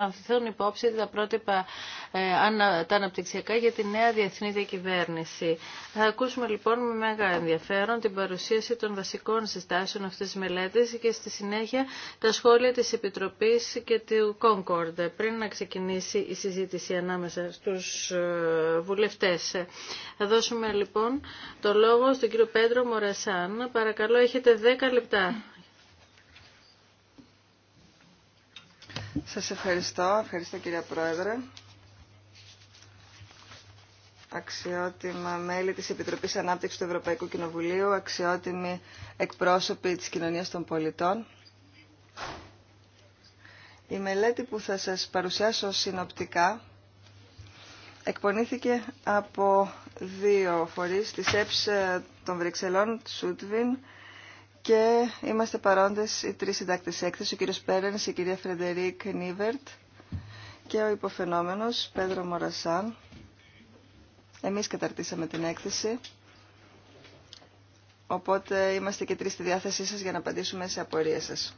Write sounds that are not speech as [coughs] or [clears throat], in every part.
λαμβανθούν υπόψη τα πρότυπα ε, τα αναπτυξιακά για τη νέα διεθνή διακυβέρνηση. Θα ακούσουμε λοιπόν με μεγάλο ενδιαφέρον την παρουσίαση των βασικών συστάσεων αυτής της μελέτης και στη συνέχεια τα σχόλια της Επιτροπής και του Concord πριν να ξεκινήσει η συζήτηση ανάμεσα στους ε, βουλευτές. Θα δώσουμε λοιπόν το λόγο στον κύριο Πέντρο Μορασάν. Παρακαλώ έχετε 10 λεπτά Σας ευχαριστώ. Ευχαριστώ κυρία Πρόεδρε. Αξιότιμα μέλη της Επιτροπής Ανάπτυξης του Ευρωπαϊκού Κοινοβουλίου, αξιότιμοι εκπρόσωποι της κοινωνίας των πολιτών. Η μελέτη που θα σας παρουσιάσω συνοπτικά εκπονήθηκε από δύο φορείς της ΕΠΣ των Βρυξελών, Σούτβιν και είμαστε παρόντες οι τρεις συντάκτες έκθεση, ο κύριος Πέρενς, η κυρία Φρεντερίκ Νίβερτ και ο υποφαινόμενος Πέδρο Μορασάν. Εμείς καταρτήσαμε την έκθεση, οπότε είμαστε και τρεις στη διάθεσή σας για να απαντήσουμε σε απορίες σας.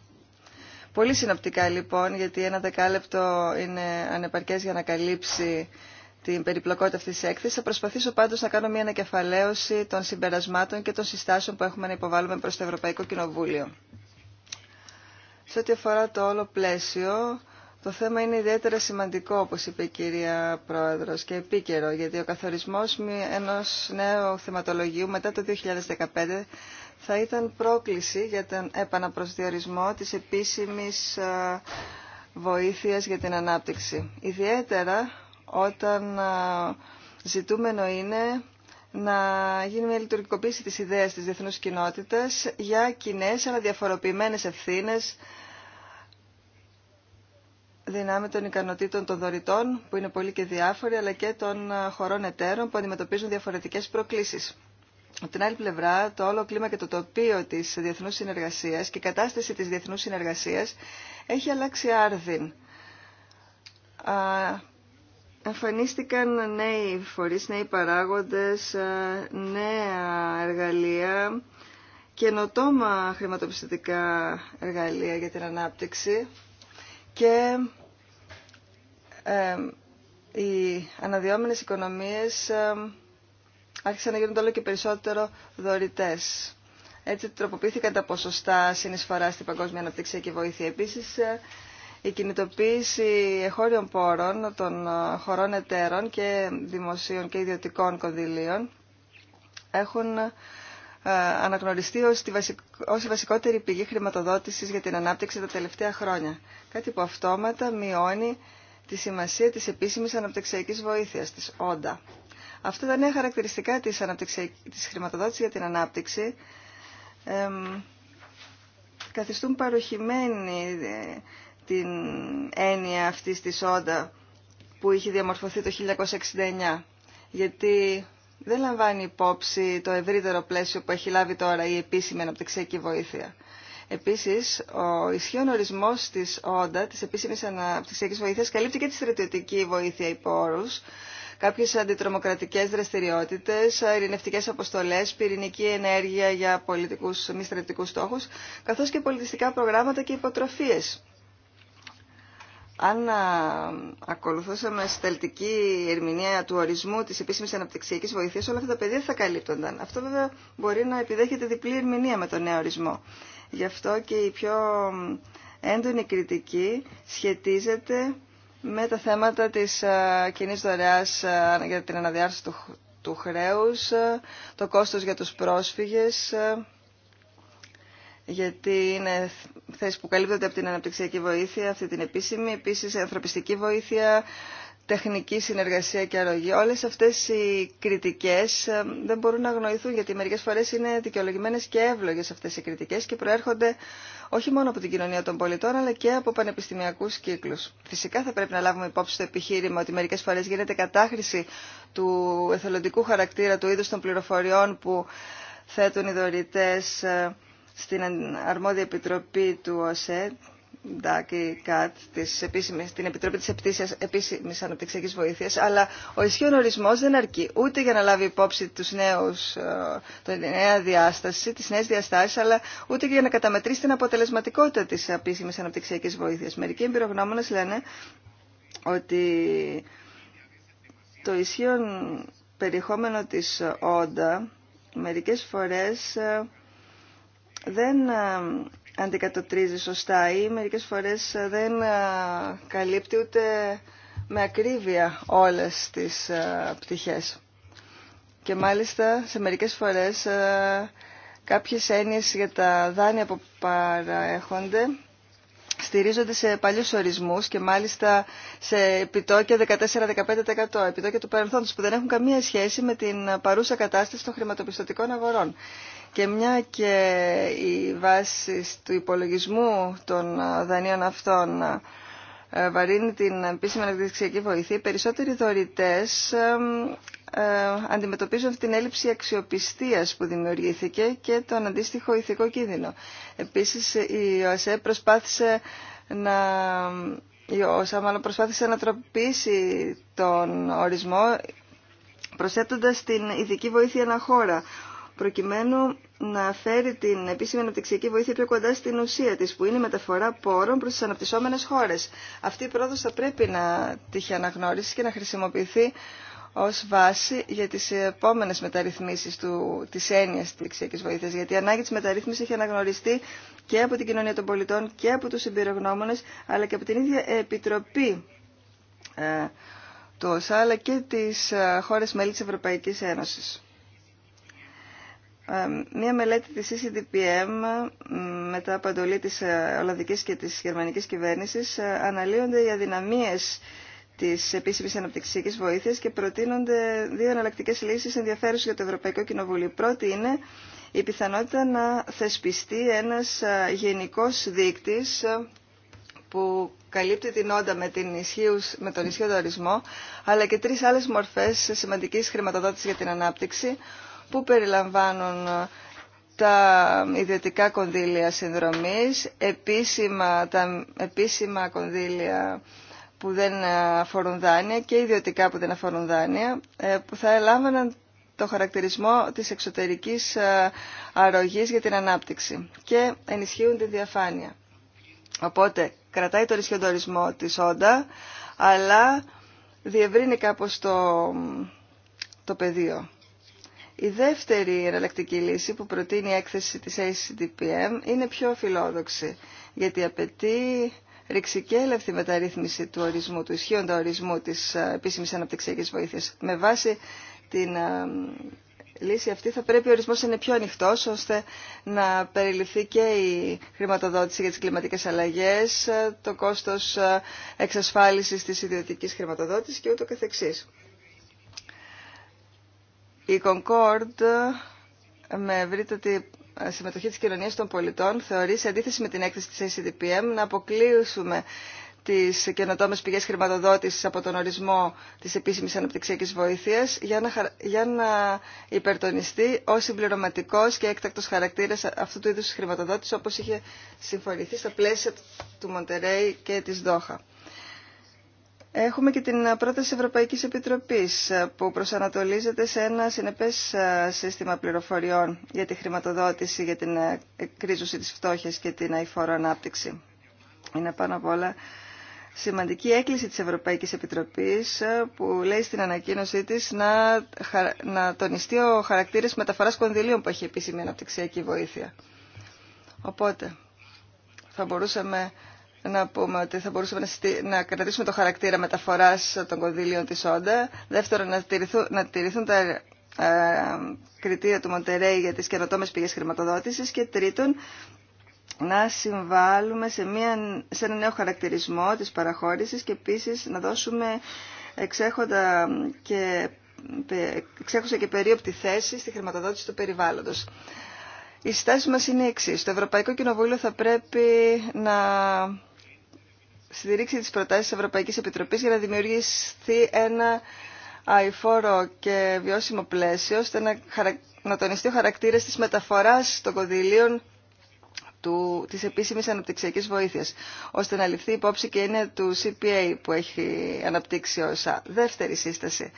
Πολύ συνοπτικά λοιπόν, γιατί ένα δεκάλεπτο είναι ανεπαρκές για να καλύψει την περιπλοκότητα αυτής της έκθεσης. Θα προσπαθήσω πάντως να κάνω μια ανακεφαλαίωση των συμπερασμάτων και των συστάσεων που έχουμε να υποβάλουμε προς το Ευρωπαϊκό Κοινοβούλιο. Σε ό,τι αφορά το όλο πλαίσιο, το θέμα είναι ιδιαίτερα σημαντικό, όπως είπε η κυρία Πρόεδρος, και επίκαιρο, γιατί ο καθορισμός ενός νέου θεματολογίου μετά το 2015 θα ήταν πρόκληση για τον επαναπροσδιορισμό της επίσημης ε, βοήθειας για την ανάπτυξη. Ιδιαίτερα όταν ζητούμενο είναι να γίνει μια λειτουργικοποίηση της ιδέας της διεθνούς κοινότητας για κοινέ αλλά διαφοροποιημένες ευθύνες δυνάμει των ικανοτήτων των δωρητών, που είναι πολύ και διάφοροι, αλλά και των χωρών εταίρων που αντιμετωπίζουν διαφορετικές προκλήσεις. Από την άλλη πλευρά, το όλο κλίμα και το τοπίο της διεθνούς συνεργασίας και η κατάσταση της διεθνούς συνεργασίας έχει αλλάξει άρδιν εμφανίστηκαν νέοι φορείς, νέοι παράγοντες, ε, νέα εργαλεία, καινοτόμα χρηματοπιστωτικά εργαλεία για την ανάπτυξη και οι αναδυόμενες οικονομίες άρχισαν να γίνονται όλο και περισσότερο δωρητές. Έτσι τροποποιήθηκαν τα ποσοστά συνεισφορά στην παγκόσμια και βοήθεια. Επίσης ε, η κινητοποίηση εχώριων πόρων των ε, χωρών εταίρων και δημοσίων και ιδιωτικών κονδυλίων έχουν ε, αναγνωριστεί ως, τη βασικ... ως η βασικότερη πηγή χρηματοδότησης για την ανάπτυξη τα τελευταία χρόνια. Κάτι που αυτόματα μειώνει τη σημασία της επίσημης αναπτυξιακής βοήθειας, της ΩΝΤΑ. Αυτά τα νέα χαρακτηριστικά της, αναπτυξιακ... της χρηματοδότησης για την ανάπτυξη εμ, καθιστούν παροχημένη ε, την έννοια αυτή τη όντα που είχε διαμορφωθεί το 1969, γιατί δεν λαμβάνει υπόψη το ευρύτερο πλαίσιο που έχει λάβει τώρα η επίσημη αναπτυξιακή βοήθεια. Επίσης, ο ισχύων ορισμό τη όντα, της επίσημης αναπτυξιακή βοήθειας, καλύπτει και τη στρατιωτική βοήθεια υπό όρους, κάποιες αντιτρομοκρατικέ δραστηριότητες, ειρηνευτικές αποστολές, πυρηνική ενέργεια για πολιτικούς μη στρατιωτικούς στόχους, καθώς και πολιτιστικά προγράμματα και υποτροφίες αν ακολουθούσαμε στελτική ερμηνεία του ορισμού της επίσημης αναπτυξιακής βοηθείας, όλα αυτά τα πεδία θα καλύπτονταν. Αυτό βέβαια μπορεί να επιδέχεται διπλή ερμηνεία με τον νέο ορισμό. Γι' αυτό και η πιο έντονη κριτική σχετίζεται με τα θέματα της κοινή δωρεάς για την αναδιάρθρωση του χρέους, το κόστος για τους πρόσφυγες, γιατί είναι θέσεις που καλύπτονται από την αναπτυξιακή βοήθεια, αυτή την επίσημη, επίσης ανθρωπιστική βοήθεια, τεχνική συνεργασία και αρρωγή. Όλες αυτές οι κριτικές ε, δεν μπορούν να αγνοηθούν γιατί μερικές φορές είναι δικαιολογημένες και εύλογες αυτές οι κριτικές και προέρχονται όχι μόνο από την κοινωνία των πολιτών αλλά και από πανεπιστημιακούς κύκλους. Φυσικά θα πρέπει να λάβουμε υπόψη το επιχείρημα ότι μερικές φορέ γίνεται κατάχρηση του εθελοντικού χαρακτήρα του είδους των πληροφοριών που θέτουν οι δωρητές ε, στην αρμόδια επιτροπή του ΟΣΕ, και ΚΑΤ, της Επιτροπή της Επιτήσιας Επίσημης Αναπτυξιακής Βοήθειας, αλλά ο ισχύων ορισμός δεν αρκεί ούτε για να λάβει υπόψη τους νέους, ε, το νέα διάσταση, τις νέες διαστάσεις, αλλά ούτε και για να καταμετρήσει την αποτελεσματικότητα της επίσημης αναπτυξιακής βοήθειας. Μερικοί εμπειρογνώμονες λένε ότι το ισχύον περιεχόμενο της όντα μερικές φορές ε, δεν ε, αντικατοπτρίζει σωστά ή μερικές φορές ε, δεν ε, καλύπτει ούτε με ακρίβεια όλες τις πτυχές. Και μάλιστα σε μερικές φορές κάποιες έννοιες για τα δάνεια που παραέχονται στηρίζονται σε παλιούς ορισμούς και μάλιστα σε επιτόκια 14-15%, επιτόκια του παρελθόντος που δεν έχουν καμία σχέση με την παρούσα κατάσταση των χρηματοπιστωτικών αγορών. Και μια και οι βάση του υπολογισμού των ε, δανείων αυτών ε, βαρύνει την επίσημη αναπτυξιακή βοήθεια, οι περισσότεροι δωρητές ε, αντιμετωπίζουν αυτή την έλλειψη αξιοπιστίας που δημιουργήθηκε και τον αντίστοιχο ηθικό κίνδυνο. Επίσης, η ΟΑΣΕ προσπάθησε να... Η ΟΣΑ μάλλον προσπάθησε να τροποποιήσει τον ορισμό προσθέτοντας την ειδική βοήθεια χώρα προκειμένου να φέρει την επίσημη αναπτυξιακή βοήθεια πιο κοντά στην ουσία της, που είναι η μεταφορά πόρων προς τις αναπτυσσόμενες χώρες. Αυτή η πρόοδος θα πρέπει να τύχει αναγνώριση και να χρησιμοποιηθεί ως βάση για τις επόμενες μεταρρυθμίσεις του, της έννοιας της βοήθειας, γιατί η ανάγκη της μεταρρύθμισης έχει αναγνωριστεί και από την κοινωνία των πολιτών και από τους εμπειρογνώμονες, αλλά και από την ίδια Επιτροπή ε, του ΟΣΑ, αλλά και τις ε, χώρες μέλη της Ευρωπαϊκής Ένωσης. Μία μελέτη της CCDPM μετά από εντολή της ε, Ολλανδικής και της Γερμανικής κυβέρνησης ε, αναλύονται οι αδυναμίες της επίσημης αναπτυξιακής βοήθειας και προτείνονται δύο εναλλακτικέ λύσεις ενδιαφέρουσες για το Ευρωπαϊκό Κοινοβούλιο. πρώτη είναι η πιθανότητα να θεσπιστεί ένας ε, γενικός δείκτης που καλύπτει την όντα με, την με τον ισχύοντα ορισμό, αλλά και τρεις άλλες μορφές σημαντικής χρηματοδότησης για την ανάπτυξη, που περιλαμβάνουν ε, τα ιδιωτικά κονδύλια συνδρομής, επίσημα, τα επίσημα κονδύλια που δεν αφορούν δάνεια και ιδιωτικά που δεν αφορούν δάνεια, ε, που θα ελάμβαναν το χαρακτηρισμό της εξωτερικής ε, αρρωγής για την ανάπτυξη και ενισχύουν τη διαφάνεια. Οπότε κρατάει το ρισχεντορισμό της όντα, αλλά διευρύνει κάπως το, το πεδίο. Η δεύτερη εναλλακτική λύση που προτείνει η έκθεση της ACDPM είναι πιο φιλόδοξη, γιατί απαιτεί ρηξικέλευτη μεταρρύθμιση του ορισμού, του ισχύοντα ορισμού της ε, επίσημης αναπτυξιακής βοήθειας. Με βάση την ε, λύση αυτή θα πρέπει ο ορισμός να είναι πιο ανοιχτός, ώστε να περιληφθεί και η χρηματοδότηση για τις κλιματικές αλλαγές, ε, το κόστος εξασφάλισης της ιδιωτικής χρηματοδότησης και ούτω καθεξής. Η Concord με ευρύτατη ε, συμμετοχή της κοινωνίας των πολιτών θεωρεί σε αντίθεση με την έκθεση της ACDPM να αποκλείσουμε τις καινοτόμες πηγές χρηματοδότησης από τον ορισμό της επίσημης αναπτυξιακής βοήθειας για να, για να υπερτονιστεί ως συμπληρωματικό και έκτακτος χαρακτήρας αυτού του είδους χρηματοδότηση όπως είχε συμφωνηθεί στα πλαίσια του Μοντερέι και της Δόχα. Έχουμε και την πρόταση Ευρωπαϊκής Επιτροπής ε, που προσανατολίζεται σε ένα συνεπές ε, σύστημα πληροφοριών για τη χρηματοδότηση, για την ε, κρίζωση της φτώχειας και την αηφόρο ανάπτυξη. Είναι πάνω απ' όλα σημαντική έκκληση της Ευρωπαϊκής Επιτροπής που λέει στην ανακοίνωσή της να, να τονιστεί ο χαρακτήρας μεταφοράς κονδυλίων που έχει επίσημη αναπτυξιακή βοήθεια. Οπότε θα μπορούσαμε να πούμε ότι θα μπορούσαμε να κρατήσουμε το χαρακτήρα μεταφοράς των κονδύλιων της όντα. Δεύτερον, να τηρηθούν, να τα ε, κριτήρια του Μοντερέι για τις καινοτόμες πηγές χρηματοδότησης και τρίτον, να συμβάλλουμε σε, μια, σε ένα νέο χαρακτηρισμό της παραχώρησης και επίσης να δώσουμε εξέχοντα και, εξέχουσα και περίοπτη θέση στη χρηματοδότηση του περιβάλλοντος. Η στάση μας είναι η εξής. Το Ευρωπαϊκό Κοινοβούλιο θα πρέπει να στηρίξει τις προτάσεις της Ευρωπαϊκής Επιτροπής για να δημιουργηθεί ένα αηφόρο και βιώσιμο πλαίσιο, ώστε να, τονιστεί ο χαρακτήρας της μεταφοράς των κονδυλίων του, της επίσημης αναπτυξιακής βοήθειας, ώστε να ληφθεί υπόψη και είναι του CPA που έχει αναπτύξει όσα. Δεύτερη σύσταση,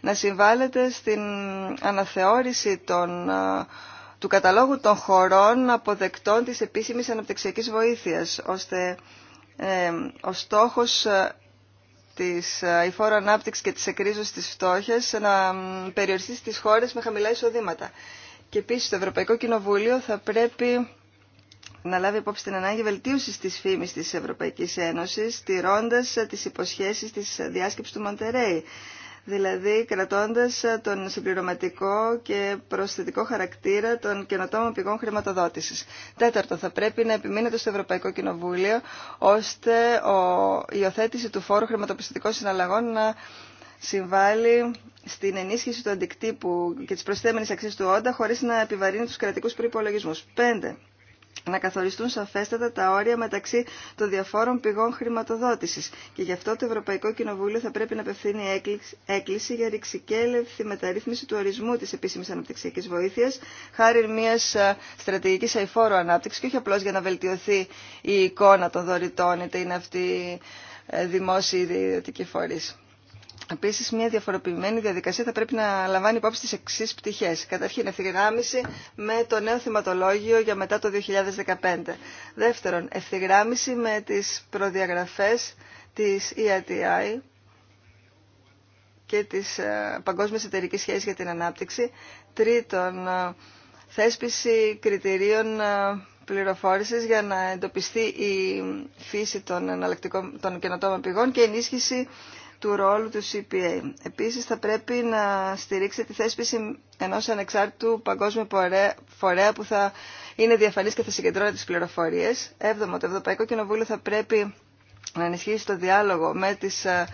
να συμβάλλεται στην αναθεώρηση του καταλόγου των χωρών αποδεκτών της επίσημης αναπτυξιακής βοήθειας, ώστε ο στόχος ε, της ε, φόρου ανάπτυξης και της εκρίζωσης της φτώχειας να περιοριστεί στις χώρες με χαμηλά εισοδήματα. Και επίσης το Ευρωπαϊκό Κοινοβούλιο θα πρέπει να λάβει υπόψη την ανάγκη βελτίωσης της φήμης της Ευρωπαϊκής Ένωσης, στηρώντας ε, τις υποσχέσεις της διάσκεψης του Μοντερέη δηλαδή κρατώντας ε, τον συμπληρωματικό και προσθετικό χαρακτήρα των καινοτόμων πηγών χρηματοδότησης. Τέταρτο, θα πρέπει να επιμείνετε στο Ευρωπαϊκό Κοινοβούλιο, ώστε ο, η υιοθέτηση του φόρου χρηματοπιστωτικών συναλλαγών να συμβάλλει στην ενίσχυση του αντικτύπου και της προσθέμενης αξίας του όντα χωρίς να επιβαρύνει τους κρατικούς προϋπολογισμούς. Πέντε, να καθοριστούν σαφέστατα τα όρια μεταξύ των διαφόρων πηγών χρηματοδότησης και γι' αυτό το Ευρωπαϊκό Κοινοβούλιο θα πρέπει να απευθύνει έκκληση για ρηξικέλευθη μεταρρύθμιση του ορισμού της επίσημης αναπτυξιακής βοήθειας χάρη μιας στρατηγικής αηφόρου ανάπτυξης και όχι απλώς για να βελτιωθεί η εικόνα των δωρητών είτε είναι αυτή ε, δημόσιοι ιδιωτικοί φορείς. Επίση, μια διαφοροποιημένη διαδικασία θα πρέπει να λαμβάνει υπόψη τι εξή πτυχέ. Καταρχήν, ευθυγράμμιση με το νέο θυματολόγιο για μετά το 2015. Δεύτερον, ευθυγράμμιση με τι προδιαγραφέ τη EATI και τη ε, Παγκόσμια Εταιρική Σχέση για την Ανάπτυξη. Τρίτον, ε, θέσπιση κριτηρίων ε, πληροφόρηση για να εντοπιστεί η φύση των, των καινοτόμων πηγών και ενίσχυση του ρόλου του CPA. Επίσης θα πρέπει να στηρίξει τη θέσπιση ενός ανεξάρτητου παγκόσμιου φορέα που θα είναι διαφανής και θα συγκεντρώνει τις πληροφορίες. Έβδομο, το Ευρωπαϊκό Κοινοβούλιο θα πρέπει να ενισχύσει το διάλογο με τις ε,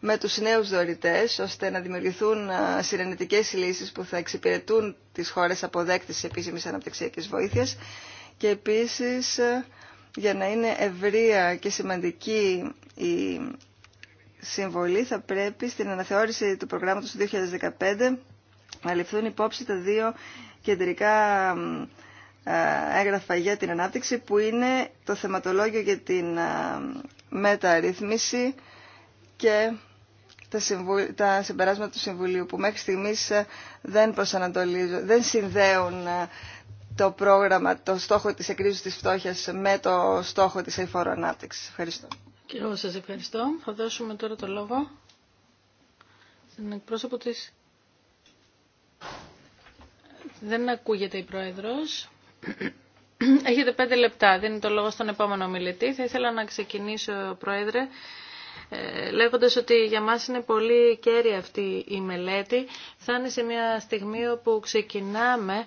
με τους νέους δωρητές, ώστε να δημιουργηθούν ε, συνενετικές λύσεις που θα εξυπηρετούν τις χώρες αποδέκτης επίσημης αναπτυξιακής βοήθειας και επίσης ε, για να είναι ευρεία και σημαντική η συμβολή θα πρέπει στην αναθεώρηση του προγράμματος του 2015 να ληφθούν υπόψη τα δύο κεντρικά έγγραφα για την ανάπτυξη που είναι το θεματολόγιο για την μεταρρύθμιση και τα συμπεράσματα του Συμβουλίου που μέχρι στιγμής ε, δεν προσανατολίζουν, δεν συνδέουν ε, το πρόγραμμα, το στόχο της εκρίζωσης της φτώχειας με το στόχο της εφόρου ανάπτυξης. Ευχαριστώ. Και εγώ σας ευχαριστώ. Θα δώσουμε τώρα το λόγο στην εκπρόσωπο της... Δεν ακούγεται η Πρόεδρος. Έχετε πέντε λεπτά. Δίνει το λόγο στον επόμενο μιλητή. Θα ήθελα να ξεκινήσω, Πρόεδρε, ε, λέγοντας ότι για μας είναι πολύ κέρια αυτή η μελέτη. Φτάνει σε μια στιγμή όπου ξεκινάμε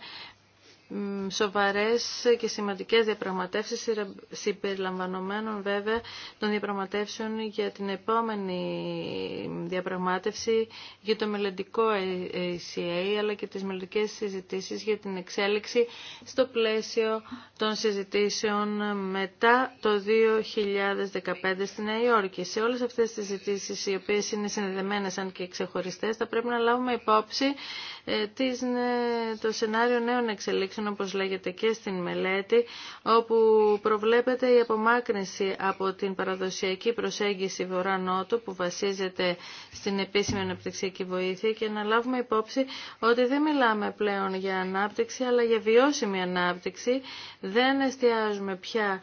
σοβαρές και σημαντικές διαπραγματεύσεις συμπεριλαμβανομένων βέβαια των διαπραγματεύσεων για την επόμενη διαπραγμάτευση για το μελλοντικό ACA αλλά και τις μελλοντικές συζητήσεις για την εξέλιξη στο πλαίσιο των συζητήσεων μετά το 2015 στην Νέα Υόρκη. Σε όλες αυτές τις συζητήσεις οι οποίες είναι συνδεδεμένες αν και ξεχωριστές θα πρέπει να λάβουμε υπόψη ε, της, το σενάριο νέων εξελίξεων όπως λέγεται και στην μελέτη όπου προβλέπεται η απομάκρυνση από την παραδοσιακή προσέγγιση βορρά-νότου που βασίζεται στην επίσημη αναπτυξιακή βοήθεια και να λάβουμε υπόψη ότι δεν μιλάμε πλέον για ανάπτυξη αλλά για βιώσιμη ανάπτυξη δεν εστιάζουμε πια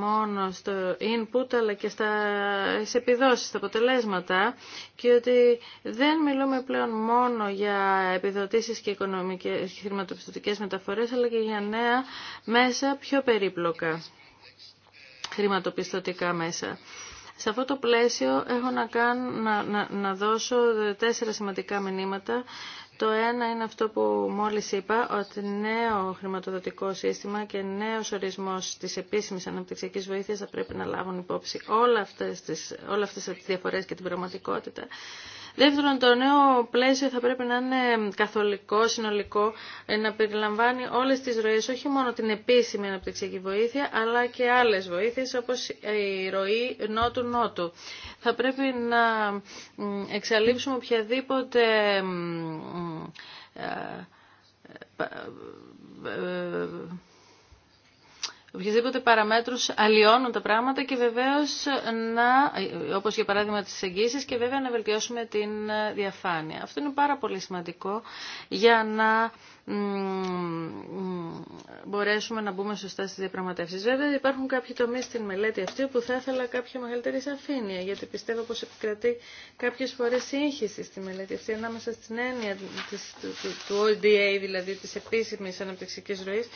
μόνο στο input αλλά και στα επιδόσεις, στα αποτελέσματα και ότι δεν μιλούμε πλέον μόνο για επιδοτήσεις και οικονομικές και χρηματοπιστωτικές μεταφορές, αλλά και για νέα μέσα πιο περίπλοκα χρηματοπιστωτικά μέσα. Σε αυτό το πλαίσιο έχω να, κάνω, να, να, να δώσω τέσσερα σημαντικά μηνύματα. Το ένα είναι αυτό που μόλις είπα, ότι νέο χρηματοδοτικό σύστημα και νέος ορισμός της επίσημης αναπτυξιακής βοήθειας θα πρέπει να λάβουν υπόψη όλα αυτές τις, όλα αυτές τις διαφορές και την πραγματικότητα. Δεύτερον, το νέο πλαίσιο θα πρέπει να είναι καθολικό, συνολικό, ε, να περιλαμβάνει όλες τις ροές, όχι μόνο την επίσημη αναπτυξιακή βοήθεια, αλλά και άλλες βοήθειες όπως η ροή νότου-νότου. Θα πρέπει να εξαλείψουμε οποιαδήποτε ε, ε, οποιασδήποτε παραμέτρους αλλοιώνουν τα πράγματα και βεβαίως να, όπως για παράδειγμα τις εγγύσεις και βέβαια να βελτιώσουμε την διαφάνεια. Αυτό είναι πάρα πολύ σημαντικό για να μπορέσουμε να μπούμε σωστά στις διαπραγματεύσεις. Βέβαια υπάρχουν κάποιοι τομείς στην μελέτη αυτή που θα ήθελα κάποια μεγαλύτερη σαφήνεια γιατί πιστεύω πως επικρατεί κάποιες φορές σύγχυση στη μελέτη αυτή ανάμεσα στην έννοια της, του, του, του ODA δηλαδή της επίσημης αναπτυξικής ροής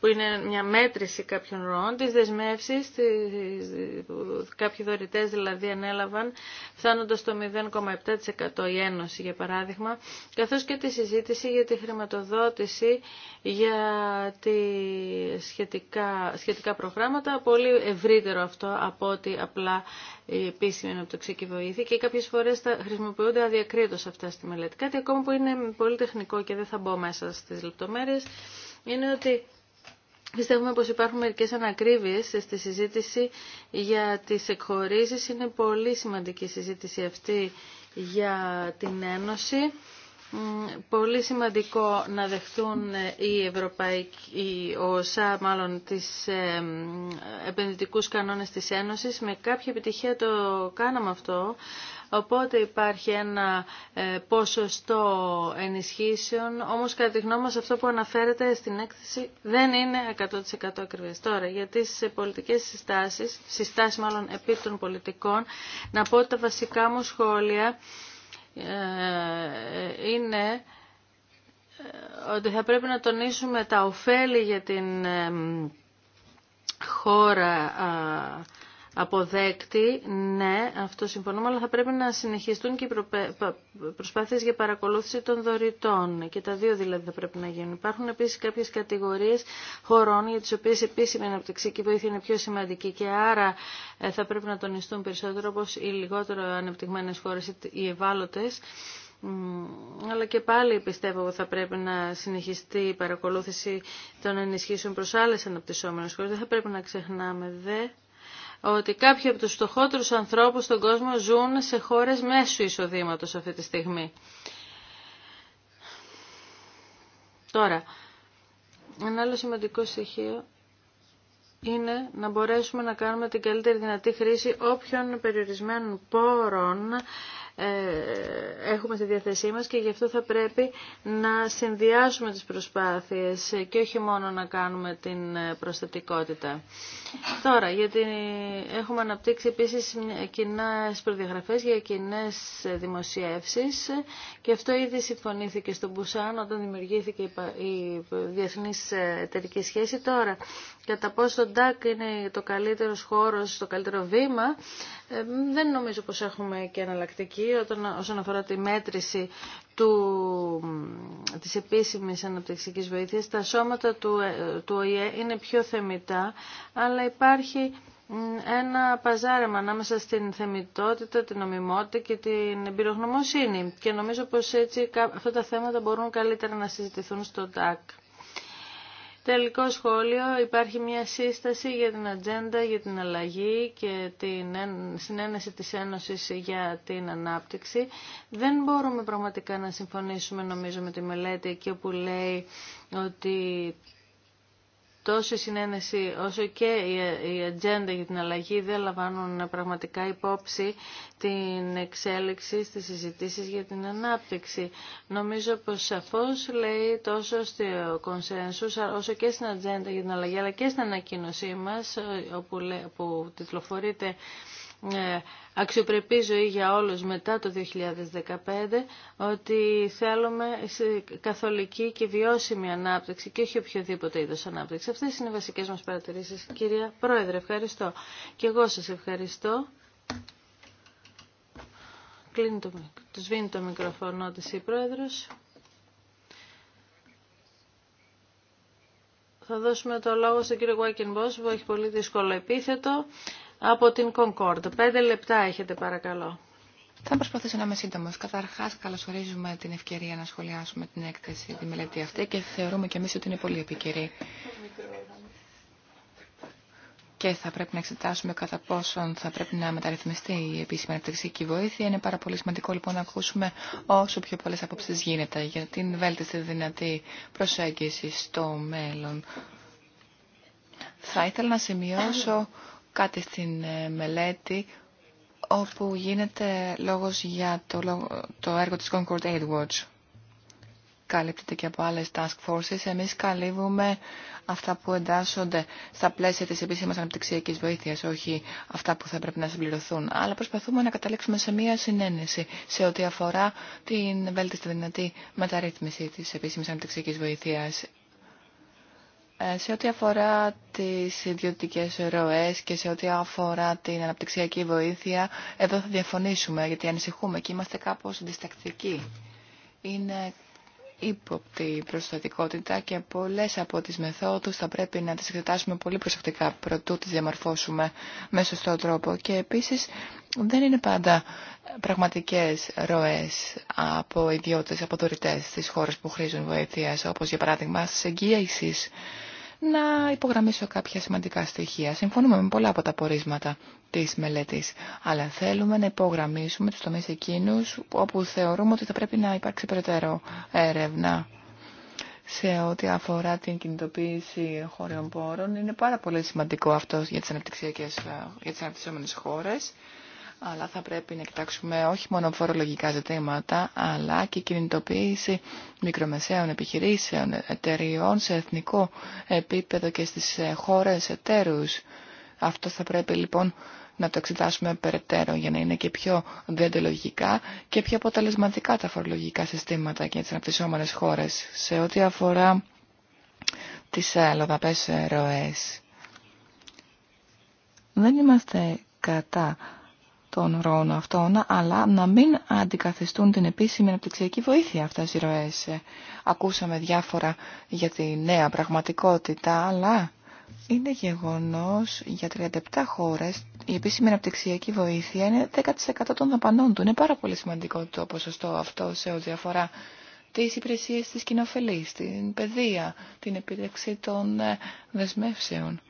που είναι μια μέτρηση κάποιων ροών, τις δεσμεύσεις τις, που κάποιοι δωρητές δηλαδή ανέλαβαν φτάνοντας το 0,7% η Ένωση για παράδειγμα, καθώς και τη συζήτηση για τη χρηματοδότηση για τη σχετικά, σχετικά προγράμματα, πολύ ευρύτερο αυτό από ότι απλά η επίσημη το βοήθεια και κάποιες φορές τα χρησιμοποιούνται αδιακρίτως αυτά στη μελέτη. Κάτι ακόμα που είναι πολύ τεχνικό και δεν θα μπω μέσα στις λεπτομέρειες είναι ότι Πιστεύουμε πως υπάρχουν μερικές ανακρίβειες στη συζήτηση για τις εκχωρήσεις. Είναι πολύ σημαντική η συζήτηση αυτή για την Ένωση. Πολύ σημαντικό να δεχτούν οι Ευρωπαϊκοί, ο ΣΑ μάλλον, τις ε, επενδυτικούς κανόνες της Ένωσης. Με κάποια επιτυχία το κάναμε αυτό, Οπότε υπάρχει ένα ε, ποσοστό ενισχύσεων, όμως κατά τη γνώμη μας αυτό που αναφέρεται στην έκθεση δεν είναι 100% ακριβές. Τώρα, για σε πολιτικές συστάσεις, συστάσεις μάλλον επί των πολιτικών, να πω ότι τα βασικά μου σχόλια ε, είναι ε, ότι θα πρέπει να τονίσουμε τα ωφέλη για την χώρα αποδέκτη, ναι, αυτό συμφωνούμε, αλλά θα πρέπει να συνεχιστούν και οι προσπάθειες για παρακολούθηση των δωρητών. Και τα δύο δηλαδή θα πρέπει να γίνουν. Υπάρχουν επίσης κάποιες κατηγορίες χωρών για τις οποίες επίσημη αναπτυξική βοήθεια είναι πιο σημαντική και άρα ε, θα πρέπει να τονιστούν περισσότερο όπως οι λιγότερο ανεπτυγμένες χώρες, η οι ευάλωτες. Αλλά και πάλι πιστεύω ότι θα πρέπει να συνεχιστεί η παρακολούθηση των ενισχύσεων προς άλλες αναπτυσσόμενες χώρες. Δεν θα πρέπει να ξεχνάμε δε ότι κάποιοι από τους φτωχότερους ανθρώπους στον κόσμο ζουν σε χώρες μέσου εισοδήματος αυτή τη στιγμή. Τώρα, ένα άλλο σημαντικό στοιχείο είναι να μπορέσουμε να κάνουμε την καλύτερη δυνατή χρήση όποιων περιορισμένων πόρων ε, έχουμε στη διάθεσή μας και γι' αυτό θα πρέπει να συνδυάσουμε τις προσπάθειες και όχι μόνο να κάνουμε την ε, προσθετικότητα. Τώρα, γιατί έχουμε αναπτύξει επίσης κοινές προδιαγραφές για κοινέ δημοσιεύσεις και αυτό ήδη συμφωνήθηκε στον Μπουσάν όταν δημιουργήθηκε η διεθνής εταιρική σχέση. Τώρα, κατά πόσο το ΝΤΑΚ είναι το καλύτερο χώρος, το καλύτερο βήμα, ε, δεν νομίζω πως έχουμε και εναλλακτική όσον αφορά τη μέτρηση του, της επίσημης αναπτυξικής βοήθειας. Τα σώματα του, ε, του ΟΗΕ είναι πιο θεμητά, αλλά υπάρχει ένα παζάρεμα ανάμεσα στην θεμητότητα, την νομιμότητα και την εμπειρογνωμοσύνη. Και νομίζω πως έτσι αυτά τα θέματα μπορούν καλύτερα να συζητηθούν στο ΤΑΚ. Τελικό σχόλιο, υπάρχει μια σύσταση για την ατζέντα, για την αλλαγή και την συνένεση της Ένωσης για την ανάπτυξη. Δεν μπορούμε πραγματικά να συμφωνήσουμε νομίζω με τη μελέτη εκεί όπου λέει ότι τόσο η συνένεση όσο και η ατζέντα για την αλλαγή δεν λαμβάνουν πραγματικά υπόψη την εξέλιξη στις συζητήσεις για την ανάπτυξη. Νομίζω πως σαφώς λέει τόσο στο κονσένσους όσο και στην ατζέντα για την αλλαγή αλλά και στην ανακοίνωσή μας όπου, που τιτλοφορείται ε, αξιοπρεπή ζωή για όλους μετά το 2015, ότι θέλουμε καθολική και βιώσιμη ανάπτυξη και όχι οποιοδήποτε είδος ανάπτυξη. Αυτές είναι οι βασικές μας παρατηρήσεις. Κυρία Πρόεδρε, ευχαριστώ. Και εγώ σας ευχαριστώ. το, του σβήνει το μικροφωνό της η Πρόεδρος. Θα δώσουμε το λόγο στον κύριο Γουάκενμπος που έχει πολύ δύσκολο επίθετο από την Concord. Πέντε λεπτά έχετε παρακαλώ. Θα προσπαθήσω να είμαι σύντομο. Καταρχά, καλωσορίζουμε την ευκαιρία να σχολιάσουμε την έκθεση, τη μελέτη αυτή και θεωρούμε και εμεί ότι είναι πολύ επικαιρή. Και θα πρέπει να εξετάσουμε κατά πόσον θα πρέπει να μεταρρυθμιστεί η επίσημη αναπτυξιακή βοήθεια. Είναι πάρα πολύ σημαντικό λοιπόν να ακούσουμε όσο πιο πολλέ απόψει γίνεται για την βέλτιστη δυνατή προσέγγιση στο μέλλον. Θα ήθελα να σημειώσω κάτι στην ε, μελέτη όπου γίνεται λόγος για το, έργο της Concord Aid Watch. Καλύπτεται και από άλλες task forces. Εμείς καλύβουμε αυτά που εντάσσονται στα πλαίσια της επίσημας αναπτυξιακής βοήθειας, όχι αυτά που θα πρέπει να συμπληρωθούν. Αλλά προσπαθούμε να καταλήξουμε σε μία συνένεση σε ό,τι αφορά την βέλτιστη δυνατή μεταρρύθμιση της επίσημης αναπτυξιακής βοήθειας. Ε, σε ό,τι αφορά τις ιδιωτικές ροές και σε ό,τι αφορά την αναπτυξιακή βοήθεια, εδώ θα διαφωνήσουμε γιατί ανησυχούμε και είμαστε κάπως διστακτικοί. Είναι ύποπτη η προστατικότητα και πολλές από τις μεθόδους θα πρέπει να τις εξετάσουμε πολύ προσεκτικά προτού τις διαμορφώσουμε με σωστό τρόπο και επίσης δεν είναι πάντα πραγματικές ροές από ιδιώτες, από δωρητές στις χώρες που χρήζουν βοήθειας όπως για παράδειγμα στις εγγύησεις να υπογραμμίσω κάποια σημαντικά στοιχεία. Συμφωνούμε με πολλά από τα πορίσματα της μελέτης, αλλά θέλουμε να υπογραμμίσουμε τους τομείς εκείνους όπου θεωρούμε ότι θα πρέπει να υπάρξει περαιτέρω έρευνα σε ό,τι αφορά την κινητοποίηση χωριών πόρων. Είναι πάρα πολύ σημαντικό αυτό για τις, ε, για τις χώρες αλλά θα πρέπει να κοιτάξουμε όχι μόνο φορολογικά ζητήματα, αλλά και κινητοποίηση μικρομεσαίων επιχειρήσεων, εταιριών σε εθνικό επίπεδο και στις ε, χώρες εταίρους. Αυτό θα πρέπει λοιπόν να το εξετάσουμε περαιτέρω για να είναι και πιο διεντελογικά και πιο αποτελεσματικά τα φορολογικά συστήματα και τις αναπτυσσόμενες χώρες σε ό,τι αφορά τις ε, λοδαπές ροές. Δεν είμαστε κατά των ροών αυτών, αλλά να μην αντικαθιστούν την επίσημη αναπτυξιακή βοήθεια αυτές οι ροές. Ακούσαμε διάφορα για τη νέα πραγματικότητα, αλλά είναι γεγονός για 37 χώρες η επίσημη αναπτυξιακή βοήθεια είναι 10% των δαπανών του. Είναι πάρα πολύ σημαντικό το ποσοστό αυτό σε ό,τι αφορά τις υπηρεσίες της κοινοφελής, την παιδεία, την επίδεξη των ε, δεσμεύσεων.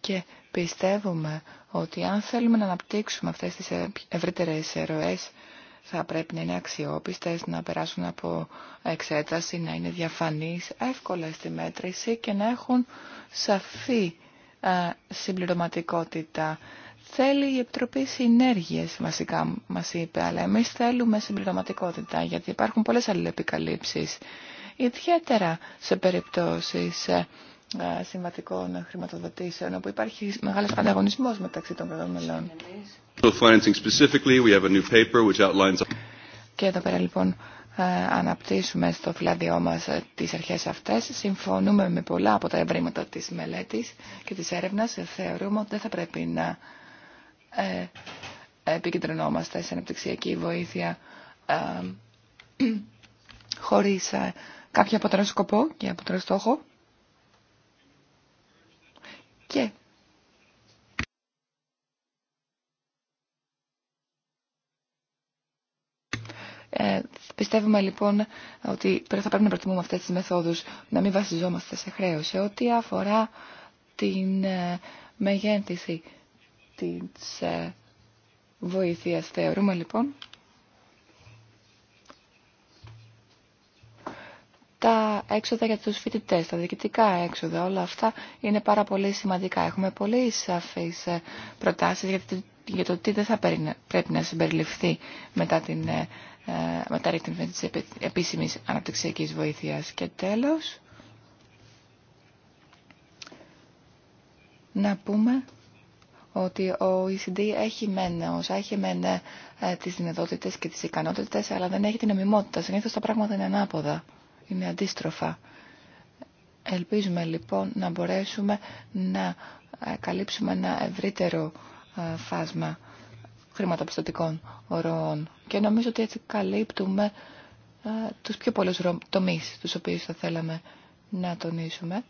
Και Πιστεύουμε ότι αν θέλουμε να αναπτύξουμε αυτές τις ευρύτερες ροές θα πρέπει να είναι αξιόπιστες, να περάσουν από εξέταση, να είναι διαφανείς, εύκολα στη μέτρηση και να έχουν σαφή συμπληρωματικότητα. Θέλει η Επιτροπή συνέργειες βασικά μας είπε, αλλά εμείς θέλουμε συμπληρωματικότητα γιατί υπάρχουν πολλές αλληλεπικαλύψεις. Ιδιαίτερα σε περιπτώσεις ε, ε, συμβατικών χρηματοδοτήσεων, όπου υπάρχει μεγάλος ανταγωνισμός μεταξύ των κρατών μελών. Και εδώ πέρα λοιπόν ε, αναπτύσσουμε στο φυλάδιό μας ε, τις αρχές αυτές. Συμφωνούμε με πολλά από τα ευρήματα της μελέτης και της έρευνας. Θεωρούμε ότι δεν θα πρέπει να επικεντρωνόμαστε σε αναπτυξιακή βοήθεια [clears throat] χωρίς κάποιο αποτελέσμα σκοπό και αποτελέσμα στόχο. Και Ε, πιστεύουμε λοιπόν ότι θα πρέπει να προτιμούμε αυτές τις μεθόδους, να μην βασιζόμαστε σε χρέο. Σε ό,τι αφορά την ε, μεγέντηση της ε, βοηθείας, θεωρούμε λοιπόν τα έξοδα για τους φοιτητέ, τα διοικητικά έξοδα, όλα αυτά είναι πάρα πολύ σημαντικά. Έχουμε πολύ σαφείς ε, προτάσεις για το τι δεν θα πρέπει να συμπεριληφθεί μετά την ε, ε, μεταρρύθμιση της επίσημης αναπτυξιακής βοήθειας. Και τέλος, να πούμε ότι ο ECD έχει μεν, έχει μεν τις δυνατότητες και τις ικανότητες, αλλά δεν έχει την νομιμότητα. Συνήθως τα πράγματα είναι ανάποδα είναι αντίστροφα. Ελπίζουμε λοιπόν να μπορέσουμε να ε, καλύψουμε ένα ευρύτερο ε, φάσμα χρηματοπιστωτικών ορών και νομίζω ότι έτσι καλύπτουμε ε, τους πιο πολλούς τομείς τους οποίους θα θέλαμε να τονίσουμε.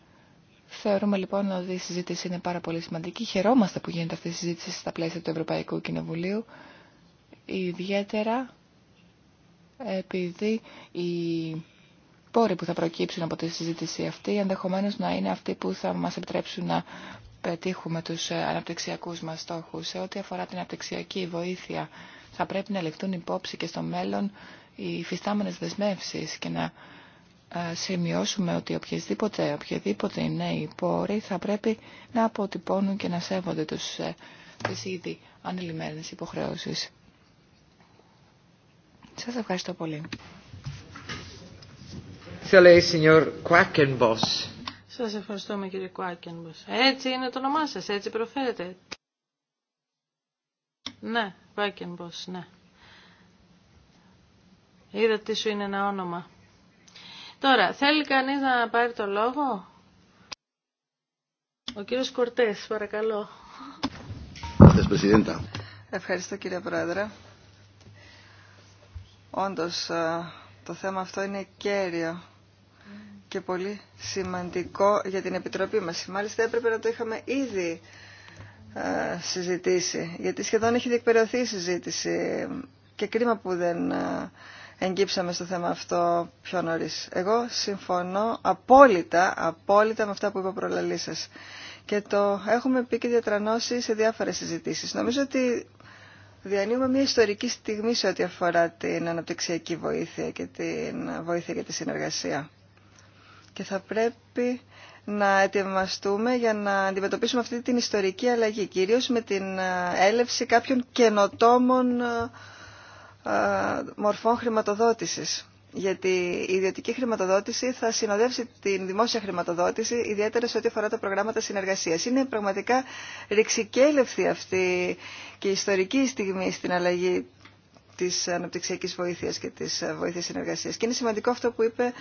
Θεωρούμε λοιπόν ότι η συζήτηση είναι πάρα πολύ σημαντική. Χαιρόμαστε που γίνεται αυτή η συζήτηση στα πλαίσια του Ευρωπαϊκού Κοινοβουλίου. Ιδιαίτερα επειδή η πόροι που θα προκύψουν από τη συζήτηση αυτή Ενδεχομένω να είναι αυτοί που θα μας επιτρέψουν να πετύχουμε του ε, αναπτυξιακού μα στόχου. Σε ό,τι αφορά την αναπτυξιακή βοήθεια θα πρέπει να ληφθούν υπόψη και στο μέλλον οι φυστάμενε δεσμεύσει. και να ε, σημειώσουμε ότι οποιοδήποτε, οποιοδήποτε νέοι πόροι θα πρέπει να αποτυπώνουν και να σέβονται τους, ε, τις ήδη ανελημμένες υποχρεώσεις. Σας ευχαριστώ πολύ. Σας ευχαριστούμε κύριε Κουάκενμπος. Έτσι είναι το όνομά σας, έτσι προφέρετε. Ναι, Κουάκενμπος, ναι. Είδα τι σου είναι ένα όνομα. Τώρα, θέλει κανείς να πάρει το λόγο. Ο κύριος Κορτές, παρακαλώ. Ευχαριστώ κύριε Πρόεδρε. Όντως, το θέμα αυτό είναι κέριο και πολύ σημαντικό για την Επιτροπή μας. Μάλιστα έπρεπε να το είχαμε ήδη ε, συζητήσει, γιατί σχεδόν έχει διεκπαιρεωθεί η συζήτηση και κρίμα που δεν ε, εγκύψαμε στο θέμα αυτό πιο νωρίς. Εγώ συμφωνώ απόλυτα, απόλυτα με αυτά που είπα προλαλή σα. Και το έχουμε πει και διατρανώσει σε διάφορες συζητήσεις. Νομίζω ότι διανύουμε μια ιστορική στιγμή σε ό,τι αφορά την αναπτυξιακή βοήθεια και την βοήθεια για τη συνεργασία. Και θα πρέπει να ετοιμαστούμε για να αντιμετωπίσουμε αυτή την ιστορική αλλαγή, κυρίως με την ε, έλευση κάποιων καινοτόμων ε, ε, μορφών χρηματοδότησης. Γιατί η ιδιωτική χρηματοδότηση θα συνοδεύσει την δημόσια χρηματοδότηση, ιδιαίτερα σε ό,τι αφορά τα προγράμματα συνεργασίας. Είναι πραγματικά ρηξικέλευτη αυτή και ιστορική στιγμή στην αλλαγή της αναπτυξιακής βοήθειας και της βοήθειας συνεργασίας. Και είναι σημαντικό αυτό που είπε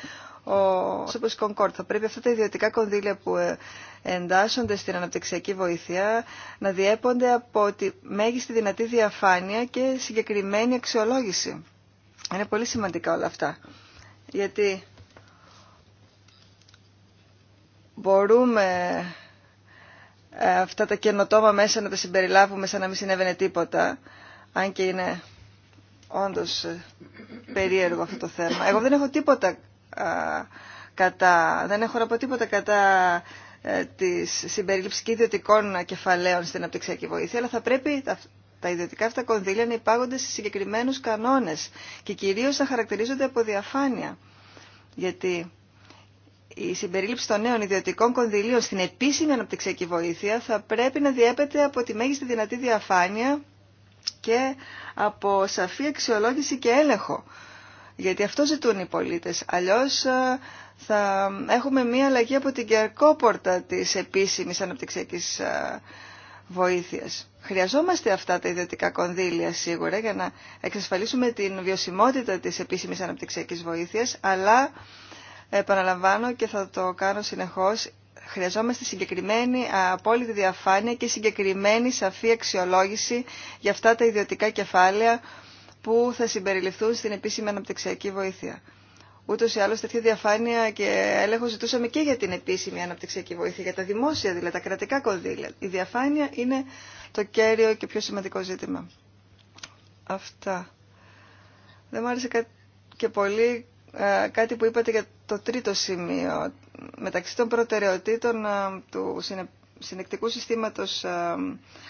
ο Κονκόρτ. Θα πρέπει αυτά τα ιδιωτικά κονδύλια που ε, εντάσσονται στην αναπτυξιακή βοήθεια να διέπονται από τη μέγιστη δυνατή διαφάνεια και συγκεκριμένη αξιολόγηση. Είναι πολύ σημαντικά όλα αυτά. Γιατί μπορούμε ε, αυτά τα καινοτόμα μέσα να τα συμπεριλάβουμε σαν να μην συνέβαινε τίποτα, αν και είναι όντως ε, περίεργο αυτό το θέμα. Εγώ δεν έχω τίποτα κατά, δεν έχω από τίποτα κατά ε, τη συμπερίληψη και ιδιωτικών κεφαλαίων στην αναπτυξιακή βοήθεια, αλλά θα πρέπει τα ιδιωτικά αυτά κονδύλια να υπάγονται σε συγκεκριμένους κανόνες και κυρίως να χαρακτηρίζονται από διαφάνεια. Γιατί η συμπερίληψη των νέων ιδιωτικών κονδυλίων στην επίσημη αναπτυξιακή βοήθεια θα πρέπει να διέπεται από τη μέγιστη δυνατή διαφάνεια και από σαφή αξιολόγηση και έλεγχο γιατί αυτό ζητούν οι πολίτες. Αλλιώς ε, θα έχουμε μία αλλαγή από την κερκόπορτα της επίσημης αναπτυξιακής ε, βοήθειας. Χρειαζόμαστε αυτά τα ιδιωτικά κονδύλια σίγουρα για να εξασφαλίσουμε την βιωσιμότητα της επίσημης αναπτυξιακής βοήθειας, αλλά επαναλαμβάνω και θα το κάνω συνεχώς, χρειαζόμαστε συγκεκριμένη απόλυτη διαφάνεια και συγκεκριμένη σαφή αξιολόγηση για αυτά τα ιδιωτικά κεφάλαια που θα συμπεριληφθούν στην επίσημη αναπτυξιακή βοήθεια. Ούτως ή άλλως τέτοια διαφάνεια και έλεγχο ζητούσαμε και για την επίσημη αναπτυξιακή βοήθεια, για τα δημόσια δηλαδή, τα κρατικά κονδύλια. Η διαφάνεια είναι το κέριο και πιο σημαντικό ζήτημα. Αυτά. Δεν μου άρεσε και πολύ ε, κάτι που είπατε για το τρίτο σημείο. Μεταξύ των προτεραιοτήτων ε, του συνεκτικού συστήματος ε,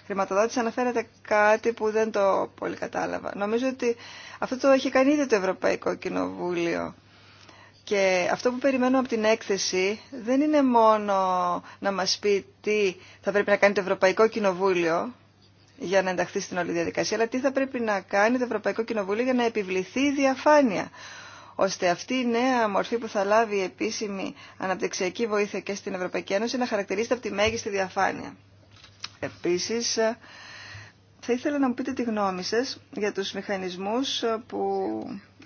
χρηματοδότηση αναφέρεται κάτι που δεν το πολύ κατάλαβα. Νομίζω ότι αυτό το έχει κάνει ήδη το Ευρωπαϊκό Κοινοβούλιο. Και αυτό που περιμένω από την έκθεση δεν είναι μόνο να μας πει τι θα πρέπει να κάνει το Ευρωπαϊκό Κοινοβούλιο για να ενταχθεί στην όλη διαδικασία, αλλά τι θα πρέπει να κάνει το Ευρωπαϊκό Κοινοβούλιο για να επιβληθεί η διαφάνεια ώστε αυτή η νέα μορφή που θα λάβει η επίσημη αναπτυξιακή βοήθεια και στην Ευρωπαϊκή Ένωση να χαρακτηρίζεται από τη μέγιστη διαφάνεια. Επίσης, θα ήθελα να μου πείτε τη γνώμη σας για τους μηχανισμούς που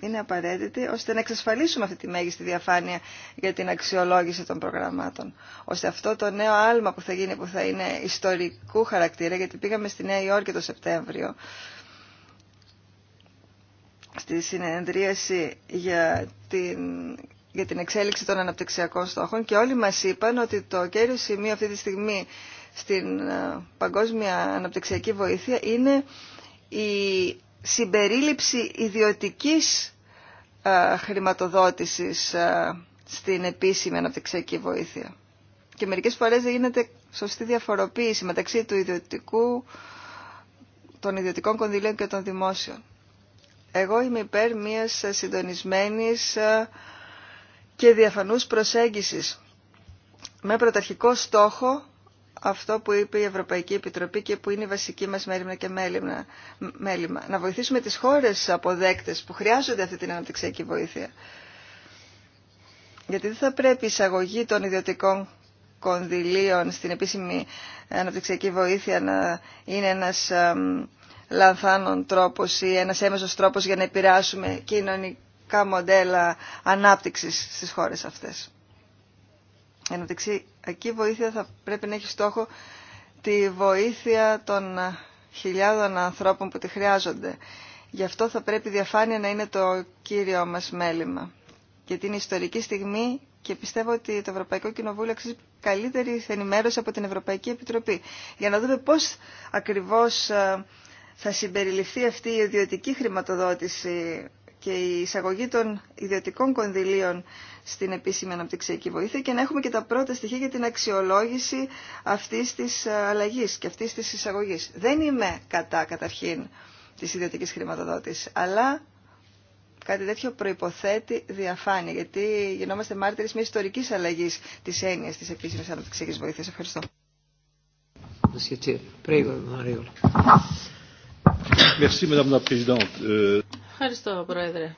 είναι απαραίτητοι ώστε να εξασφαλίσουμε αυτή τη μέγιστη διαφάνεια για την αξιολόγηση των προγραμμάτων. Ώστε αυτό το νέο άλμα που θα γίνει, που θα είναι ιστορικού χαρακτήρα, γιατί πήγαμε στη Νέα Υόρκη το Σεπτέμβριο στη συνεδρίαση για την, για την εξέλιξη των αναπτυξιακών στόχων και όλοι μας είπαν ότι το κέριο σημείο αυτή τη στιγμή στην ε, παγκόσμια αναπτυξιακή βοήθεια είναι η συμπερίληψη ιδιωτικής ε, χρηματοδότησης ε, στην επίσημη αναπτυξιακή βοήθεια. Και μερικές φορές δεν γίνεται σωστή διαφοροποίηση μεταξύ του ιδιωτικού, των ιδιωτικών κονδυλίων και των δημόσιων. Εγώ είμαι υπέρ μιας συντονισμένης ε, και διαφανούς προσέγγισης με πρωταρχικό στόχο αυτό που είπε η Ευρωπαϊκή Επιτροπή και που είναι η βασική μας μέλημα και μέλημα. Να βοηθήσουμε τις χώρες αποδέκτες που χρειάζονται αυτή την αναπτυξιακή βοήθεια. Γιατί δεν θα πρέπει η εισαγωγή των ιδιωτικών κονδυλίων στην επίσημη αναπτυξιακή βοήθεια να είναι ένας λανθάνων τρόπο ή ένας έμεσος τρόπος για να επηρεάσουμε κοινωνικά μοντέλα ανάπτυξης στις χώρες αυτές. Η βοήθεια θα πρέπει να έχει στόχο τη βοήθεια των χιλιάδων ανθρώπων που τη χρειάζονται. Γι' αυτό θα πρέπει διαφάνεια να είναι το κύριο μας μέλημα. Γιατί είναι ιστορική στιγμή και πιστεύω ότι το Ευρωπαϊκό Κοινοβούλιο αξίζει καλύτερη ενημέρωση από την Ευρωπαϊκή Επιτροπή. Για να δούμε πώς ακριβώς ε, θα συμπεριληφθεί αυτή η ιδιωτική χρηματοδότηση και η εισαγωγή των ιδιωτικών κονδυλίων στην επίσημη αναπτυξιακή βοήθεια και να έχουμε και τα πρώτα στοιχεία για την αξιολόγηση αυτής της αλλαγής και αυτής της εισαγωγής. Δεν είμαι κατά καταρχήν της ιδιωτικής χρηματοδότησης, αλλά κάτι τέτοιο προϋποθέτει διαφάνεια, γιατί γινόμαστε μάρτυρες μια ιστορικής αλλαγής της έννοιας της επίσημης αναπτυξιακής βοήθειας. Ευχαριστώ. Euh, Ευχαριστώ, Πρόεδρε.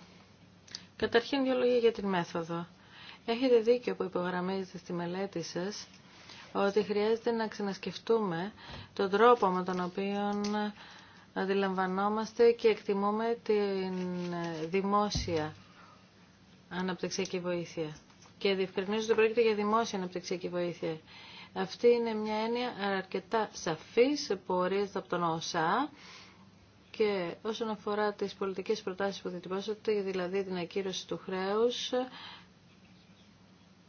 Καταρχήν, δύο λόγια για την μέθοδο. Έχετε δίκιο που υπογραμμίζετε στη μελέτη σας ότι χρειάζεται να ξανασκεφτούμε τον τρόπο με τον οποίο αντιλαμβανόμαστε και εκτιμούμε την δημόσια αναπτυξιακή βοήθεια. Και διευκρινίζω ότι πρόκειται για δημόσια αναπτυξιακή βοήθεια. Αυτή είναι μια έννοια αρκετά σαφής, που ορίζεται από τον ΟΣΑ και όσον αφορά τις πολιτικές προτάσεις που διετυπώσατε, δηλαδή την ακύρωση του χρέους,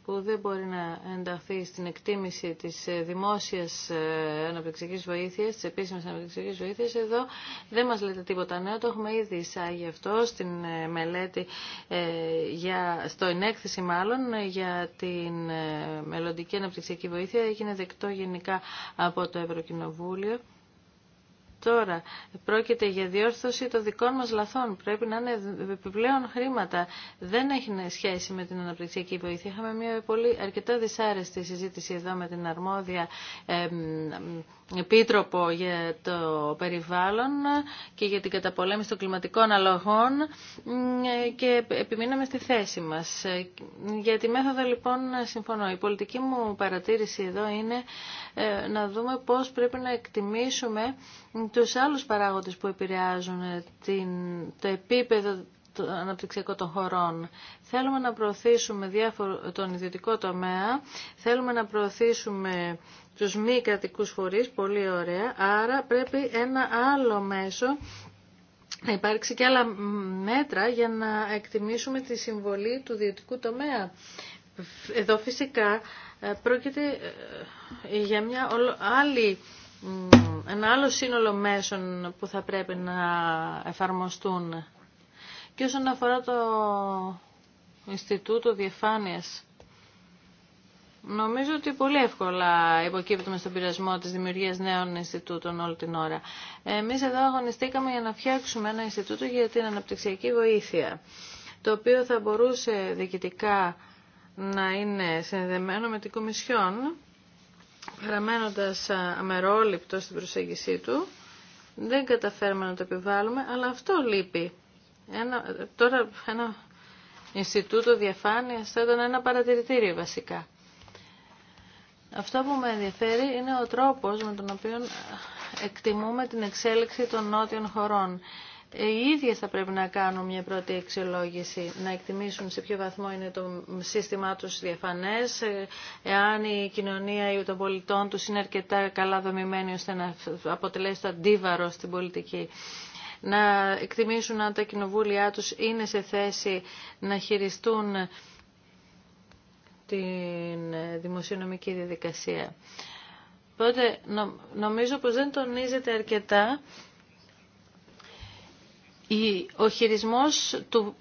που δεν μπορεί να ενταχθεί στην εκτίμηση της δημόσιας ε, αναπτυξιακής βοήθειας, της επίσημης αναπτυξιακής βοήθειας, εδώ δεν μας λέτε τίποτα νέο, το έχουμε ήδη εισάγει αυτό στην ε, μελέτη, ε, για, στο ενέκθεση μάλλον, για την μελλοντική αναπτυξιακή βοήθεια, έγινε δεκτό γενικά από το Ευρωκοινοβούλιο. Τώρα, πρόκειται για διόρθωση των δικών μας λαθών. Πρέπει να είναι επιπλέον χρήματα. Δεν έχει σχέση με την αναπτυξιακή βοήθεια. Είχαμε μια πολύ αρκετά δυσάρεστη συζήτηση εδώ με την αρμόδια επίτροπο για το περιβάλλον και για την καταπολέμηση των κλιματικών αλλαγών και επιμείναμε στη θέση μας. Για τη μέθοδο λοιπόν συμφωνώ. Η πολιτική μου παρατήρηση εδώ είναι ε, να δούμε πώς πρέπει να εκτιμήσουμε τους άλλους παράγοντες που επηρεάζουν ε, την, το επίπεδο το αναπτυξιακό των χωρών. Θέλουμε να προωθήσουμε διάφορο, τον ιδιωτικό τομέα, θέλουμε να προωθήσουμε τους μη κρατικούς φορείς, πολύ ωραία, άρα πρέπει ένα άλλο μέσο να υπάρξει και άλλα μέτρα για να εκτιμήσουμε τη συμβολή του ιδιωτικού τομέα. Εδώ φυσικά ε, πρόκειται ε, για μια άλλη ένα άλλο σύνολο μέσων που θα πρέπει να εφαρμοστούν. Και όσον αφορά το Ινστιτούτο Διαφάνειας, νομίζω ότι πολύ εύκολα υποκύπτουμε στον πειρασμό της δημιουργίας νέων Ινστιτούτων όλη την ώρα. Εμείς εδώ αγωνιστήκαμε για να φτιάξουμε ένα Ινστιτούτο για την αναπτυξιακή βοήθεια, το οποίο θα μπορούσε διοικητικά να είναι συνδεμένο με την Κομισιόν, γραμμένοντας αμερόληπτο στην προσέγγιση του, δεν καταφέρουμε να το επιβάλλουμε, αλλά αυτό λείπει. τώρα ένα Ινστιτούτο διαφάνεια θα ήταν ένα παρατηρητήριο βασικά. Αυτό που με ενδιαφέρει είναι ο τρόπος με τον οποίο εκτιμούμε την εξέλιξη των νότιων χωρών. Ε, οι ίδιες θα πρέπει να κάνουν μια πρώτη αξιολόγηση, να εκτιμήσουν σε ποιο βαθμό είναι το σύστημά τους διαφανές, ε, εάν η κοινωνία ή των πολιτών τους είναι αρκετά καλά δομημένη ώστε να αποτελέσει το αντίβαρο στην πολιτική να εκτιμήσουν αν τα κοινοβούλια τους είναι σε θέση να χειριστούν την δημοσιονομική διαδικασία. Οπότε νομίζω πως δεν τονίζεται αρκετά ο χειρισμός του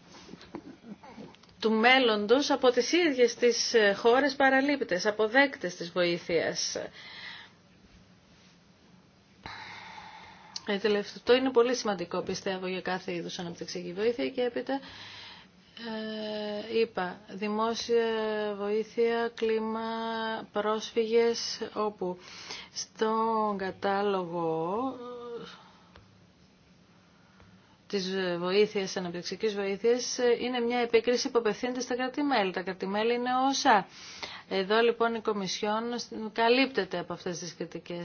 του μέλλοντος από τις ίδιες τις ε, χώρες παραλήπτες, αποδέκτες της βοήθειας. Ε, το είναι πολύ σημαντικό, πιστεύω, για κάθε είδους αναπτυξιακή βοήθεια και έπειτα ε, είπα, δημόσια βοήθεια, κλίμα, πρόσφυγες, όπου στον κατάλογο της βοήθειας, αναπτυξικής βοήθειας, είναι μια επίκριση που απευθύνεται στα κρατημέλη. Τα κρατημέλη είναι όσα. Εδώ λοιπόν η Κομισιόν καλύπτεται από αυτές τις κριτικέ.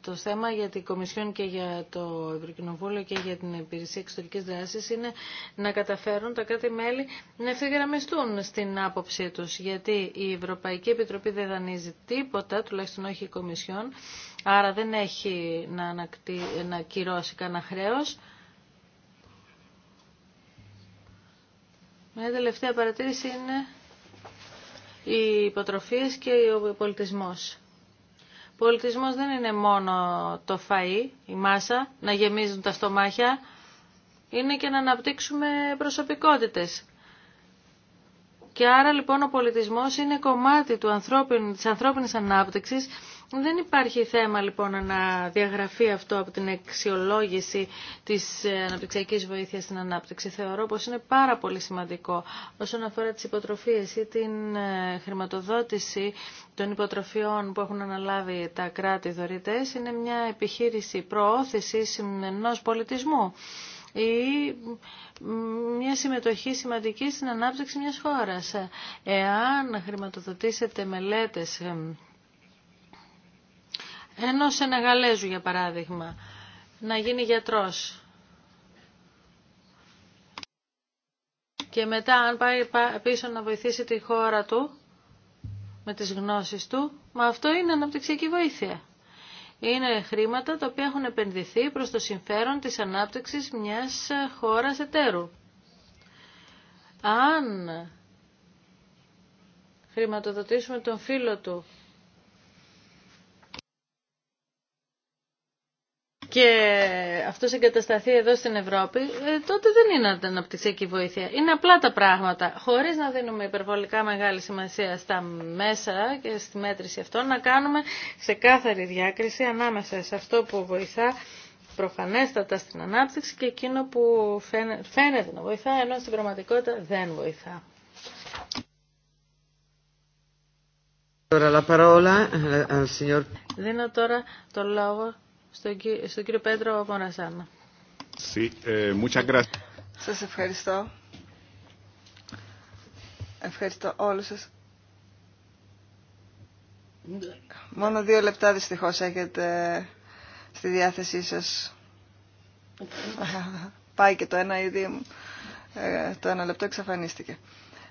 Το θέμα για την Κομισιόν και για το Ευρωκοινοβούλιο και για την Υπηρεσία Εξωτερική Δράση είναι να καταφέρουν τα κράτη-μέλη να ευθυγραμμιστούν στην άποψή του. Γιατί η Ευρωπαϊκή Επιτροπή δεν δανείζει τίποτα, τουλάχιστον όχι η Κομισιόν, άρα δεν έχει να, ανακτη... να κυρώσει κανένα χρέο. Μια τελευταία παρατήρηση είναι οι υποτροφίες και ο πολιτισμός. Πολιτισμός δεν είναι μόνο το φαΐ, η μάσα, να γεμίζουν τα στομάχια, είναι και να αναπτύξουμε προσωπικότητες. Και άρα λοιπόν ο πολιτισμός είναι κομμάτι του ανθρώπινου, της ανθρώπινης ανάπτυξης δεν υπάρχει θέμα λοιπόν να διαγραφεί αυτό από την αξιολόγηση της ε, αναπτυξιακής βοήθειας στην ανάπτυξη. Θεωρώ πως είναι πάρα πολύ σημαντικό όσον αφορά τις υποτροφίες ή την ε, χρηματοδότηση των υποτροφιών που έχουν αναλάβει τα κράτη δωρητές. Είναι μια επιχείρηση προώθηση ενός πολιτισμού ή μια συμμετοχή σημαντική στην ανάπτυξη μιας χώρας. Εάν χρηματοδοτήσετε μελέτες ε, ένα Σενεγαλέζου για παράδειγμα να γίνει γιατρός και μετά αν πάει πίσω να βοηθήσει τη χώρα του με τις γνώσεις του, μα αυτό είναι αναπτυξιακή βοήθεια. Είναι χρήματα τα οποία έχουν επενδυθεί προς το συμφέρον της ανάπτυξης μιας χώρας εταίρου. Αν χρηματοδοτήσουμε τον φίλο του και αυτός εγκατασταθεί εδώ στην Ευρώπη, ε, τότε δεν είναι αναπτυξιακή βοήθεια. Είναι απλά τα πράγματα. Χωρίς να δίνουμε υπερβολικά μεγάλη σημασία στα μέσα και στη μέτρηση αυτών, να κάνουμε σε κάθαρη διάκριση ανάμεσα σε αυτό που βοηθά προφανέστατα στην ανάπτυξη και εκείνο που φαίνεται να βοηθά, ενώ στην πραγματικότητα δεν βοηθά. Ε, ε, Δίνω τώρα το λόγο στον, κύριο Πέντρο Μονασάνα. Sí, eh, σας ευχαριστώ. Ευχαριστώ όλους σας. Μόνο δύο λεπτά δυστυχώς έχετε στη διάθεσή σας. Πάει και το ένα ήδη, ε, το ένα λεπτό εξαφανίστηκε.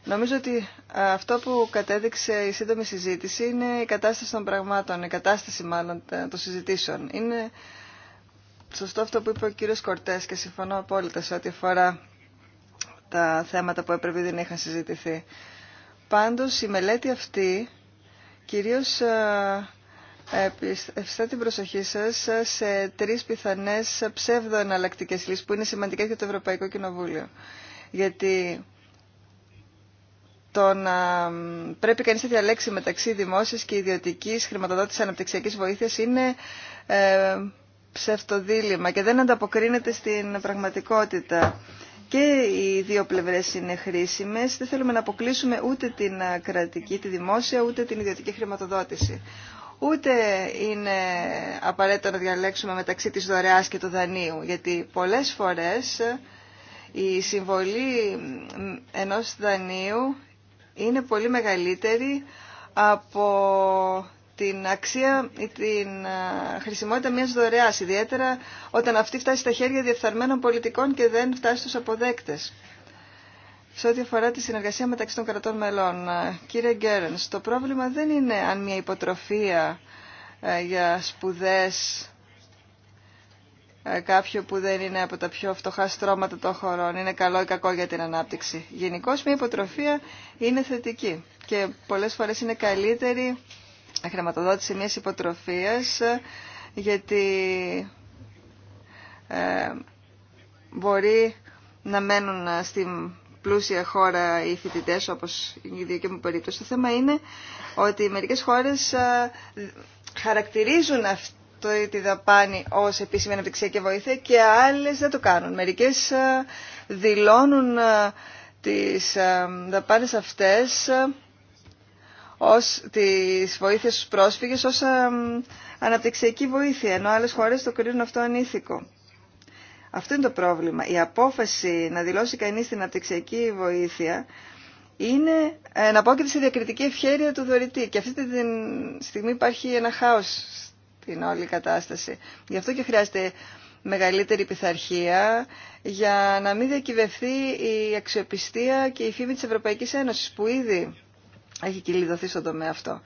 Νομίζω ότι αυτό που κατέδειξε η σύντομη συζήτηση είναι η κατάσταση των πραγμάτων, η κατάσταση μάλλον των συζητήσεων. Είναι σωστό αυτό που είπε ο κύριος Κορτές και συμφωνώ απόλυτα σε ό,τι αφορά τα θέματα που έπρεπε δεν είχαν συζητηθεί. Πάντως η μελέτη αυτή κυρίως ευστά την προσοχή σας σε τρεις πιθανές ψεύδο εναλλακτικές λύσεις που είναι σημαντικές για το Ευρωπαϊκό Κοινοβούλιο. Γιατί το να πρέπει κανείς να διαλέξει μεταξύ δημόσιας και ιδιωτικής χρηματοδότησης αναπτυξιακής βοήθειας είναι ε, ψευτοδήλημα και δεν ανταποκρίνεται στην πραγματικότητα. Και οι δύο πλευρές είναι χρήσιμες. Δεν θέλουμε να αποκλείσουμε ούτε την ε, κρατική, τη δημόσια, ούτε την ιδιωτική χρηματοδότηση. Ούτε είναι απαραίτητο να διαλέξουμε μεταξύ της δωρεάς και του δανείου, γιατί πολλές φορές ε, η συμβολή ενός δανείου είναι πολύ μεγαλύτερη από την αξία ή την ε, χρησιμότητα μιας δωρεάς, ιδιαίτερα όταν αυτή φτάσει στα χέρια διεφθαρμένων πολιτικών και δεν φτάσει στους αποδέκτες. Σε ό,τι αφορά τη συνεργασία μεταξύ των κρατών μελών, ε, κύριε Γκέρενς, το πρόβλημα δεν είναι αν μια υποτροφία ε, για σπουδές ε, κάποιο που δεν είναι από τα πιο φτωχά στρώματα των χωρών είναι καλό ή κακό για την ανάπτυξη. Γενικώ μια υποτροφία είναι θετική και πολλές φορές είναι καλύτερη η χρηματοδότηση μιας υποτροφίας ε, γιατί ε, μπορεί να μένουν στην πλούσια χώρα οι φοιτητέ, όπως η δική μου περίπτωση. Το θέμα είναι ότι μερικέ χώρε χαρακτηρίζουν αυτή το τη δαπάνη ως επίσημη αναπτυξιακή βοήθεια και άλλες δεν το κάνουν. Μερικές ε, δηλώνουν ε, τις ε, δαπάνες αυτές ως τις βοήθειες στους πρόσφυγες ως αναπτυξιακή βοήθεια, ενώ άλλες χώρες το κρίνουν αυτό ανήθικο. Αυτό είναι το πρόβλημα. Η απόφαση να δηλώσει κανείς την αναπτυξιακή βοήθεια είναι να πόκεται σε διακριτική ευχαίρεια του δωρητή. Και αυτή τη στιγμή υπάρχει ένα χάος την όλη κατάσταση. Γι' αυτό και χρειάζεται μεγαλύτερη πειθαρχία για να μην διακυβευτεί η αξιοπιστία και η φήμη της Ευρωπαϊκής Ένωσης που ήδη έχει κυλιδωθεί στον τομέα αυτό.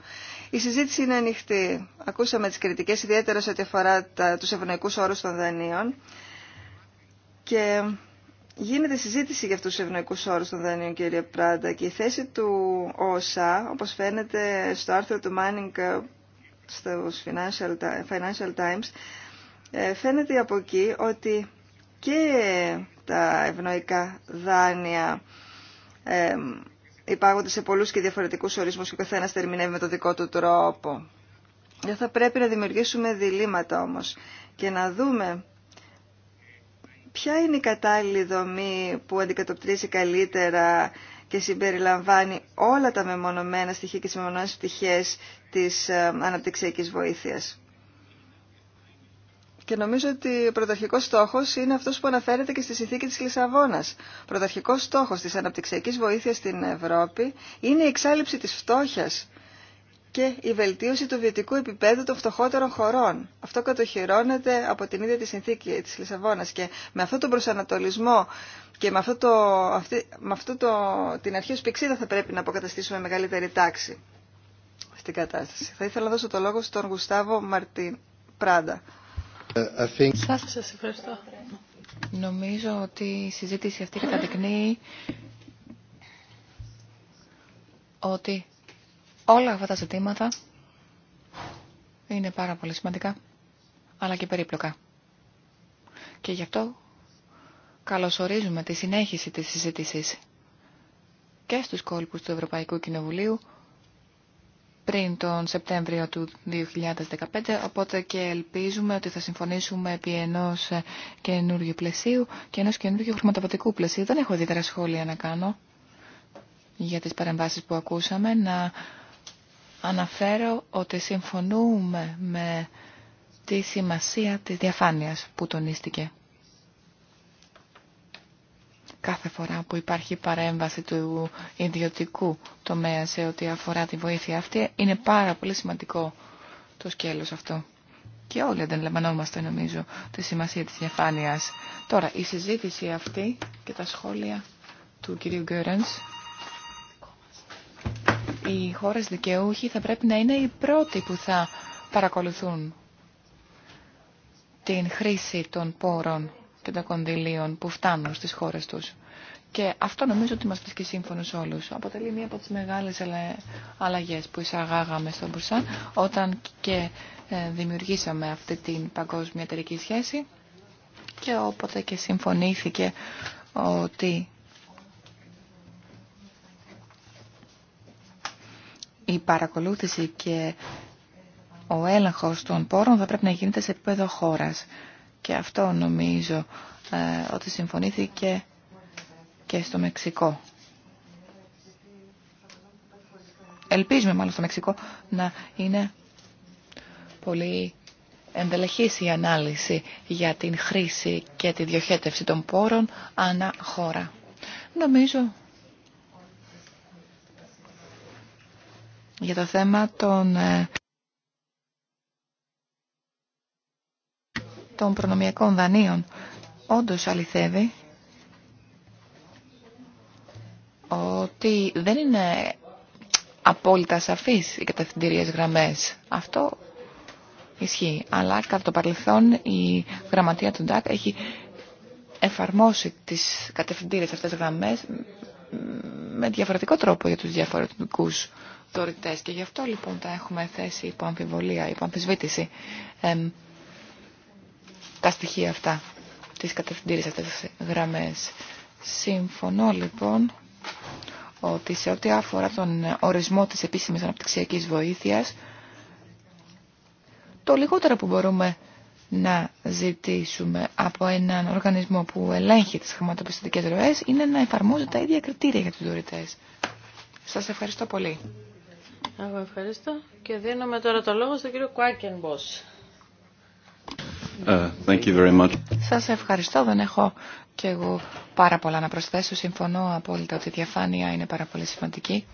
Η συζήτηση είναι ανοιχτή. Ακούσαμε τις κριτικές ιδιαίτερα σε ό,τι αφορά τα, τους ευνοϊκούς όρους των δανείων και γίνεται συζήτηση για αυτούς τους ευνοϊκούς όρους των δανείων κύριε Πράντα και η θέση του ΟΣΑ όπως φαίνεται στο άρθρο του Μάνινγκ στους Financial, Financial Times, ε, φαίνεται από εκεί ότι και τα ευνοϊκά δάνεια ε, υπάγονται σε πολλούς και διαφορετικούς ορισμούς και ο καθένας τερμινεύει με το δικό του τρόπο. Δεν θα πρέπει να δημιουργήσουμε διλήμματα όμως και να δούμε ποια είναι η κατάλληλη δομή που αντικατοπτρίζει καλύτερα και συμπεριλαμβάνει όλα τα μεμονωμένα στοιχεία και τις μεμονωμένες πτυχές της ε, αναπτυξιακής βοήθειας. Και νομίζω ότι ο πρωταρχικός στόχος είναι αυτός που αναφέρεται και στη συνθήκη της Λισαβόνας. Ο πρωταρχικός στόχος της αναπτυξιακής βοήθειας στην Ευρώπη είναι η εξάλληψη της φτώχειας και η βελτίωση του βιωτικού επίπεδου των φτωχότερων χωρών. Αυτό κατοχυρώνεται από την ίδια τη συνθήκη της Λισαβόνας και με αυτόν τον προσανατολισμό και με αυτό, το, αυτή, με αυτό το, την αρχή ως πηξίδα θα πρέπει να αποκαταστήσουμε μεγαλύτερη τάξη στην κατάσταση. Θα ήθελα να δώσω το λόγο στον Γουστάβο Μαρτίν Πράντα. Ε, σας ευχαριστώ. Νομίζω ότι η συζήτηση αυτή καταδεικνύει ότι Όλα αυτά τα ζητήματα είναι πάρα πολύ σημαντικά, αλλά και περίπλοκα. Και γι' αυτό καλωσορίζουμε τη συνέχιση της συζήτησης και στους κόλπους του Ευρωπαϊκού Κοινοβουλίου πριν τον Σεπτέμβριο του 2015, οπότε και ελπίζουμε ότι θα συμφωνήσουμε επί ενός καινούργιου πλαισίου και ενός καινούργιου χρηματοδοτικού πλαισίου. Δεν έχω ιδιαίτερα σχόλια να κάνω για τις παρεμβάσεις που ακούσαμε, να αναφέρω ότι συμφωνούμε με τη σημασία της διαφάνειας που τονίστηκε. Κάθε φορά που υπάρχει παρέμβαση του ιδιωτικού τομέα σε ό,τι αφορά τη βοήθεια αυτή, είναι πάρα πολύ σημαντικό το σκέλος αυτό. Και όλοι αντιλαμβανόμαστε νομίζω τη σημασία της διαφάνειας. Τώρα, η συζήτηση αυτή και τα σχόλια του κυρίου Γκέρενς οι χώρες δικαιούχοι θα πρέπει να είναι οι πρώτοι που θα παρακολουθούν την χρήση των πόρων και των κονδυλίων που φτάνουν στις χώρες τους. Και αυτό νομίζω ότι μας βρίσκει σύμφωνος όλους. Αποτελεί μία από τις μεγάλες αλλαγές που εισαγάγαμε στον Μπουρσάν όταν και ε, δημιουργήσαμε αυτή την παγκόσμια εταιρική σχέση και όποτε και συμφωνήθηκε ότι η παρακολούθηση και ο έλεγχος των πόρων θα πρέπει να γίνεται σε επίπεδο χώρας. Και αυτό νομίζω ε, ότι συμφωνήθηκε και στο Μεξικό. Ελπίζουμε μάλλον στο Μεξικό να είναι πολύ ενδελεχής η ανάλυση για την χρήση και τη διοχέτευση των πόρων ανά χώρα. Νομίζω για το θέμα των, ε, των προνομιακών δανείων. Όντως αληθεύει ότι δεν είναι απόλυτα σαφείς οι κατευθυντήριες γραμμές. Αυτό ισχύει. Αλλά κατά το παρελθόν η γραμματεία του ΝΤΑΚ έχει εφαρμόσει τις κατευθυντήριες αυτές γραμμές με διαφορετικό τρόπο για τους διαφορετικούς και γι' αυτό λοιπόν τα έχουμε θέσει υπό αμφιβολία, υπό αμφισβήτηση τα στοιχεία αυτά, τις κατευθυντήρες αυτές τις γραμμές. Συμφωνώ λοιπόν ότι σε ό,τι αφορά τον ορισμό της επίσημης αναπτυξιακής βοήθειας, το λιγότερο που μπορούμε να ζητήσουμε από έναν οργανισμό που ελέγχει τις χρηματοπιστωτικές ροές είναι να εφαρμόζει τα ίδια κριτήρια για τους δωρητές. Σας ευχαριστώ πολύ. Εγώ ευχαριστώ και δίνουμε τώρα το λόγο στον κύριο Κουάκενμπος. Uh, Σας ευχαριστώ. Δεν έχω και εγώ πάρα πολλά να προσθέσω. Συμφωνώ απόλυτα ότι η διαφάνεια είναι πάρα πολύ σημαντική.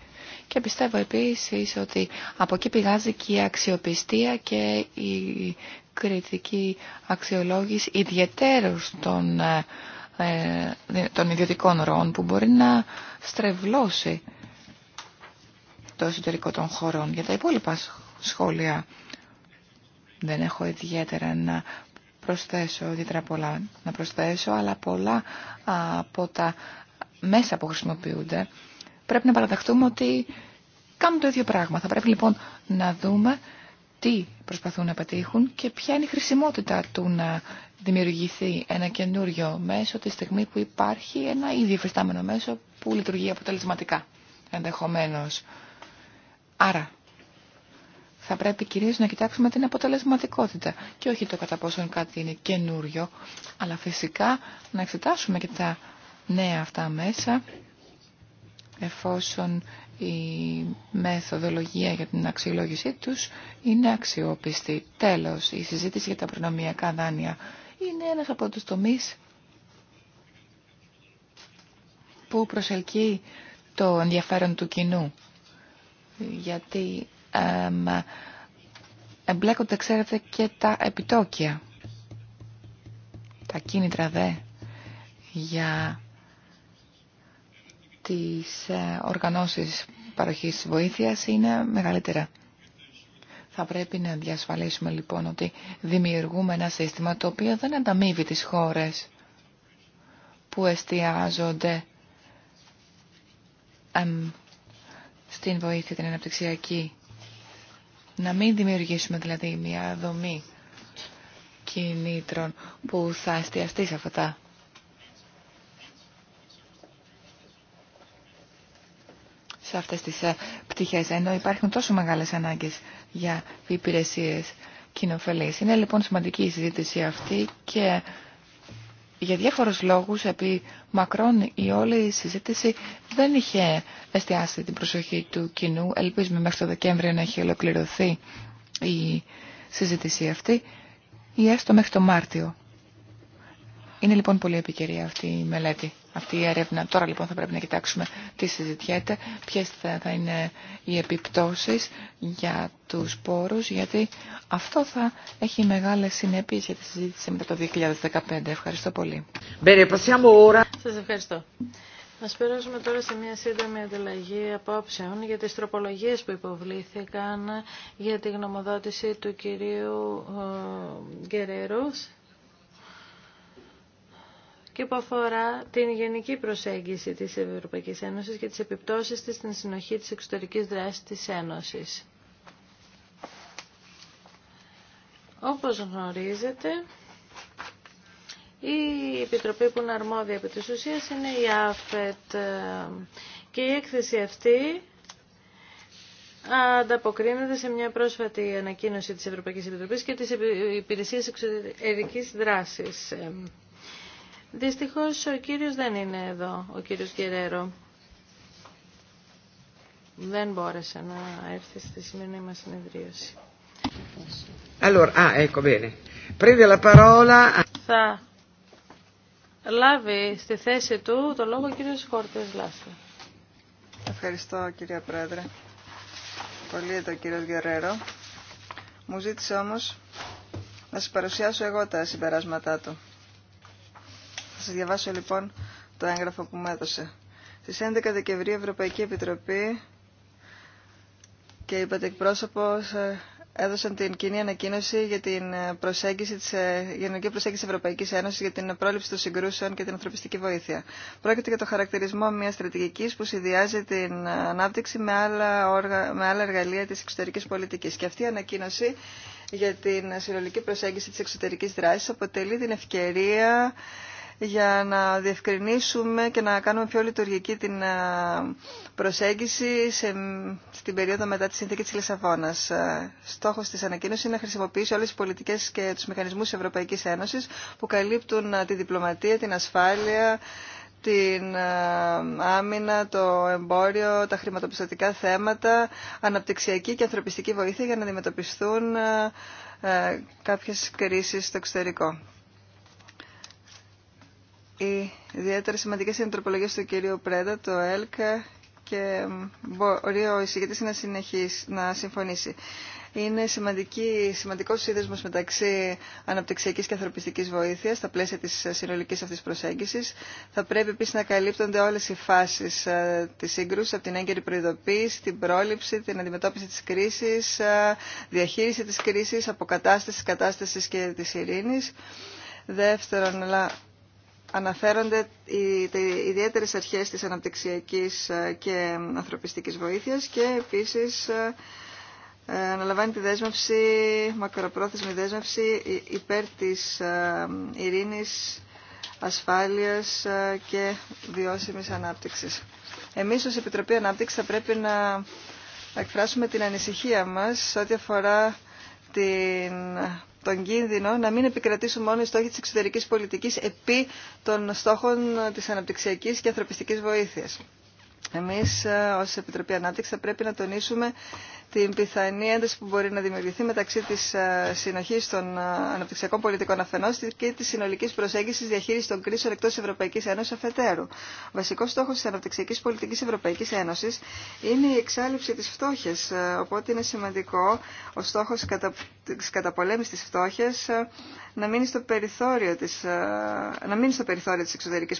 Και πιστεύω επίσης ότι από εκεί πηγάζει και η αξιοπιστία και η κριτική αξιολόγηση ιδιαιτέρως των, ε, ε, των ιδιωτικών ροών που μπορεί να στρεβλώσει το εσωτερικό των χωρών. Για τα υπόλοιπα σχόλια δεν έχω ιδιαίτερα να προσθέσω, ιδιαίτερα πολλά να προσθέσω, αλλά πολλά από τα μέσα που χρησιμοποιούνται πρέπει να παραδεχτούμε ότι κάνουν το ίδιο πράγμα. Θα πρέπει λοιπόν να δούμε τι προσπαθούν να πετύχουν και ποια είναι η χρησιμότητα του να δημιουργηθεί ένα καινούριο μέσο τη στιγμή που υπάρχει ένα ήδη εφιστάμενο μέσο που λειτουργεί αποτελεσματικά ενδεχομένως. Άρα, θα πρέπει κυρίως να κοιτάξουμε την αποτελεσματικότητα και όχι το κατά πόσον κάτι είναι καινούριο, αλλά φυσικά να εξετάσουμε και τα νέα αυτά μέσα, εφόσον η μεθοδολογία για την αξιολόγησή τους είναι αξιόπιστη. Τέλος, η συζήτηση για τα προνομιακά δάνεια είναι ένας από τους τομείς που προσελκύει το ενδιαφέρον του κοινού γιατί εμπλέκονται, ξέρετε, και τα επιτόκια. Τα κίνητρα δε για τις ε, οργανώσεις παροχής βοήθειας είναι μεγαλύτερα. Θα πρέπει να διασφαλίσουμε λοιπόν ότι δημιουργούμε ένα σύστημα το οποίο δεν ανταμείβει τις χώρες που εστιάζονται στην βοήθεια την αναπτυξιακή. Να μην δημιουργήσουμε δηλαδή μια δομή κινήτρων που θα εστιαστεί σε αυτά τα σε αυτές τις ε, πτυχές, ενώ υπάρχουν τόσο μεγάλες ανάγκες για υπηρεσίες κοινοφελής. Είναι λοιπόν σημαντική η συζήτηση αυτή και για διάφορους λόγους επί μακρόν η όλη η συζήτηση δεν είχε εστιάσει την προσοχή του κοινού. Ελπίζουμε μέχρι το Δεκέμβριο να έχει ολοκληρωθεί η συζήτηση αυτή ή έστω μέχρι το Μάρτιο. Είναι λοιπόν πολύ επικαιρία αυτή η μελέτη αυτή η έρευνα. Τώρα λοιπόν θα πρέπει να κοιτάξουμε τι συζητιέται, Ποιε θα, είναι οι επιπτώσει για του πόρου, γιατί αυτό θα έχει μεγάλε συνέπειε για τη συζήτηση μετά το 2015. Ευχαριστώ πολύ. Σα ευχαριστώ. Α περάσουμε τώρα σε μια σύντομη ανταλλαγή απόψεων για τι τροπολογίε που υποβλήθηκαν για τη γνωμοδότηση του κυρίου ε, Γκερέρου και που αφορά την γενική προσέγγιση της Ευρωπαϊκής Ένωσης και τις επιπτώσεις της στην συνοχή της εξωτερικής δράσης της Ένωσης. Όπως γνωρίζετε, η Επιτροπή που είναι αρμόδια από τις ουσίες είναι η ΑΦΕΤ ε, και η έκθεση αυτή ανταποκρίνεται σε μια πρόσφατη ανακοίνωση της Ευρωπαϊκής Επιτροπής και της Υπηρεσίας Εξωτερικής Δράσης. Δυστυχώς ο κύριος δεν είναι εδώ, ο κύριος Γκερέρο. Δεν μπόρεσε να έρθει στη σημερινή μας συνεδρίωση. Allora, ah, ecco bene. Prende la parola. Θα λάβει στη θέση του το λόγο ο κύριος Χόρτες Λάστα. Ευχαριστώ κυρία Πρόεδρε. Πολύ εδώ ο κύριος Γκερέρο. Μου ζήτησε όμως να σας παρουσιάσω εγώ τα συμπεράσματά του. Θα σας διαβάσω λοιπόν το έγγραφο που μου έδωσε. Στις 11 Δεκεμβρίου η Ευρωπαϊκή Επιτροπή και η Πατεκπρόσωπος ε, έδωσαν την κοινή ανακοίνωση για την ε, προσέγγιση της, ε, γενική προσέγγιση Ευρωπαϊκής Ένωσης για την πρόληψη των συγκρούσεων και την ανθρωπιστική βοήθεια. Πρόκειται για το χαρακτηρισμό μιας στρατηγικής που συνδυάζει την ανάπτυξη με άλλα, όργα, με εργαλεία της εξωτερικής πολιτικής. Και αυτή η ανακοίνωση για την συνολική προσέγγιση της εξωτερικής δράσης αποτελεί την ευκαιρία για να διευκρινίσουμε και να κάνουμε πιο λειτουργική την ε, προσέγγιση σε, στην περίοδο μετά τη συνθήκη της Λισαβόνας. Ε, στόχος της ανακοίνωσης είναι να χρησιμοποιήσει όλες τις πολιτικές και τους μηχανισμούς της Ευρωπαϊκής Ένωσης που καλύπτουν ε, τη διπλωματία, την ασφάλεια, την άμυνα, το εμπόριο, τα χρηματοπιστωτικά θέματα, αναπτυξιακή και ανθρωπιστική βοήθεια για να αντιμετωπιστούν κάποιες κρίσεις στο εξωτερικό. Οι ιδιαίτερα σημαντικέ είναι του κυρίου Πρέντα, το ΕΛΚΑ και μπορεί ο εισηγητής να να συμφωνήσει. Είναι σημαντικό σημαντικός σύνδεσμος μεταξύ αναπτυξιακής και ανθρωπιστικής βοήθειας στα πλαίσια της συνολικής αυτής προσέγγισης. Θα πρέπει επίσης να καλύπτονται όλες οι φάσεις ε, της σύγκρουσης, από την έγκαιρη προειδοποίηση, την πρόληψη, την αντιμετώπιση της κρίσης, ε, διαχείριση της κρίσης, αποκατάσταση τη κατάσταση και της ειρήνης. Δεύτερον, αναφέρονται οι ιδιαίτερες αρχές της αναπτυξιακής ε, και ανθρωπιστικής βοήθειας και επίσης ε, ε, αναλαμβάνει τη δέσμευση, μακροπρόθεσμη δέσμευση υπέρ της ειρήνης, ασφάλειας και βιώσιμης ανάπτυξης. Εμείς ως Επιτροπή Ανάπτυξης θα πρέπει να εκφράσουμε την ανησυχία μας ό,τι αφορά την τον κίνδυνο να μην επικρατήσουν μόνο οι στόχοι της εξωτερικής πολιτικής επί των στόχων της αναπτυξιακής και ανθρωπιστικής βοήθειας. Εμείς ε, ως Επιτροπή ανάπτυξη, θα πρέπει να τονίσουμε την πιθανή ένταση που μπορεί να δημιουργηθεί μεταξύ τη ε, συνοχή των ε, αναπτυξιακών πολιτικών αφενό και τη συνολική προσέγγιση διαχείριση των κρίσεων εκτό Ευρωπαϊκής Ένωσης αφετέρου. βασικό στόχο τη αναπτυξιακή πολιτική Ευρωπαϊκή Ένωση είναι η εξάλληψη τη φτώχεια, ε, οπότε είναι σημαντικό ο στόχος κατα... της τη της να μείνει στο περιθώριο της, να πολιτική εξωτερικής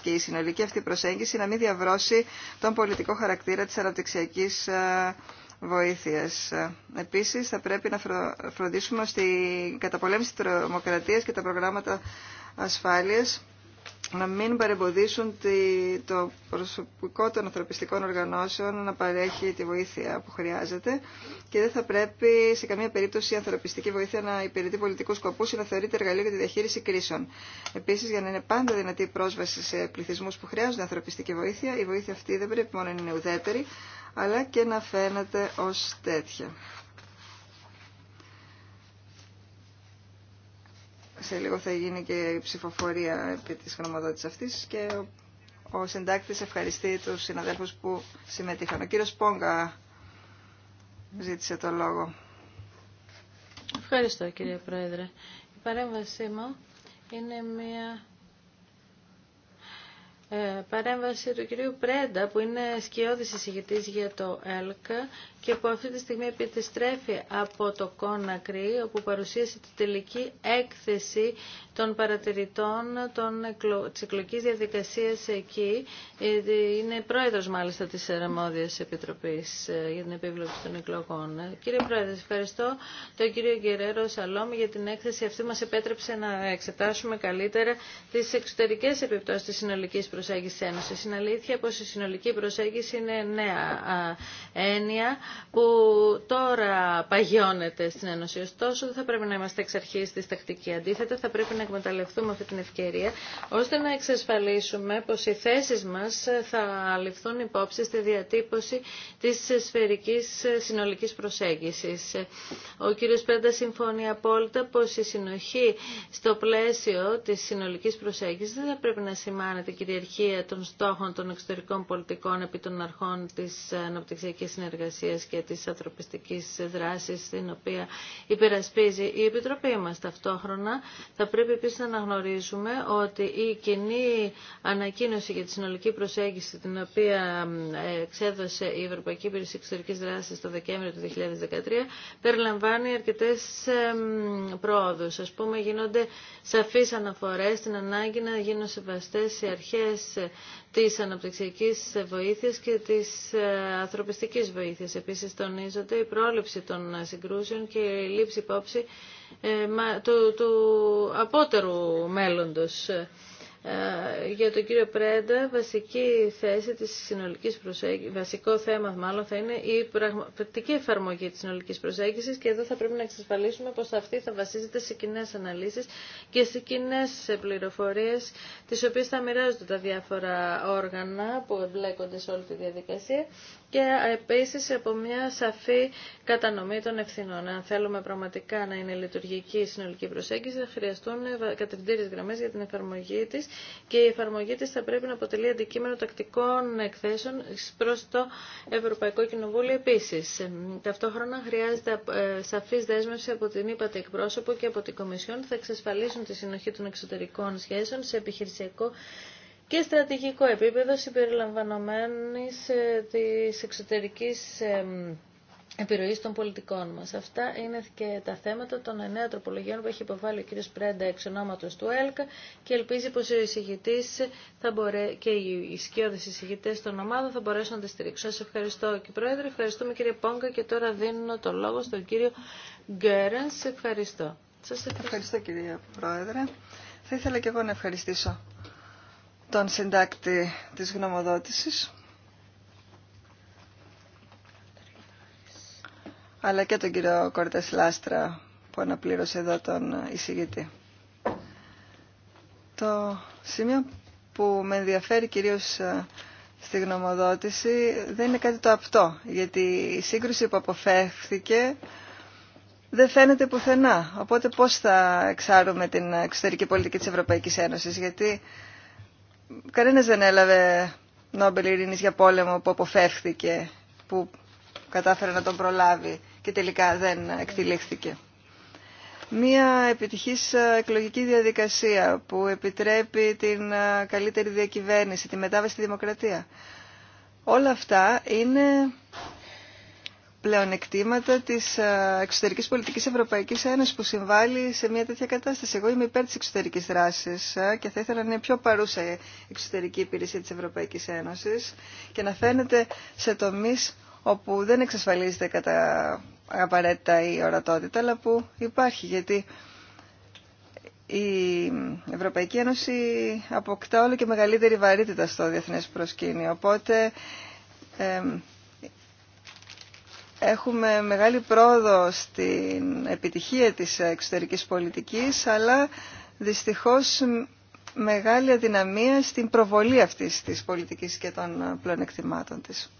και η συνολική αυτή προσέγγιση να μην διαβρώσει τον πολιτικό χαρακτήρα της αναπτυξιακής πολιτικής βοήθειας. Επίσης θα πρέπει να φροντίσουμε στην καταπολέμηση της τρομοκρατίας και τα προγράμματα ασφάλειας να μην παρεμποδίσουν το προσωπικό των ανθρωπιστικών οργανώσεων να παρέχει τη βοήθεια που χρειάζεται και δεν θα πρέπει σε καμία περίπτωση η ανθρωπιστική βοήθεια να υπηρετεί πολιτικού σκοπούς ή να θεωρείται εργαλείο για τη διαχείριση κρίσεων. Επίση, για να είναι πάντα δυνατή η πρόσβαση σε πληθυσμού που χρειάζονται ανθρωπιστική βοήθεια, η βοήθεια αυτή δεν πρέπει μόνο να είναι ουδέτερη, αλλά και να φαίνεται ω τέτοια. σε λίγο θα γίνει και η ψηφοφορία επί της γνωμοδότησης αυτής και ο συντάκτης ευχαριστεί τους συναδέλφους που συμμετείχαν. Ο κύριος Πόγκα ζήτησε το λόγο. Ευχαριστώ κύριε Πρόεδρε. Η παρέμβασή μου είναι μια ε, παρέμβαση του κυρίου Πρέντα που είναι σκιώδης εισηγητής για το ΕΛΚ και που αυτή τη στιγμή επιστρέφει από το Κόνακρι, όπου παρουσίασε τη τελική έκθεση των παρατηρητών των εκλο... της εκλογικής διαδικασίας εκεί. Ε, είναι πρόεδρος μάλιστα της Αρμόδιας Επιτροπής ε, για την Επίβλεψη των Εκλογών. Ε, κύριε Πρόεδρε, ευχαριστώ τον κύριο Γκερέρο Σαλόμ για την έκθεση αυτή μας επέτρεψε να εξετάσουμε καλύτερα τις εξωτερικές επιπτώσεις της συνολικής προσέγγιση Ένωσης. Είναι αλήθεια πως η συνολική προσέγγιση είναι νέα έννοια που τώρα παγιώνεται στην Ένωση. Ωστόσο, δεν θα πρέπει να είμαστε εξ αρχή τη τακτική. Αντίθετα, θα πρέπει να εκμεταλλευτούμε αυτή την ευκαιρία ώστε να εξασφαλίσουμε πω οι θέσει μα θα ληφθούν υπόψη στη διατύπωση τη σφαιρική συνολική προσέγγιση. Ο κ. Πέντα συμφωνεί απόλυτα πω η συνοχή στο πλαίσιο τη συνολική προσέγγιση δεν θα πρέπει να σημάνεται κυριαρχία των στόχων των εξωτερικών πολιτικών επί των αρχών τη αναπτυξιακή συνεργασία και της ανθρωπιστικής δράσης την οποία υπερασπίζει η Επιτροπή μας. Ταυτόχρονα θα πρέπει επίσης να αναγνωρίζουμε ότι η κοινή ανακοίνωση για τη συνολική προσέγγιση την οποία εξέδωσε η Ευρωπαϊκή Υπηρεσία Εξωτερικής Δράσης το Δεκέμβριο του 2013 περιλαμβάνει αρκετές πρόοδους. Ας πούμε γίνονται σαφείς αναφορές στην ανάγκη να γίνουν σεβαστές οι αρχές της αναπτυξιακής βοήθειας και της ε, ανθρωπιστικής βοήθειας. Επίσης τονίζονται η πρόληψη των συγκρούσεων και η λήψη υπόψη ε, του, του απότερου μέλλοντος. Ε, για τον κύριο Πρέντα, βασική θέση της συνολικής προσέγγισης, βασικό θέμα μάλλον θα είναι η πρακτική εφαρμογή της συνολικής προσέγγισης και εδώ θα πρέπει να εξασφαλίσουμε πως αυτή θα βασίζεται σε κοινέ αναλύσεις και σε κοινέ πληροφορίες τις οποίες θα μοιράζονται τα διάφορα όργανα που εμπλέκονται σε όλη τη διαδικασία και επίσης από μια σαφή κατανομή των ευθυνών. Αν θέλουμε πραγματικά να είναι λειτουργική η συνολική προσέγγιση, θα χρειαστούν κατευθυντήριε γραμμές για την εφαρμογή της και η εφαρμογή της θα πρέπει να αποτελεί αντικείμενο τακτικών εκθέσεων προς το Ευρωπαϊκό Κοινοβούλιο επίσης. Ταυτόχρονα χρειάζεται ε, σαφής δέσμευση από την ΥΠΑΤΕ εκπρόσωπο και από την Κομισιόν θα εξασφαλίσουν τη συνοχή των εξωτερικών σχέσεων σε επιχειρησιακό και στρατηγικό επίπεδο συμπεριλαμβανομένης ε, της εξωτερικής επιρροής των πολιτικών μας. Αυτά είναι και τα θέματα των εννέα τροπολογιών που έχει υποβάλει ο κ. Πρέντα εξ ονόματος του ΕΛΚΑ και ελπίζει πως οι και οι σκιώδες εισηγητές των ομάδων θα μπορέσουν να τη στηρίξουν. Σας ευχαριστώ κ. Πρόεδρε, ευχαριστούμε κ. Πόγκα και τώρα δίνω το λόγο στον κύριο Σα Ευχαριστώ. Σας ευχαριστώ. Ευχαριστώ κ. Πρόεδρε. Θα ήθελα και εγώ να ευχαριστήσω τον συντάκτη της γνωμοδότησης αλλά και τον κύριο Κορτές Λάστρα που αναπλήρωσε εδώ τον εισηγητή. Το σημείο που με ενδιαφέρει κυρίως ε, στη γνωμοδότηση δεν είναι κάτι το απτό, γιατί η σύγκρουση που αποφεύθηκε δεν φαίνεται πουθενά. Οπότε πώς θα εξάρουμε την εξωτερική πολιτική της Ευρωπαϊκής Ένωσης, γιατί κανένας δεν έλαβε Νόμπελ Ειρήνης για πόλεμο που αποφεύχθηκε, που κατάφερε να τον προλάβει και τελικά δεν εκτελήχθηκε. Μία επιτυχής ε, εκλογική διαδικασία που επιτρέπει την ε, καλύτερη διακυβέρνηση, τη μετάβαση στη δημοκρατία. Όλα αυτά είναι πλεονεκτήματα της ε, εξωτερικής πολιτικής Ευρωπαϊκής Ένωσης που συμβάλλει σε μια τέτοια κατάσταση. Εγώ είμαι υπέρ της εξωτερικής δράσης ε, και θα ήθελα να είναι πιο παρούσα η εξωτερική υπηρεσία της Ευρωπαϊκής Ένωσης και να φαίνεται σε τομεί όπου δεν εξασφαλίζεται κατά απαραίτητα η ορατότητα, αλλά που υπάρχει, γιατί η Ευρωπαϊκή Ένωση αποκτά όλο και μεγαλύτερη βαρύτητα στο διεθνές προσκήνιο. Οπότε Έχουμε μεγάλη πρόοδο στην επιτυχία της εξωτερικής πολιτικής, αλλά δυστυχώς μεγάλη αδυναμία στην προβολή αυτής της πολιτικής και των πλονεκτημάτων της.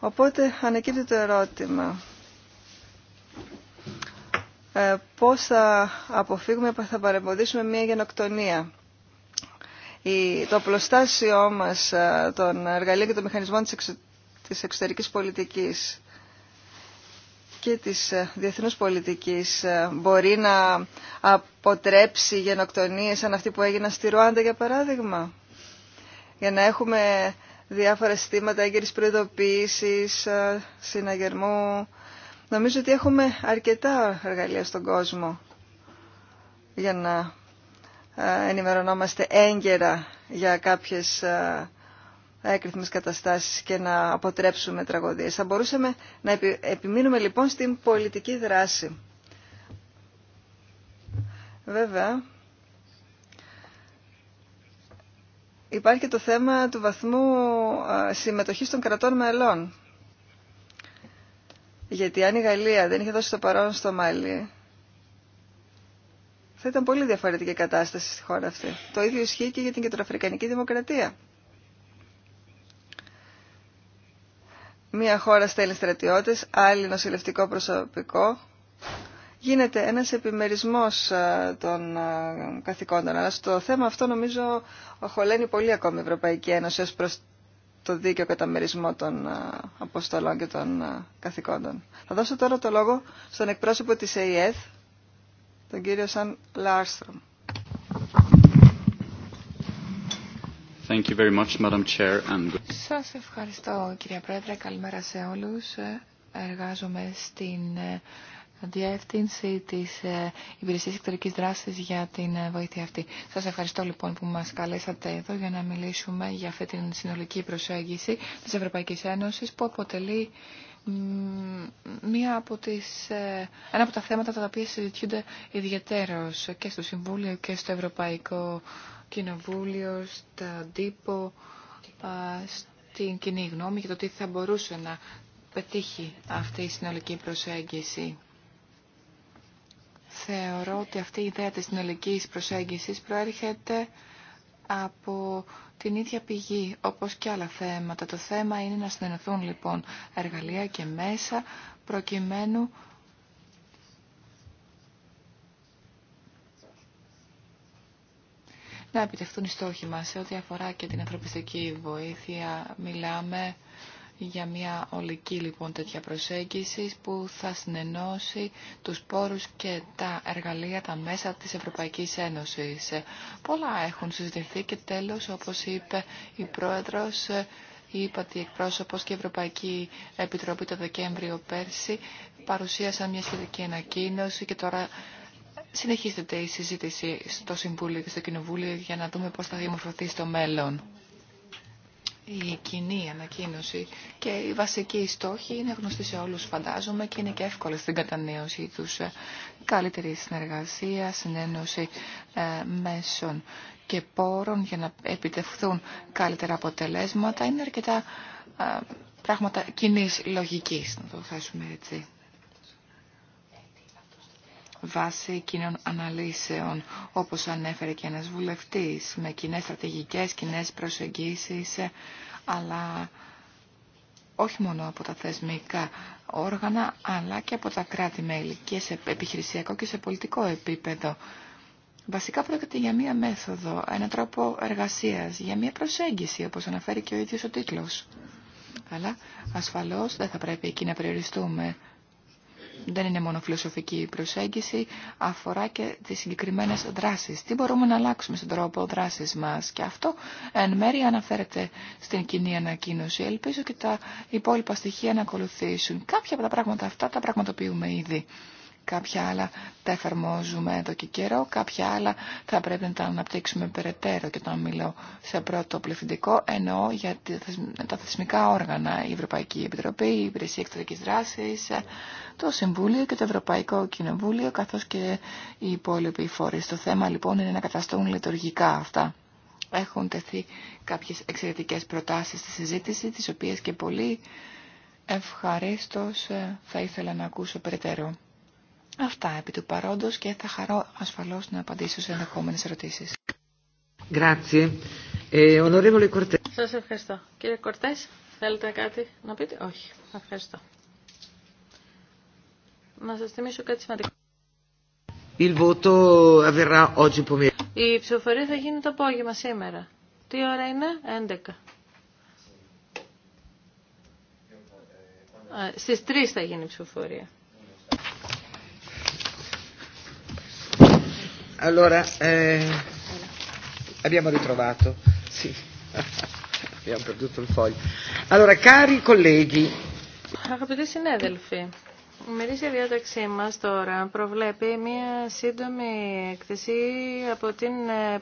Οπότε ανακύπτει το ερώτημα. Ε, πώς θα αποφύγουμε, θα παρεμποδίσουμε μια γενοκτονία. Η, το πλωστάσιο μας ε, των εργαλείων και των μηχανισμών της της εξωτερικής πολιτικής και της ε, διεθνούς πολιτικής ε, μπορεί να αποτρέψει γενοκτονίες σαν αυτή που έγιναν στη Ρουάντα για παράδειγμα. Για να έχουμε διάφορα συστήματα έγκαιρης προειδοποίησης, ε, συναγερμού. Νομίζω ότι έχουμε αρκετά εργαλεία στον κόσμο για να ενημερωνόμαστε έγκαιρα για κάποιες έκρηθμες καταστάσεις και να αποτρέψουμε τραγωδίες. Θα μπορούσαμε να επιμείνουμε λοιπόν στην πολιτική δράση. Βέβαια, υπάρχει και το θέμα του βαθμού συμμετοχής των κρατών μελών. Γιατί αν η Γαλλία δεν είχε δώσει το παρόν στο Μάλι, θα ήταν πολύ διαφορετική κατάσταση στη χώρα αυτή. Το ίδιο ισχύει και για την κεντροαφρικανική δημοκρατία. μία χώρα στέλνει στρατιώτες, άλλη νοσηλευτικό προσωπικό. Γίνεται ένας επιμερισμός ε, των ε, καθηκόντων, αλλά στο θέμα αυτό νομίζω χωλαίνει πολύ ακόμη η Ευρωπαϊκή Ένωση ως προς το δίκαιο καταμερισμό των ε, αποστολών και των καθηκόντων. Θα δώσω τώρα το λόγο στον εκπρόσωπο της Ε.Ε. τον κύριο Σαν Λάρστρομ. Thank you very much, Madam Chair. And... Σας ευχαριστώ, κυρία Πρόεδρε. Καλημέρα σε όλους. Ε, εργάζομαι στην ε, διεύθυνση της ε, Υπηρεσίας Εκτορικής Δράσης για την βοήθεια αυτή. Σας ευχαριστώ λοιπόν που μας καλέσατε εδώ για να μιλήσουμε για αυτή την συνολική προσέγγιση της Ευρωπαϊκής Ένωσης που αποτελεί μία από τις, ένα από τα θέματα τα οποία συζητιούνται ιδιαίτερως και στο Συμβούλιο και στο Ευρωπαϊκό Κοινοβούλιο, στον τύπο, στην κοινή γνώμη για το τι θα μπορούσε να πετύχει αυτή η συνολική προσέγγιση. Θεωρώ ότι αυτή η ιδέα της συνολικής προσέγγισης προέρχεται από την ίδια πηγή, όπως και άλλα θέματα. Το θέμα είναι να συνενωθούν λοιπόν εργαλεία και μέσα προκειμένου να επιτευχθούν οι στόχοι μας σε ό,τι αφορά και την ανθρωπιστική βοήθεια. Μιλάμε για μια ολική λοιπόν τέτοια προσέγγιση που θα συνενώσει τους πόρους και τα εργαλεία, τα μέσα της Ευρωπαϊκής Ένωσης. Πολλά έχουν συζητηθεί και τέλος, όπως είπε η Πρόεδρος, είπα ότι εκπρόσωπος και η Ευρωπαϊκή Επιτροπή το Δεκέμβριο πέρσι παρουσίασαν μια σχετική ανακοίνωση και τώρα συνεχίζεται η συζήτηση στο Συμβούλιο και στο Κοινοβούλιο για να δούμε πώς θα διαμορφωθεί στο μέλλον. Η κοινή ανακοίνωση και οι βασικοί στόχοι είναι γνωστοί σε όλους φαντάζομαι και είναι και εύκολοι στην κατανέωση τους. Καλύτερη συνεργασία, συνένωση ε, μέσων και πόρων για να επιτευχθούν καλύτερα αποτελέσματα είναι αρκετά ε, πράγματα κοινή λογικής, να το θέσουμε έτσι βάσει κοινών αναλύσεων, όπως ανέφερε και ένας βουλευτής, με κοινέ στρατηγικές, κοινέ προσεγγίσεις, αλλά όχι μόνο από τα θεσμικά όργανα, αλλά και από τα κράτη-μέλη και σε επιχειρησιακό και σε πολιτικό επίπεδο. Βασικά πρόκειται για μία μέθοδο, ένα τρόπο εργασίας, για μία προσέγγιση, όπως αναφέρει και ο ίδιος ο τίτλος. Αλλά ασφαλώς δεν θα πρέπει εκεί να περιοριστούμε δεν είναι μόνο φιλοσοφική προσέγγιση, αφορά και τις συγκεκριμένες δράσεις. Τι μπορούμε να αλλάξουμε στον τρόπο δράσης μας. Και αυτό εν μέρει αναφέρεται στην κοινή ανακοίνωση. Ελπίζω και τα υπόλοιπα στοιχεία να ακολουθήσουν. Κάποια από τα πράγματα αυτά τα πραγματοποιούμε ήδη. Κάποια άλλα τα εφαρμόζουμε εδώ και καιρό, κάποια άλλα θα πρέπει να τα αναπτύξουμε περαιτέρω και όταν μιλώ σε πρώτο πληθυντικό εννοώ για τα θεσμικά όργανα, η Ευρωπαϊκή Επιτροπή, η Υπηρεσία Εξωτερική Δράση, το Συμβούλιο και το Ευρωπαϊκό Κοινοβούλιο καθώ και οι υπόλοιποι φορείς. Το θέμα λοιπόν είναι να καταστούν λειτουργικά αυτά. Έχουν τεθεί κάποιε εξαιρετικέ προτάσει στη συζήτηση, τι οποίε και πολύ ευχαρίστω ε, θα ήθελα να ακούσω περαιτέρω. Αυτά επί του παρόντος και θα χαρώ ασφαλώς να απαντήσω σε ενδεχόμενες ερωτήσεις. Ε, σας ευχαριστώ. Κύριε Κορτές, θέλετε κάτι να πείτε. Όχι. Ευχαριστώ. Να σας θυμίσω κάτι σημαντικό. Η ψηφοφορία θα γίνει το απόγευμα σήμερα. Τι ώρα είναι? 11. Ε, στις 3 θα γίνει η ψηφοφορία. Allora, eh, abbiamo ritrovato. Sì, [laughs] abbiamo perduto il foglio. Allora, cari colleghi. Αγαπητοί συνάδελφοι, η μερίσια διάταξή μας τώρα προβλέπει μια σύντομη εκθεσή από την, ε,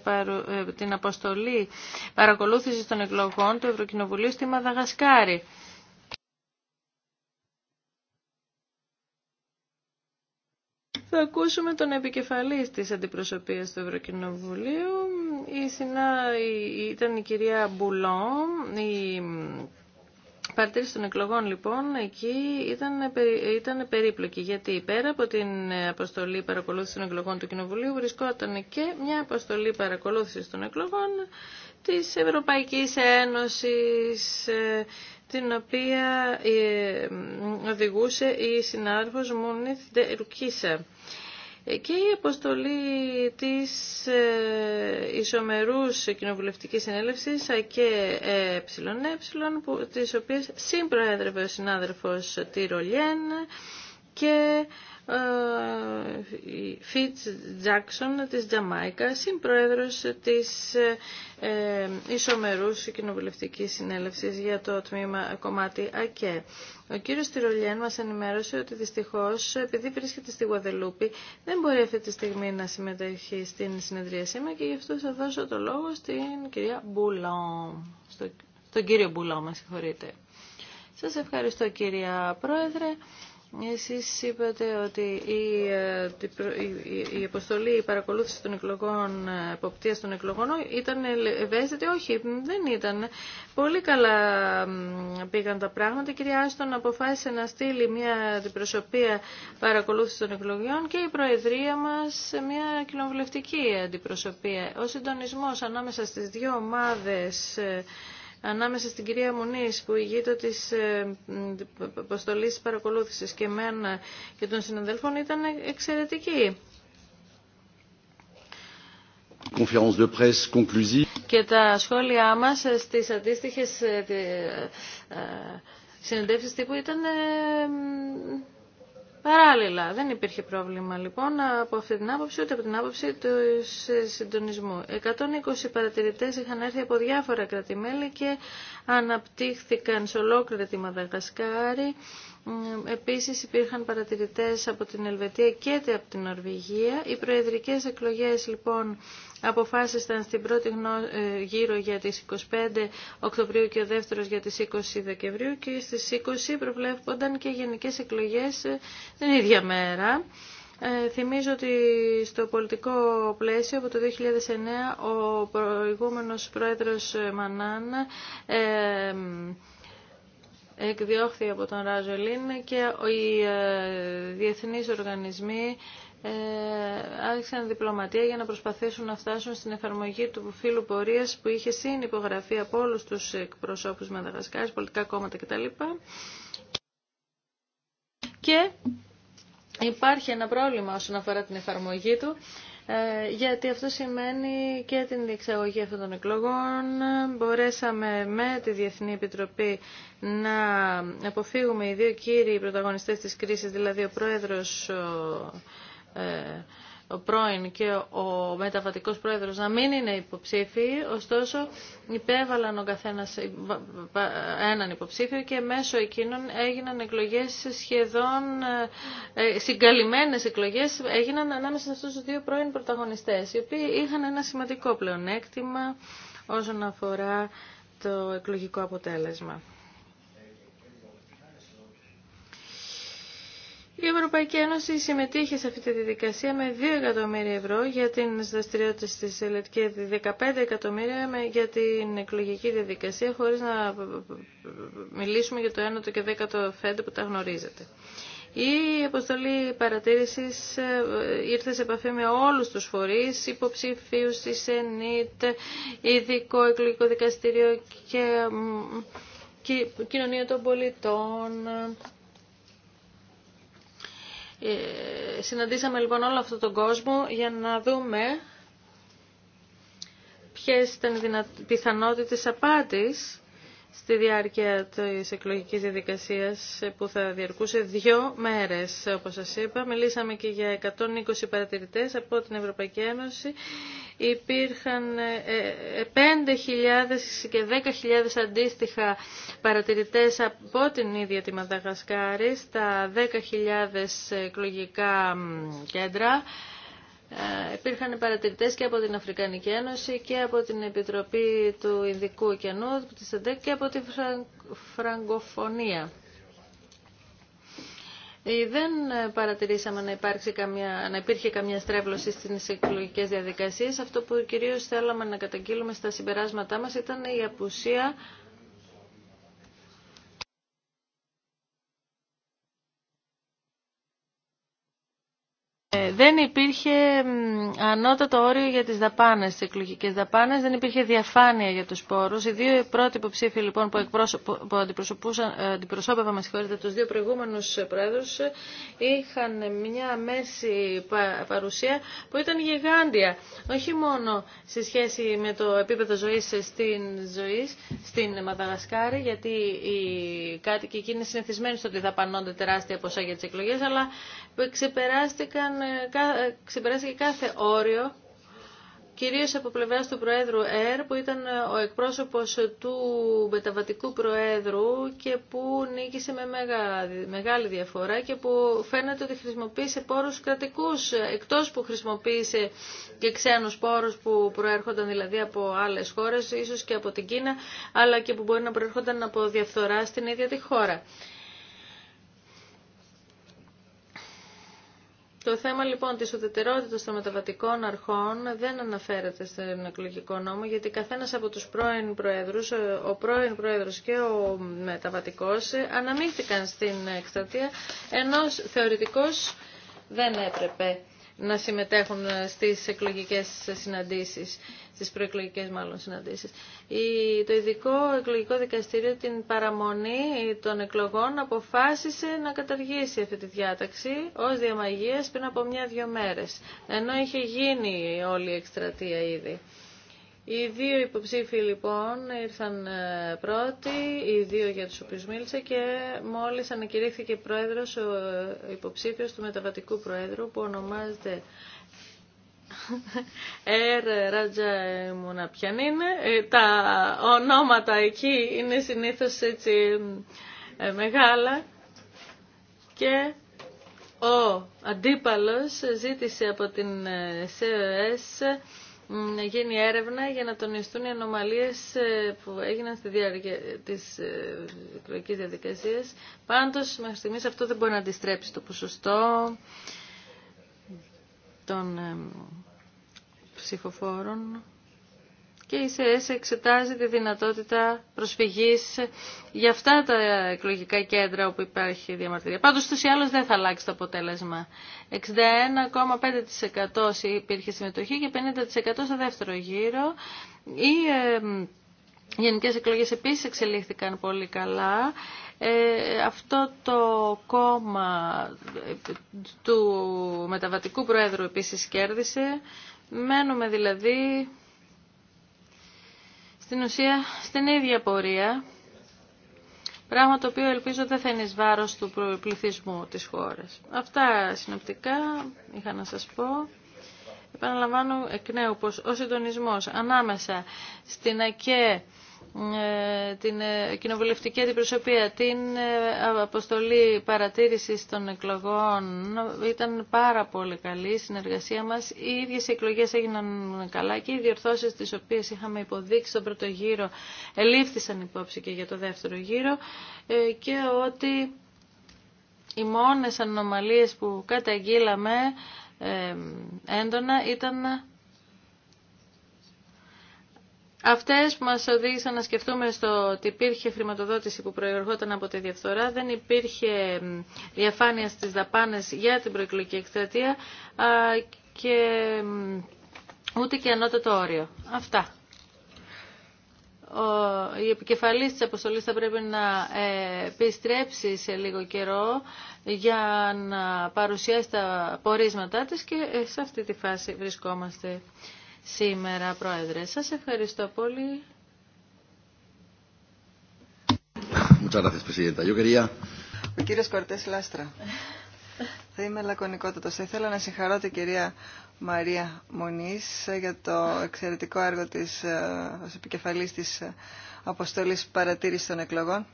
ε, την αποστολή παρακολούθησης των εκλογών του Ευρωκοινοβουλίου στη Μαδαγασκάρη. Θα ακούσουμε τον επικεφαλής της αντιπροσωπείας του Ευρωκοινοβουλίου. Η συνά... Ήταν η κυρία Μπουλόν, η Παρτήρηση των εκλογών λοιπόν εκεί ήταν, ήταν περίπλοκη γιατί πέρα από την αποστολή παρακολούθησης των εκλογών του Κοινοβουλίου βρισκόταν και μια αποστολή παρακολούθησης των εκλογών της Ευρωπαϊκής Ένωσης ε, την οποία ε, οδηγούσε η συνάδελφος Μούνιθ Ρουκίσα. Και η αποστολή της ε, Ισομερούς Κοινοβουλευτικής Συνέλευσης ε, και Ε, της οποίας συμπροέδρευε ο συνάδελφος Τυρολιέν και ε, Φίτ Τζάκσον της Τζαμάικα, συμπρόεδρος της ε, Ισομερούς Κοινοβουλευτικής Συνέλευσης για το τμήμα κομμάτι ΑΚΕ. Ο κύριος Τυρολιέν μας ενημέρωσε ότι δυστυχώς επειδή βρίσκεται στη Γουαδελούπη δεν μπορεί αυτή τη στιγμή να συμμετέχει στην συνεδρία σήμερα και γι' αυτό θα δώσω το λόγο στην κυρία Μπουλόμ στον κύριο Μπουλό με συγχωρείτε. Σας ευχαριστώ κυρία Πρόεδρε. Εσείς είπατε ότι ε, η, η, η αποστολή, η παρακολούθηση των εκλογών, ε, εποπτείας των εκλογών ήταν ευαίσθητη. Όχι, δεν ήταν. Πολύ καλά πήγαν τα πράγματα. Η κυρία Άστον αποφάσισε να στείλει μια αντιπροσωπεία παρακολούθηση των εκλογών και η Προεδρία μας μια κοινοβουλευτική αντιπροσωπεία. Ο συντονισμός ανάμεσα στις δύο ομάδες ε, ανάμεσα στην κυρία Μουνής που ηγείται της ε, αποστολή παρακολούθησης και εμένα και των συναδέλφων ήταν εξαιρετική. Και τα σχόλιά μας ε, στις αντίστοιχες ε, συνεντεύξεις τύπου ήταν Παράλληλα, δεν υπήρχε πρόβλημα λοιπόν από αυτή την άποψη ούτε από την άποψη του συντονισμού. 120 παρατηρητέ είχαν έρθει από διάφορα κρατημέλη και αναπτύχθηκαν σε ολόκληρη τη Μαδαγασκάρη Επίσης υπήρχαν παρατηρητές από την Ελβετία και από την Νορβηγία. Οι προεδρικές εκλογές λοιπόν αποφάσισαν στην πρώτη ε, γύρω για τις 25 Οκτωβρίου και ο δεύτερος για τις 20 Δεκεμβρίου και στις 20 προβλέπονταν και γενικές εκλογές ε, την ίδια μέρα. Ε, θυμίζω ότι στο πολιτικό πλαίσιο από το 2009 ο προηγούμενος πρόεδρος Μανάν εκδιώχθη από τον Ράζολιν και οι ε, διεθνείς οργανισμοί ε, άρχισαν διπλωματία για να προσπαθήσουν να φτάσουν στην εφαρμογή του φύλου πορείας που είχε συνυπογραφεί από όλους τους εκπροσώπους Μαδαγασκάρης, πολιτικά κόμματα κτλ. Και υπάρχει ένα πρόβλημα όσον αφορά την εφαρμογή του ε, γιατί αυτό σημαίνει και την διεξαγωγή αυτών των εκλογών. Μπορέσαμε με τη Διεθνή Επιτροπή να αποφύγουμε οι δύο κύριοι πρωταγωνιστές της κρίσης, δηλαδή ο πρόεδρος ε, ο πρώην και ο μεταβατικός πρόεδρος να μην είναι υποψήφιοι, ωστόσο υπέβαλαν ο καθένας έναν υποψήφιο και μέσω εκείνων έγιναν εκλογές σχεδόν ε, ε, συγκαλυμμένες εκλογές έγιναν ανάμεσα σε δύο πρώην πρωταγωνιστές, οι οποίοι είχαν ένα σημαντικό πλεονέκτημα όσον αφορά το εκλογικό αποτέλεσμα. Η Ευρωπαϊκή Ένωση συμμετείχε σε αυτή τη διαδικασία με 2 εκατομμύρια ευρώ για την δραστηριότητε τη ΕΛΕΤ και 15 εκατομμύρια για την εκλογική διαδικασία, χωρί να μιλήσουμε για το 1ο και 10ο φέντε που τα γνωρίζετε. Η αποστολή παρατήρησης ε, ήρθε σε επαφή με όλους τους φορείς, υποψηφίους της ΕΝΙΤ, ειδικό εκλογικό δικαστήριο και κοινωνία των πολιτών, ε, συναντήσαμε λοιπόν όλο αυτόν τον κόσμο για να δούμε ποιες ήταν οι πιθανότητες απάτης στη διάρκεια της εκλογικής διαδικασίας που θα διαρκούσε δύο μέρες. Όπως σας είπα, μιλήσαμε και για 120 παρατηρητές από την Ευρωπαϊκή Ένωση. Υπήρχαν 5.000 ε, ε, και 10.000 αντίστοιχα παρατηρητές από την ίδια τη Μαδαγασκάρη στα 10.000 εκλογικά κέντρα. Ε, υπήρχαν παρατηρητές και από την Αφρικανική Ένωση και από την Επιτροπή του Ινδικού Ωκεανού, της και από τη Φραγκοφωνία. Ε, δεν παρατηρήσαμε να, υπάρξει καμιά, να υπήρχε καμιά στρέβλωση στις εκλογικέ διαδικασίες. Αυτό που κυρίως θέλαμε να καταγγείλουμε στα συμπεράσματά μας ήταν η απουσία δεν υπήρχε ανώτατο όριο για τις δαπάνες, τις εκλογικές δαπάνες, δεν υπήρχε διαφάνεια για τους πόρους. Οι δύο πρώτοι υποψήφοι λοιπόν που, που ε, αντιπροσώπευαν με τους δύο προηγούμενους πρόεδρους είχαν μια μέση παρουσία που ήταν γιγάντια. Όχι μόνο σε σχέση με το επίπεδο ζωής στην ζωή, στην Μαδαγασκάρη, γιατί οι κάτοικοι εκεί είναι συνηθισμένοι στο ότι δαπανώνται τεράστια ποσά για τις εκλογές, αλλά που ξεπεράστηκαν, ε, ε, ξεπεράστηκε κάθε όριο κυρίως από πλευράς του Προέδρου ΕΡ που ήταν ε, ο εκπρόσωπος του μεταβατικού Προέδρου και που νίκησε με μεγάλη διαφορά και που φαίνεται ότι χρησιμοποίησε πόρους κρατικούς εκτός που χρησιμοποίησε και ξένους πόρους που προέρχονταν δηλαδή από άλλες χώρες ίσως και από την Κίνα αλλά και που μπορεί να προέρχονταν από διαφθορά στην ίδια τη χώρα. Το θέμα λοιπόν της ουδετερότητας των μεταβατικών αρχών δεν αναφέρεται στον εκλογικό νόμο γιατί καθένας από τους πρώην προέδρους, ο πρώην πρόεδρος και ο μεταβατικός ε, αναμίχθηκαν στην εκστρατεία ενώ θεωρητικός δεν έπρεπε να συμμετέχουν στις εκλογικές συναντήσεις, στις προεκλογικές μάλλον συναντήσεις. το ειδικό εκλογικό δικαστήριο την παραμονή των εκλογών αποφάσισε να καταργήσει αυτή τη διάταξη ως διαμαγείας πριν από μια-δυο μέρες, ενώ είχε γίνει όλη η εκστρατεία ήδη. Οι δύο υποψήφοι λοιπόν ήρθαν ε, πρώτοι, οι δύο για τους οποίους μίλησα και μόλις ανακηρύχθηκε πρόεδρος ο ε, υποψήφιος του μεταβατικού πρόεδρου που ονομάζεται [laughs] Ερ, Ράτζα, Μουναπιανίν. Ε, τα ονόματα εκεί είναι συνήθως έτσι μεγάλα και ο αντίπαλος ζήτησε από την ΣΕΟΕΣ γίνει έρευνα για να τονιστούν οι ανομαλίες ε, που έγιναν στη διάρκεια της ε, εκλογική διαδικασίας. Πάντως, μέχρι στιγμής αυτό δεν μπορεί να αντιστρέψει το ποσοστό των ε, ψηφοφόρων και η ΣΕΕΣ εξετάζει τη δυνατότητα προσφυγής για αυτά τα εκλογικά κέντρα όπου υπάρχει διαμαρτυρία. Πάντως, τους ή άλλως δεν θα αλλάξει το αποτέλεσμα. 61,5% υπήρχε συμμετοχή και 50% στο δεύτερο γύρο. Οι ε, γενικές εκλογές επίσης εξελίχθηκαν πολύ καλά. Ε, αυτό το κόμμα ε, του μεταβατικού πρόεδρου επίσης κέρδισε. Μένουμε δηλαδή στην ουσία στην ίδια πορεία, πράγμα το οποίο ελπίζω δεν θα είναι εις βάρος του πληθυσμού της χώρας. Αυτά συνοπτικά είχα να σας πω. Επαναλαμβάνω εκ νέου πως ο συντονισμός ανάμεσα στην ΑΚΕ ε, την ε, κοινοβουλευτική αντιπροσωπεία, την ε, αποστολή παρατήρησης των εκλογών. Ήταν πάρα πολύ καλή η συνεργασία μας. Οι ίδιες οι εκλογές έγιναν καλά και οι διορθώσεις τις οποίες είχαμε υποδείξει στον πρώτο γύρο ελήφθησαν υπόψη και για το δεύτερο γύρο και ότι οι μόνες ανομαλίες που καταγγείλαμε έντονα ήταν Αυτές που μας οδήγησαν να σκεφτούμε στο ότι υπήρχε χρηματοδότηση που προερχόταν από τη διαφθορά, δεν υπήρχε διαφάνεια στις δαπάνες για την προεκλογική εκστρατεία και ούτε και ανώτατο όριο. Αυτά. Ο, η επικεφαλής της αποστολής θα πρέπει να ε, επιστρέψει σε λίγο καιρό για να παρουσιάσει τα πορίσματά της και ε, σε αυτή τη φάση βρισκόμαστε σήμερα, Πρόεδρε. Σας ευχαριστώ πολύ. Ο κύριος Κορτές Λάστρα. Θα είμαι λακωνικότατος. Θα ήθελα να συγχαρώ την κυρία Μαρία Μονής για το εξαιρετικό έργο της ε, ως επικεφαλής της ε, Αποστολής Παρατήρησης των Εκλογών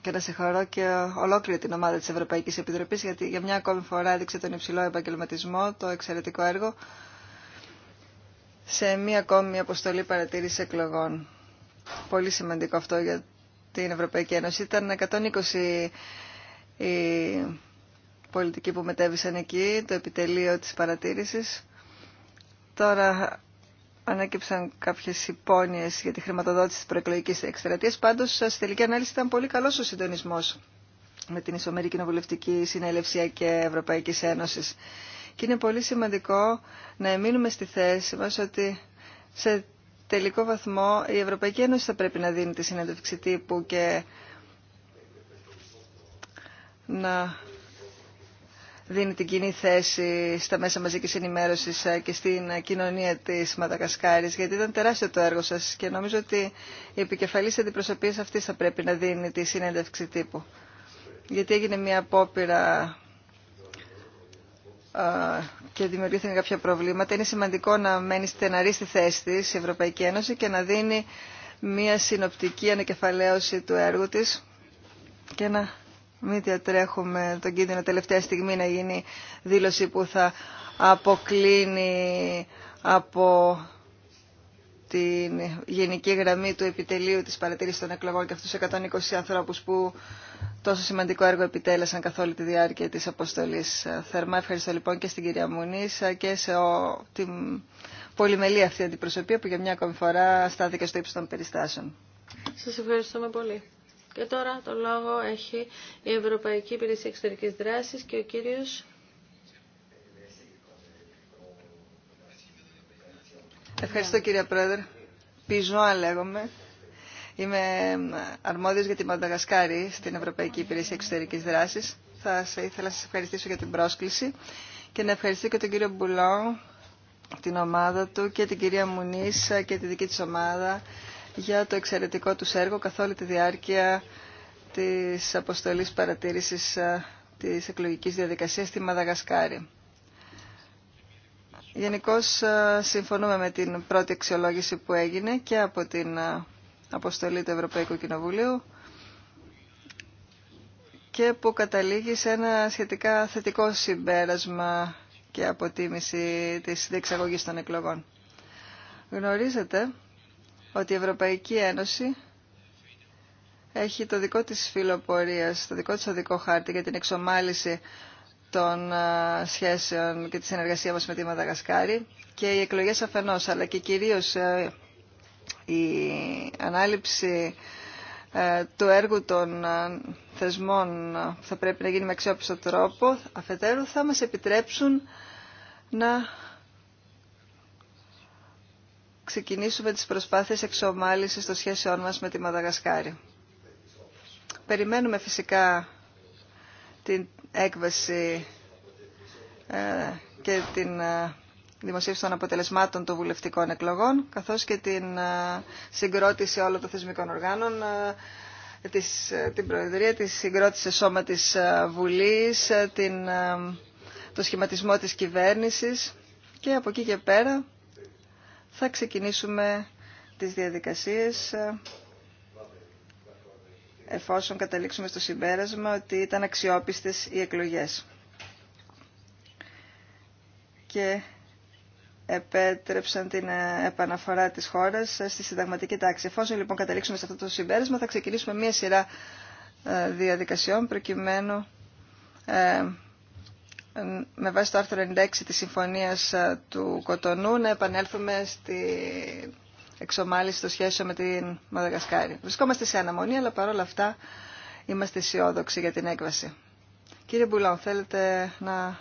και να συγχαρώ και ολόκληρη την ομάδα της Ευρωπαϊκής Επιτροπής γιατί για μια ακόμη φορά έδειξε τον υψηλό επαγγελματισμό, το εξαιρετικό έργο σε μία ακόμη αποστολή παρατήρηση εκλογών. Πολύ σημαντικό αυτό για την Ευρωπαϊκή Ένωση. Ήταν 120 οι πολιτικοί που μετέβησαν εκεί, το επιτελείο της παρατήρησης. Τώρα ανέκυψαν κάποιες υπόνοιες για τη χρηματοδότηση της προεκλογικής εκστρατείας. Πάντως, στη τελική ανάλυση ήταν πολύ καλός ο συντονισμός με την Ισομερή Κοινοβουλευτική Συνέλευση και Ευρωπαϊκής Ένωσης. Και είναι πολύ σημαντικό να εμείνουμε στη θέση μας ότι σε τελικό βαθμό η Ευρωπαϊκή Ένωση θα πρέπει να δίνει τη συνέντευξη τύπου και να δίνει την κοινή θέση στα μέσα μαζικής ενημέρωσης και στην κοινωνία της Μαδακασκάρης, γιατί ήταν τεράστιο το έργο σας και νομίζω ότι η επικεφαλής αντιπροσωπείας αυτής θα πρέπει να δίνει τη συνέντευξη τύπου. Γιατί έγινε μια απόπειρα και δημιουργήθηκαν κάποια προβλήματα, είναι σημαντικό να μένει στεναρή στη θέση τη η Ευρωπαϊκή Ένωση και να δίνει μια συνοπτική ανακεφαλαίωση του έργου τη και να μην διατρέχουμε τον κίνδυνο τελευταία στιγμή να γίνει δήλωση που θα αποκλίνει από την γενική γραμμή του επιτελείου της παρατήρησης των εκλογών και αυτούς 120 ανθρώπους που τόσο σημαντικό έργο επιτέλεσαν καθ' όλη τη διάρκεια της αποστολής. Θερμά ευχαριστώ λοιπόν και στην κυρία Μουνίσα και σε την πολυμελή αυτή αντιπροσωπεία που για μια ακόμη φορά στάθηκε στο ύψος των περιστάσεων. Σας ευχαριστούμε πολύ. Και τώρα το λόγο έχει η Ευρωπαϊκή Υπηρεσία Εξωτερικής Δράσης και ο κύριος Ευχαριστώ κύριε Πρόεδρε. Πιζουά λέγομαι. Είμαι αρμόδιος για τη Μανταγασκάρη στην Ευρωπαϊκή Υπηρεσία Εξωτερικής Δράσης. Θα ήθελα να σας ευχαριστήσω για την πρόσκληση και να ευχαριστήσω και τον κύριο Μπουλό, την ομάδα του και την κυρία Μουνίσα και τη δική της ομάδα για το εξαιρετικό του έργο καθ' όλη τη διάρκεια της αποστολής παρατήρησης ε, της εκλογικής διαδικασίας στη Μαδαγασκάρη. Γενικώ ε, συμφωνούμε με την πρώτη αξιολόγηση που έγινε και από την ε, αποστολή του Ευρωπαϊκού Κοινοβουλίου και που καταλήγει σε ένα σχετικά θετικό συμπέρασμα και αποτίμηση της διεξαγωγής των εκλογών. Γνωρίζετε ότι η Ευρωπαϊκή Ένωση έχει το δικό της φιλοπορίας, το δικό της οδικό χάρτη για την εξομάλυση των ε, σχέσεων και τη συνεργασία μας με τη Μαδαγασκάρη και οι εκλογές αφενός, αλλά και κυρίως ε, η ανάληψη ε, του έργου των θεσμών που θα πρέπει να γίνει με αξιόπιστο τρόπο, αφετέρου θα μας επιτρέψουν να ξεκινήσουμε τις προσπάθειες εξομάλυσης των σχέσεών μας με τη Μαδαγασκάρη. Περιμένουμε φυσικά την έκβαση ε, και την ε, δημοσίευση των αποτελεσμάτων των βουλευτικών εκλογών, καθώς και την ε, συγκρότηση όλων των θεσμικών οργάνων, της, την Προεδρία, τη συγκρότηση σώμα της Βουλής, την, το σχηματισμό της κυβέρνησης και από εκεί και πέρα θα ξεκινήσουμε τις διαδικασίες εφόσον καταλήξουμε στο συμπέρασμα ότι ήταν αξιόπιστες οι εκλογές. Και επέτρεψαν την ε, επαναφορά της χώρας ε, στη συνταγματική τάξη. Εφόσον λοιπόν καταλήξουμε σε αυτό το συμπέρασμα θα ξεκινήσουμε μία σειρά ε, διαδικασιών προκειμένου με βάση το άρθρο 96 της Συμφωνίας του Κοτονού να επανέλθουμε στη εξομάλυση στο σχέσιο με την Μαδαγασκάρη. Βρισκόμαστε σε αναμονή, αλλά παρόλα αυτά είμαστε αισιόδοξοι για την έκβαση. Κύριε Μπουλόν, θέλετε να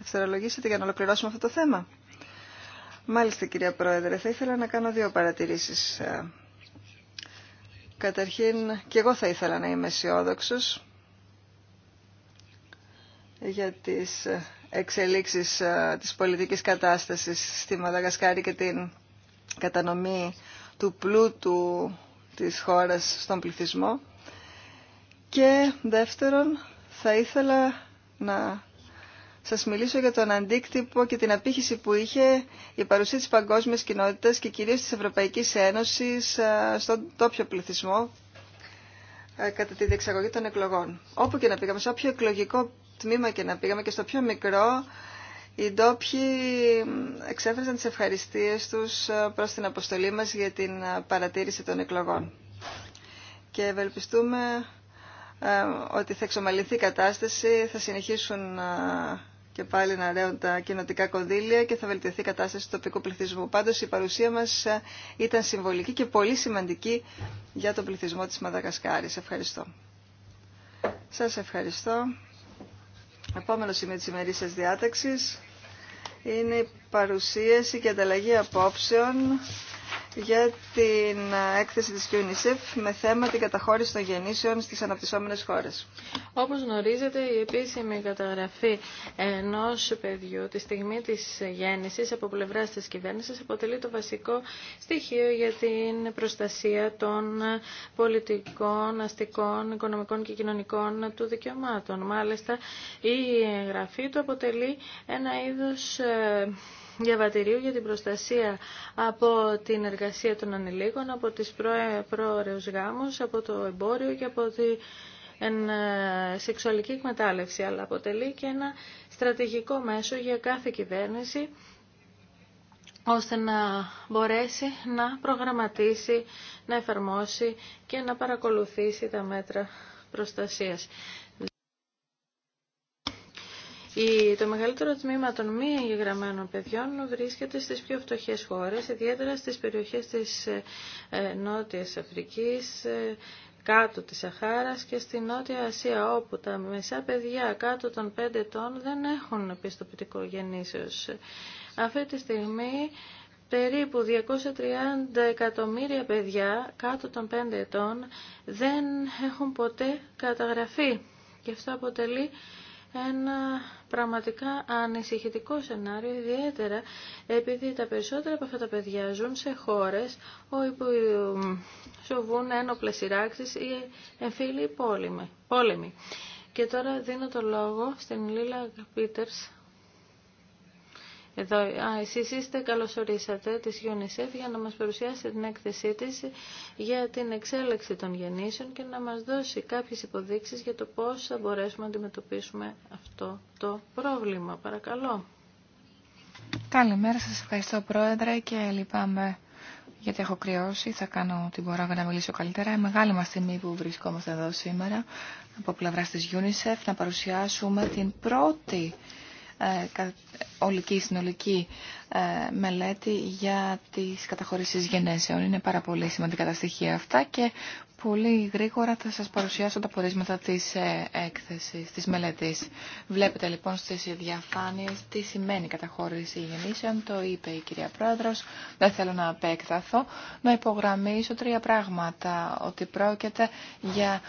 ευθερολογήσετε για να ολοκληρώσουμε αυτό το θέμα. Μάλιστα, κυρία Πρόεδρε, θα ήθελα να κάνω δύο παρατηρήσεις. Ε, καταρχήν, και εγώ θα ήθελα να είμαι αισιόδοξο για τις ε, εξελίξεις ε, της πολιτικής κατάστασης στη Μαδαγασκάρη και την κατανομή του πλούτου της χώρας στον πληθυσμό. Και δεύτερον, θα ήθελα να σας μιλήσω για τον αντίκτυπο και την απήχηση που είχε η παρουσία της παγκόσμιας κοινότητας και κυρίως της Ευρωπαϊκής Ένωσης στον τόπιο πληθυσμό κατά τη διεξαγωγή των εκλογών. Όπου και να πήγαμε, σε όποιο εκλογικό τμήμα και να πήγαμε και στο πιο μικρό, οι ντόπιοι εξέφρασαν τις ευχαριστίες τους ε, προς την αποστολή μας για την ε, παρατήρηση των εκλογών. Και ευελπιστούμε ε, ότι θα εξομαλυνθεί η κατάσταση, θα συνεχίσουν και πάλι να ρέουν τα κοινοτικά κονδύλια και θα βελτιωθεί η κατάσταση του τοπικού πληθυσμού. Πάντως η παρουσία μας ήταν συμβολική και πολύ σημαντική για τον πληθυσμό της Μαδακασκάρης. Ευχαριστώ. Σας ευχαριστώ. Επόμενο σημείο της ημερήσιας διάταξης είναι η παρουσίαση και ανταλλαγή απόψεων για την έκθεση της UNICEF με θέμα την καταχώρηση των γεννήσεων στις αναπτυσσόμενες χώρες. Όπως γνωρίζετε, η επίσημη καταγραφή ενός παιδιού τη στιγμή της γέννησης από πλευρά της κυβέρνησης αποτελεί το βασικό στοιχείο για την προστασία των πολιτικών, αστικών, οικονομικών και κοινωνικών του δικαιωμάτων. Μάλιστα, η εγγραφή του αποτελεί ένα είδος ε, διαβατηρίου για την προστασία από την εργασία των ανηλίκων, από τις πρόωρεους γάμους, από το εμπόριο και από τη ε, σεξουαλική εκμετάλλευση, αλλά αποτελεί και ένα στρατηγικό μέσο για κάθε κυβέρνηση ώστε να μπορέσει να προγραμματίσει, να εφαρμόσει και να παρακολουθήσει τα μέτρα προστασίας. Το μεγαλύτερο τμήμα των μη εγγεγραμμένων παιδιών βρίσκεται στις πιο φτωχές χώρες, ιδιαίτερα στις περιοχές της ε, ε, Νότιας Αφρικής, ε, κάτω της Σαχάρας και στη Νότια Ασία, όπου τα μεσά παιδιά κάτω των 5 ετών δεν έχουν πιστοποιητικό γεννήσεως. Αυτή τη στιγμή περίπου 230 εκατομμύρια παιδιά κάτω των 5 ετών δεν έχουν ποτέ καταγραφεί. Και αυτό αποτελεί ένα πραγματικά ανησυχητικό σενάριο, ιδιαίτερα επειδή τα περισσότερα από αυτά τα παιδιά ζουν σε χώρες όπου σοβούν ένοπλε σειράξεις ή εμφύλοι πόλεμοι. Και τώρα δίνω το λόγο στην Λίλα Πίτερς, εδώ, α, εσείς είστε, καλώς ορίσατε, της UNICEF για να μας παρουσιάσετε την έκθεσή της για την εξέλιξη των γεννήσεων και να μας δώσει κάποιες υποδείξεις για το πώς θα μπορέσουμε να αντιμετωπίσουμε αυτό το πρόβλημα. Παρακαλώ. Καλημέρα, σας ευχαριστώ Πρόεδρε και λυπάμαι γιατί έχω κρυώσει, θα κάνω ό,τι μπορώ για να μιλήσω καλύτερα. Η μεγάλη μας τιμή που βρισκόμαστε εδώ σήμερα από πλευρά της UNICEF να παρουσιάσουμε την πρώτη ε, ολική συνολική ε, μελέτη για τις καταχωρήσεις γενέσεων. Είναι πάρα πολύ σημαντικά τα στοιχεία αυτά και πολύ γρήγορα θα σας παρουσιάσω τα πορίσματα της ε, έκθεσης, της μελέτης. Βλέπετε λοιπόν στις διαφάνειες τι σημαίνει καταχώρηση γεννήσεων, το είπε η κυρία Πρόεδρος, δεν θέλω να απέκταθω, να υπογραμμίσω τρία πράγματα, ότι πρόκειται για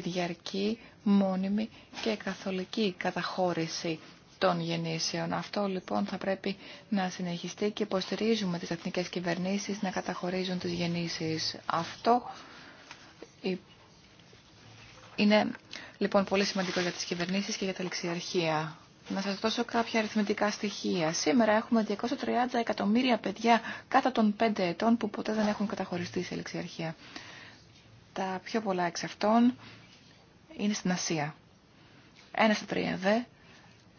τη διαρκή, μόνιμη και καθολική καταχώρηση των γεννήσεων. Αυτό λοιπόν θα πρέπει να συνεχιστεί και υποστηρίζουμε τις εθνικές κυβερνήσεις να καταχωρίζουν τις γεννήσεις. Αυτό είναι λοιπόν πολύ σημαντικό για τις κυβερνήσεις και για τα ληξιαρχεία. Να σας δώσω κάποια αριθμητικά στοιχεία. Σήμερα έχουμε 230 εκατομμύρια παιδιά κάτω των 5 ετών που ποτέ δεν έχουν καταχωριστεί σε ληξιαρχεία. Τα πιο πολλά εξ αυτών είναι στην Ασία. Ένα στα τρία δε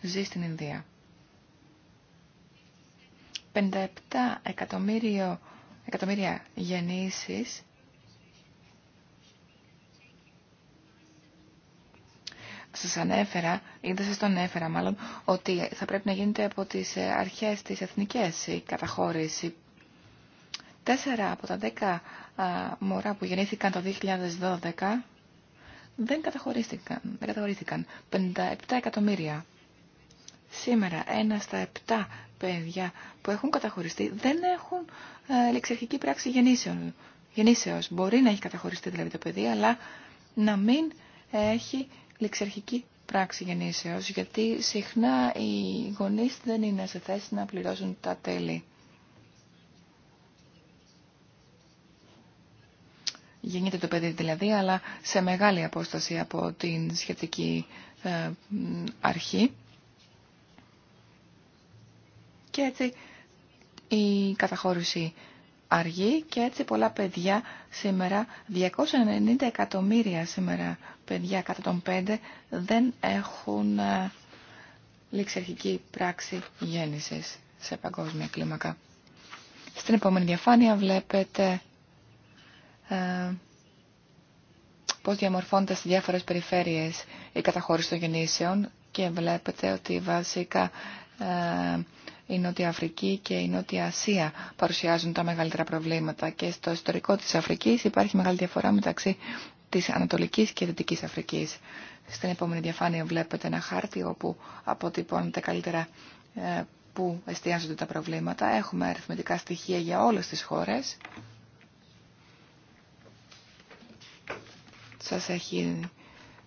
ζει στην Ινδία. 57 εκατομμύριο, εκατομμύρια γεννήσεις σας ανέφερα, ή δεν σας τον ανέφερα μάλλον, ότι θα πρέπει να γίνεται από τις ε, αρχές της εθνικές η καταχώρηση. Τέσσερα από τα δέκα μωρά που γεννήθηκαν το 2012 δεν καταχωρήθηκαν. Δεν 57 εκατομμύρια. Σήμερα ένα στα 7 παιδιά που έχουν καταχωριστεί δεν έχουν ε, λεξιαρχική πράξη γεννήσεων. Γεννήσεως. Μπορεί να έχει καταχωριστεί δηλαδή το παιδί, αλλά να μην έχει λεξιαρχική πράξη γεννήσεως, γιατί συχνά οι γονείς δεν είναι σε θέση να πληρώσουν τα τέλη. γεννείται το παιδί δηλαδή, αλλά σε μεγάλη απόσταση από την σχετική ε, αρχή. Και έτσι η καταχώρηση αργεί και έτσι πολλά παιδιά σήμερα, 290 εκατομμύρια σήμερα παιδιά κατά των 5 δεν έχουν ε, ληξιαρχική πράξη γέννησης σε παγκόσμια κλίμακα. Στην επόμενη διαφάνεια βλέπετε ε, πώς διαμορφώνεται στις διάφορες περιφέρειες η καταχώρηση των γεννήσεων και βλέπετε ότι βασικά ε, η Νότια Αφρική και η Νότια Ασία παρουσιάζουν τα μεγαλύτερα προβλήματα και στο ιστορικό της Αφρικής υπάρχει μεγάλη διαφορά μεταξύ της Ανατολικής και Δυτικής Αφρικής. Στην επόμενη διαφάνεια βλέπετε ένα χάρτη όπου αποτυπώνεται καλύτερα ε, που εστιάζονται τα προβλήματα. Έχουμε αριθμητικά στοιχεία για όλες τις χώρες. σας έχει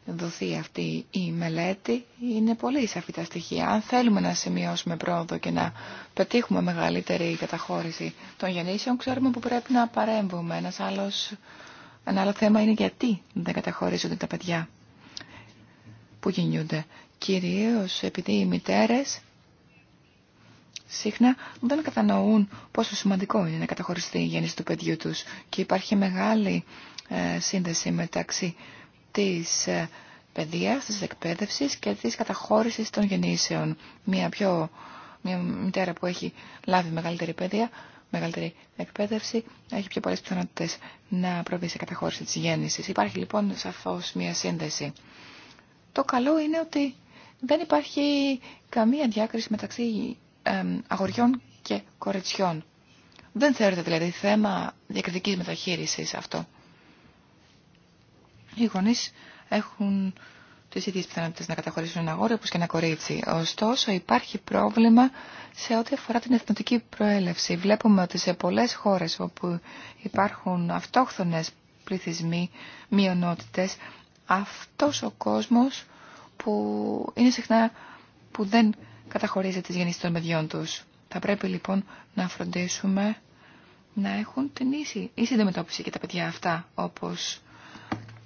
δοθεί αυτή η μελέτη είναι πολύ σαφή τα στοιχεία. Αν θέλουμε να σημειώσουμε πρόοδο και να πετύχουμε μεγαλύτερη καταχώρηση των γεννήσεων, ξέρουμε που πρέπει να παρέμβουμε. Ένας άλλος, ένα άλλο θέμα είναι γιατί δεν καταχωρίζονται τα παιδιά που γεννιούνται. Κυρίως επειδή οι μητέρες συχνά δεν κατανοούν πόσο σημαντικό είναι να καταχωριστεί η γέννηση του παιδιού τους και υπάρχει μεγάλη ε, σύνδεση μεταξύ της ε, παιδείας, της εκπαίδευσης και της καταχώρησης των γεννήσεων. Μια, πιο, μια μητέρα που έχει λάβει μεγαλύτερη παιδεία, μεγαλύτερη εκπαίδευση, έχει πιο πολλές πιθανότητες να προβεί σε καταχώρηση της γέννησης. Υπάρχει λοιπόν σαφώς μια σύνδεση. Το καλό είναι ότι δεν υπάρχει καμία διάκριση μεταξύ αγοριών και κοριτσιών. Δεν θεωρείται δηλαδή θέμα διακριτικής μεταχείρισης αυτό οι γονείς έχουν τις ίδιες πιθανότητες να καταχωρήσουν ένα αγόρι όπως και ένα κορίτσι. Ωστόσο υπάρχει πρόβλημα σε ό,τι αφορά την εθνοτική προέλευση. Βλέπουμε ότι σε πολλές χώρες όπου υπάρχουν αυτόχθονες πληθυσμοί, μειονότητες, αυτός ο κόσμος που είναι συχνά που δεν καταχωρίζει τις γεννήσεις των παιδιών τους. Θα πρέπει λοιπόν να φροντίσουμε να έχουν την ίση, ίση αντιμετώπιση και τα παιδιά αυτά όπως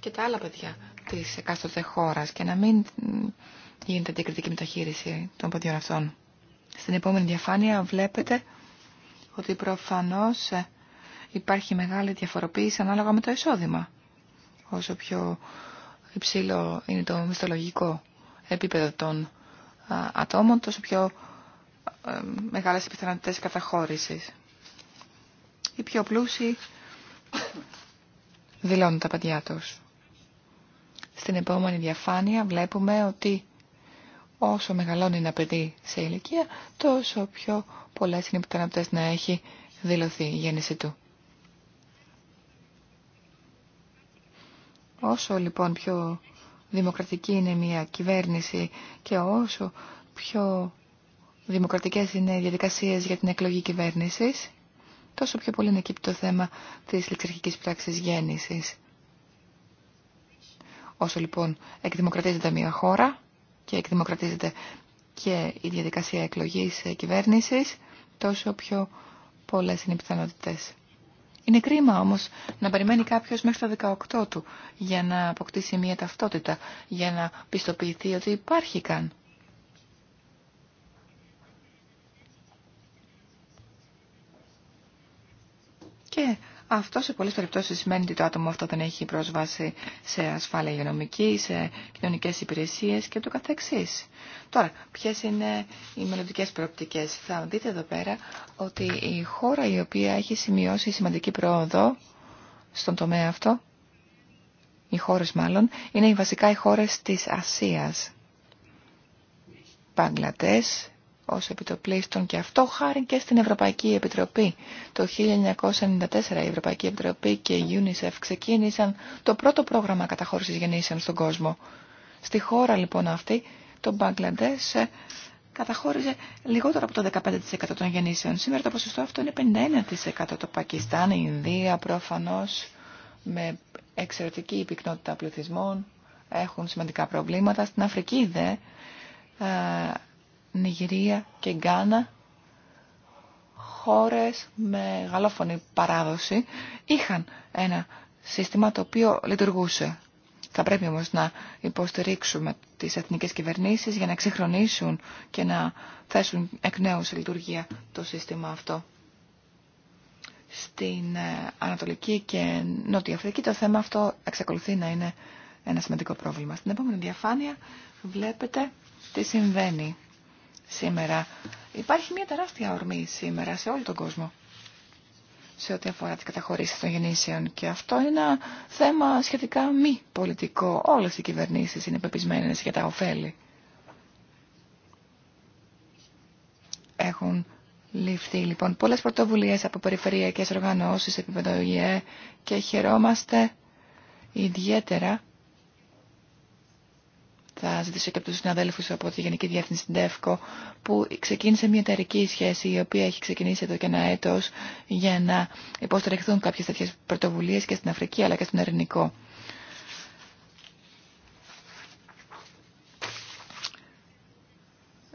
και τα άλλα παιδιά τη εκάστοτε χώρας και να μην γίνεται αντικριτική μεταχείριση των παιδιών αυτών. Στην επόμενη διαφάνεια βλέπετε ότι προφανώς ε, υπάρχει μεγάλη διαφοροποίηση ανάλογα με το εισόδημα. Όσο πιο υψηλό είναι το μισθολογικό επίπεδο των ατόμων, τόσο πιο ε, μεγάλες οι πιθανότητες Η πιο πλούσιοι [coughs] δηλώνουν τα παιδιά τους. Στην επόμενη διαφάνεια βλέπουμε ότι όσο μεγαλώνει ένα παιδί σε ηλικία, τόσο πιο πολλές είναι οι πιθανότητες να έχει δηλωθεί η γέννηση του. Όσο λοιπόν πιο δημοκρατική είναι μια κυβέρνηση και όσο πιο δημοκρατικές είναι οι διαδικασίες για την εκλογή κυβέρνησης, τόσο πιο πολύ είναι εκεί το θέμα της ληξαρχικής πράξης γέννησης. Όσο λοιπόν εκδημοκρατίζεται μια χώρα και εκδημοκρατίζεται και η διαδικασία εκλογής ε, κυβέρνησης, τόσο πιο πολλές είναι οι πιθανότητες. Είναι κρίμα όμως να περιμένει κάποιος μέχρι το 18 του για να αποκτήσει μια ταυτότητα, για να πιστοποιηθεί ότι υπάρχει καν. Και αυτό σε πολλέ περιπτώσει σημαίνει ότι το άτομο αυτό δεν έχει πρόσβαση σε ασφάλεια υγειονομική, σε κοινωνικές υπηρεσίες και το καθεξής. Τώρα, ποιε είναι οι μελλοντικέ προοπτικές. Θα δείτε εδώ πέρα ότι η χώρα η οποία έχει σημειώσει σημαντική πρόοδο στον τομέα αυτό, οι χώρε μάλλον, είναι βασικά οι χώρε τη Ασία. Παγκλατές, ως επιτοπλίστων και αυτό χάρη και στην Ευρωπαϊκή Επιτροπή. Το 1994 η Ευρωπαϊκή Επιτροπή και η UNICEF ξεκίνησαν το πρώτο πρόγραμμα καταχώρησης γεννήσεων στον κόσμο. Στη χώρα λοιπόν αυτή το Μπαγκλαντές ε, καταχώρησε λιγότερο από το 15% των γεννήσεων. Σήμερα το ποσοστό αυτό είναι 51%. Το Πακιστάν, η Ινδία προφανώς με εξαιρετική πυκνότητα πληθυσμών έχουν σημαντικά προβλήματα. Στην Αφρική δε ε, Νιγηρία και Γκάνα, χώρες με γαλλόφωνη παράδοση, είχαν ένα σύστημα το οποίο λειτουργούσε. Θα πρέπει όμως να υποστηρίξουμε τις εθνικές κυβερνήσεις για να εξυγχρονίσουν και να θέσουν εκ νέου σε λειτουργία το σύστημα αυτό. Στην ε, Ανατολική και Νότια Αφρική το θέμα αυτό εξακολουθεί να είναι ένα σημαντικό πρόβλημα. Στην επόμενη διαφάνεια βλέπετε τι συμβαίνει σήμερα. Υπάρχει μια τεράστια ορμή σήμερα σε όλο τον κόσμο σε ό,τι αφορά τις καταχωρήσεις των γεννήσεων. Και αυτό είναι ένα θέμα σχετικά μη πολιτικό. Όλες οι κυβερνήσεις είναι πεπισμένες για τα ωφέλη. Έχουν ληφθεί λοιπόν πολλές πρωτοβουλίες από περιφερειακές οργανώσεις επίπεδο ΙΕ και χαιρόμαστε ιδιαίτερα θα ζητήσω και από τους συναδέλφους από τη Γενική Διεύθυνση ΤΕΦΚΟ που ξεκίνησε μια εταιρική σχέση η οποία έχει ξεκινήσει εδώ και ένα έτος για να υποστηριχθούν κάποιες τέτοιες πρωτοβουλίες και στην Αφρική αλλά και στον Ελληνικό.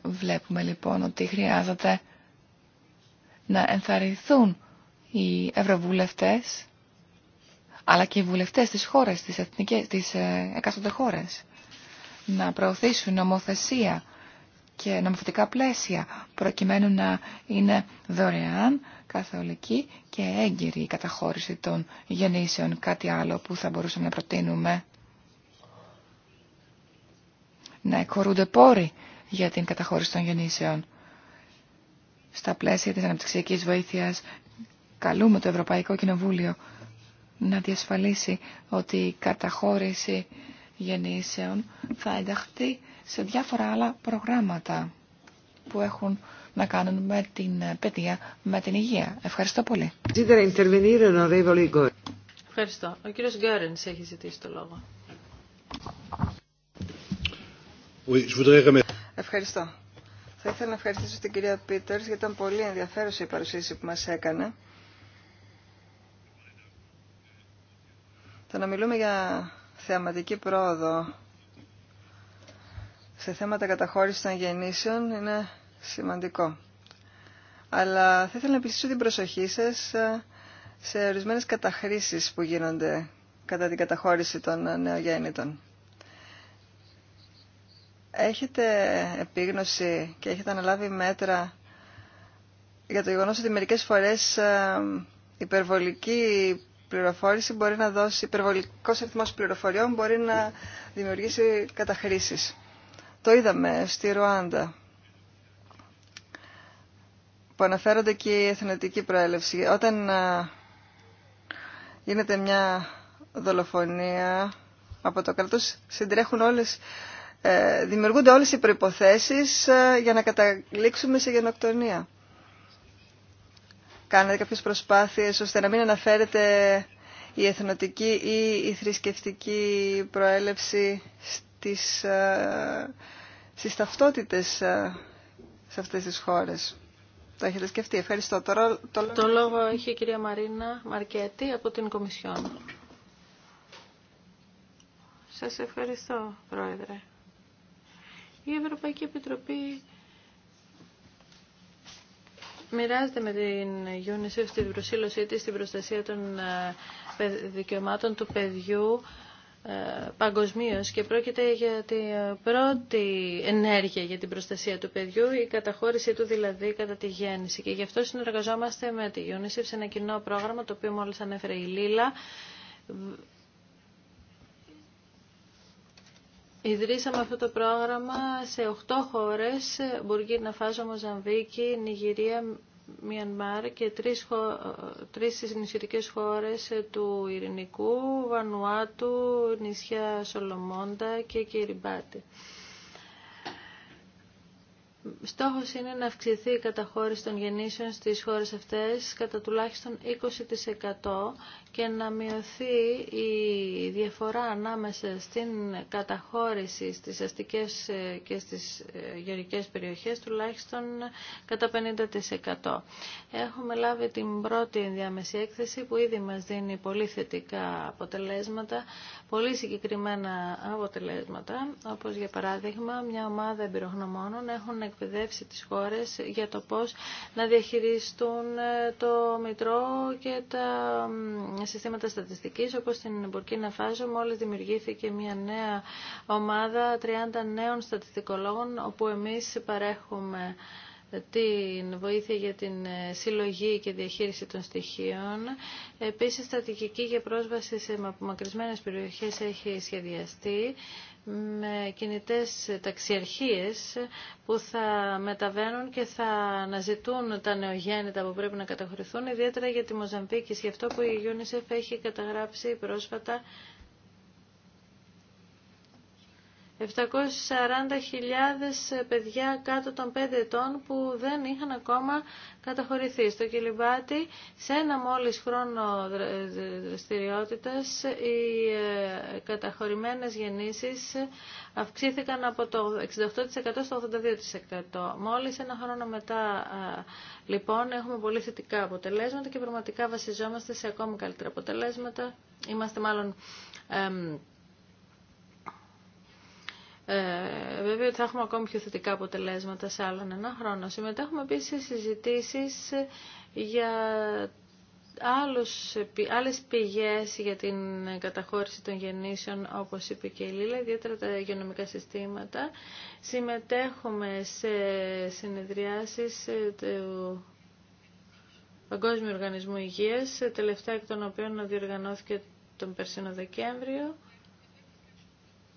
Βλέπουμε λοιπόν ότι χρειάζεται να ενθαρρυνθούν οι ευρωβουλευτές αλλά και οι βουλευτές της χώρας, της, της ε, εκάστοτε να προωθήσουν νομοθεσία και νομοθετικά πλαίσια προκειμένου να είναι δωρεάν, καθολική και έγκυρη η καταχώρηση των γεννήσεων. Κάτι άλλο που θα μπορούσαμε να προτείνουμε. Να εκχωρούνται πόροι για την καταχώρηση των γεννήσεων. Στα πλαίσια της αναπτυξιακής βοήθειας καλούμε το Ευρωπαϊκό Κοινοβούλιο να διασφαλίσει ότι η καταχώρηση γεννήσεων θα ενταχθεί σε διάφορα άλλα προγράμματα που έχουν να κάνουν με την παιδεία, με την υγεία. Ευχαριστώ πολύ. Ευχαριστώ. Ο κύριος Γκάρενς έχει ζητήσει το λόγο. Ευχαριστώ. Θα ήθελα να ευχαριστήσω την κυρία Πίτερς γιατί ήταν πολύ ενδιαφέρουσα η παρουσίαση που μας έκανε. Θα να μιλούμε για θεαματική πρόοδο σε θέματα καταχώρησης των γεννήσεων είναι σημαντικό. Αλλά θα ήθελα να επιστήσω την προσοχή σας ε, σε ορισμένε καταχρήσεις που γίνονται κατά την καταχώρηση των ε, νεογέννητων. Έχετε επίγνωση και έχετε αναλάβει μέτρα για το γεγονός ότι μερικές φορές ε, υπερβολική πληροφόρηση μπορεί να δώσει, υπερβολικό αριθμό πληροφοριών μπορεί να δημιουργήσει καταχρήσεις. Το είδαμε στη Ρουάντα που αναφέρονται και η εθνοτική προέλευση. Όταν γίνεται μια δολοφονία από το κράτο, όλες, ε, δημιουργούνται όλες οι προϋποθέσεις ε, για να καταλήξουμε σε γενοκτονία κάνετε κάποιες προσπάθειες ώστε να μην αναφέρετε η εθνοτική ή η θρησκευτική προέλευση στις, ε, στις ταυτότητες ε, σε αυτές τις χώρες. Το έχετε σκεφτεί. Ευχαριστώ. Το, λόγο... το λόγο έχει η κυρία Μαρίνα Μαρκέτη από την Κομισιόν. Σας ευχαριστώ, Πρόεδρε. Η Ευρωπαϊκή Επιτροπή μοιράζεται με την UNICEF στη προσήλωσή της στην προστασία των ε, δικαιωμάτων του παιδιού ε, παγκοσμίω και πρόκειται για την ε, πρώτη ενέργεια για την προστασία του παιδιού, η καταχώρησή του δηλαδή κατά τη γέννηση. Και γι' αυτό συνεργαζόμαστε με τη UNICEF σε ένα κοινό πρόγραμμα το οποίο μόλις ανέφερε η Λίλα Ιδρύσαμε αυτό το πρόγραμμα σε 8 χώρες, Μπουργκίνα Φάσο, Μοζαμβίκη, Νιγηρία, Μιανμάρ και τρεις, χω... τρεις νησιωτικές χώρες του Ειρηνικού, Βανουάτου, νησιά Σολομόντα και Κυριμπάτη. Στόχος είναι να αυξηθεί η καταχώρηση των γεννήσεων στις χώρες αυτές κατά τουλάχιστον 20% και να μειωθεί η διαφορά ανάμεσα στην καταχώρηση στις αστικές ε, και στις ε, γεωργικές περιοχές τουλάχιστον κατά 50%. Έχουμε λάβει την πρώτη ενδιάμεση έκθεση που ήδη μας δίνει πολύ θετικά αποτελέσματα, πολύ συγκεκριμένα αποτελέσματα, όπως για παράδειγμα μια ομάδα εμπειρογνωμόνων έχουν εκπαιδεύσει τις χώρες για το πώς να διαχειριστούν ε, το Μητρό και τα συστήματα στατιστικής, όπως στην Μπουρκίνα Φάζο μόλις δημιουργήθηκε μια νέα ομάδα 30 νέων στατιστικολόγων, όπου εμείς παρέχουμε ε, την βοήθεια για την ε, συλλογή και διαχείριση των στοιχείων. Επίσης, στρατηγική για πρόσβαση σε απομακρυσμένες περιοχές έχει σχεδιαστεί με κινητές ταξιαρχίες που θα μεταβαίνουν και θα αναζητούν τα νεογέννητα που πρέπει να καταχωρηθούν, ιδιαίτερα για τη Μοζαμπίκη γι' αυτό που η UNICEF έχει καταγράψει πρόσφατα 740.000 παιδιά κάτω των 5 ετών που δεν είχαν ακόμα καταχωρηθεί. Στο Κιλιμπάτι, σε ένα μόλις χρόνο δραστηριότητα, οι ε, καταχωρημένες γεννήσεις αυξήθηκαν από το 68% στο 82%. Μόλις ένα χρόνο μετά, λοιπόν, έχουμε πολύ θετικά αποτελέσματα και πραγματικά βασιζόμαστε σε ακόμα καλύτερα αποτελέσματα. Είμαστε μάλλον... Ε, βέβαια θα έχουμε ακόμη πιο θετικά αποτελέσματα σε άλλον ένα χρόνο. Συμμετέχουμε επίσης σε συζητήσεις για άλλους, άλλες πηγές για την καταχώρηση των γεννήσεων, όπως είπε και η Λίλα, ιδιαίτερα τα υγειονομικά συστήματα. Συμμετέχουμε σε συνεδριάσεις του Παγκόσμιου Οργανισμού Υγείας, τελευταία εκ των οποίων διοργανώθηκε τον περσίνο Δεκέμβριο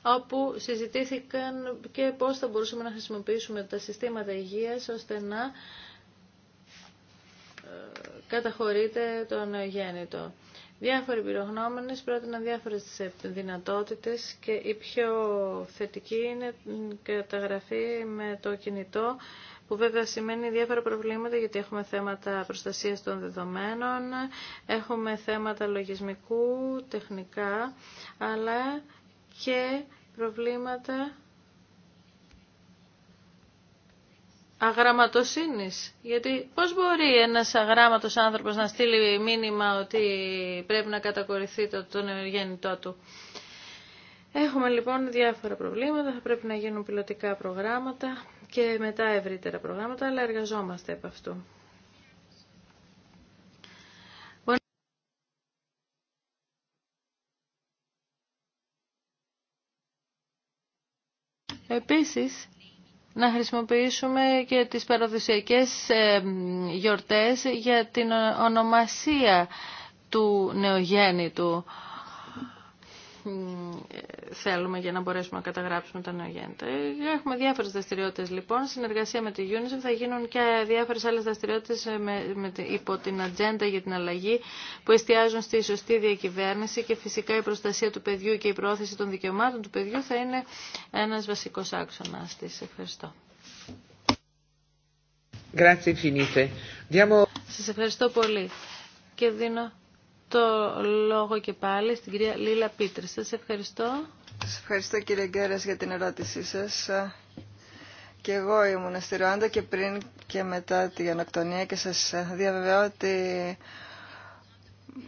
όπου συζητήθηκαν και πώς θα μπορούσαμε να χρησιμοποιήσουμε τα συστήματα υγείας ώστε να ε, καταχωρείται το νεογέννητο. Διάφοροι πυρογνώμενες πρότειναν διάφορες δυνατότητες και η πιο θετική είναι η καταγραφή με το κινητό που βέβαια σημαίνει διάφορα προβλήματα γιατί έχουμε θέματα προστασίας των δεδομένων, έχουμε θέματα λογισμικού, τεχνικά, αλλά και προβλήματα αγραμματοσύνης. Γιατί πώς μπορεί ένας αγράμματος άνθρωπος να στείλει μήνυμα ότι πρέπει να κατακορυθεί το, τον του. Έχουμε λοιπόν διάφορα προβλήματα, θα πρέπει να γίνουν πιλωτικά προγράμματα και μετά ευρύτερα προγράμματα, αλλά εργαζόμαστε από αυτού. Επίσης, να χρησιμοποιήσουμε και τις παραδοσιακές γιορτές για την ονομασία του νεογέννητου θέλουμε για να μπορέσουμε να καταγράψουμε τα νεογέννητα. Έχουμε διάφορες δραστηριότητες λοιπόν. Συνεργασία με τη UNICEF θα γίνουν και διάφορες άλλες δραστηριότητες με, υπό την ατζέντα για την αλλαγή που εστιάζουν στη σωστή διακυβέρνηση και φυσικά η προστασία του παιδιού και η προώθηση των δικαιωμάτων του παιδιού θα είναι ένας βασικός άξονας της. Ευχαριστώ. Grazie Σας ευχαριστώ πολύ και δίνω το λόγο και πάλι στην κυρία Λίλα Πίτρη. σα ευχαριστώ. Σα ευχαριστώ κύριε Γκέρας για την ερώτησή σας. Και εγώ ήμουν στη Ρουάντα και πριν και μετά την γενοκτονία και σας διαβεβαιώ ότι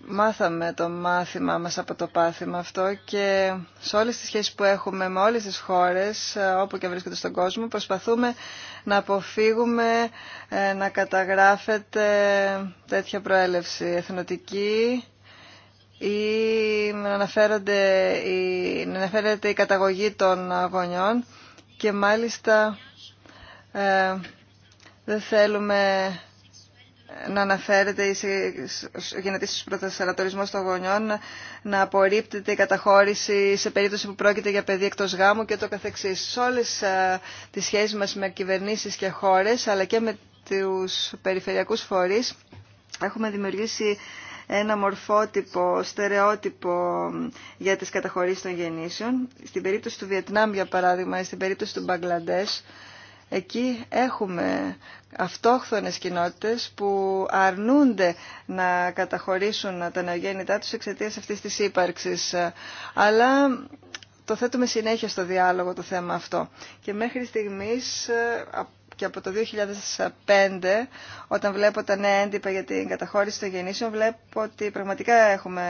μάθαμε το μάθημά μας από το πάθημα αυτό και σε όλες τις σχέσεις που έχουμε με όλες τις χώρες ε, όπου και βρίσκονται στον κόσμο προσπαθούμε να αποφύγουμε ε, να καταγράφεται τέτοια προέλευση εθνοτική ή να, αναφέρονται, ή να αναφέρεται η να η να αναφερεται η καταγωγη των αγωνιών και μάλιστα ε, δεν θέλουμε να αναφέρεται η στου προταστερατορισμός των γονιών, να απορρίπτεται η καταχώρηση σε περίπτωση που πρόκειται για παιδί εκτός γάμου και το καθεξής. Σε όλες ε, τις σχέσεις μας με κυβερνήσεις και χώρες, αλλά και με τους περιφερειακούς φορείς, έχουμε δημιουργήσει ένα μορφότυπο, στερεότυπο για τις καταχωρήσεις των γεννήσεων. Στην περίπτωση του Βιετνάμ, για παράδειγμα, ή στην περίπτωση του Μπαγκλαντές, εκεί έχουμε αυτόχθονες κοινότητες που αρνούνται να καταχωρήσουν τα νεογέννητά τους εξαιτίας αυτής της ύπαρξης. Αλλά το θέτουμε συνέχεια στο διάλογο το θέμα αυτό. Και μέχρι στιγμής και από το 2005 όταν βλέπω τα νέα έντυπα για την καταχώρηση των γεννήσεων βλέπω ότι πραγματικά έχουμε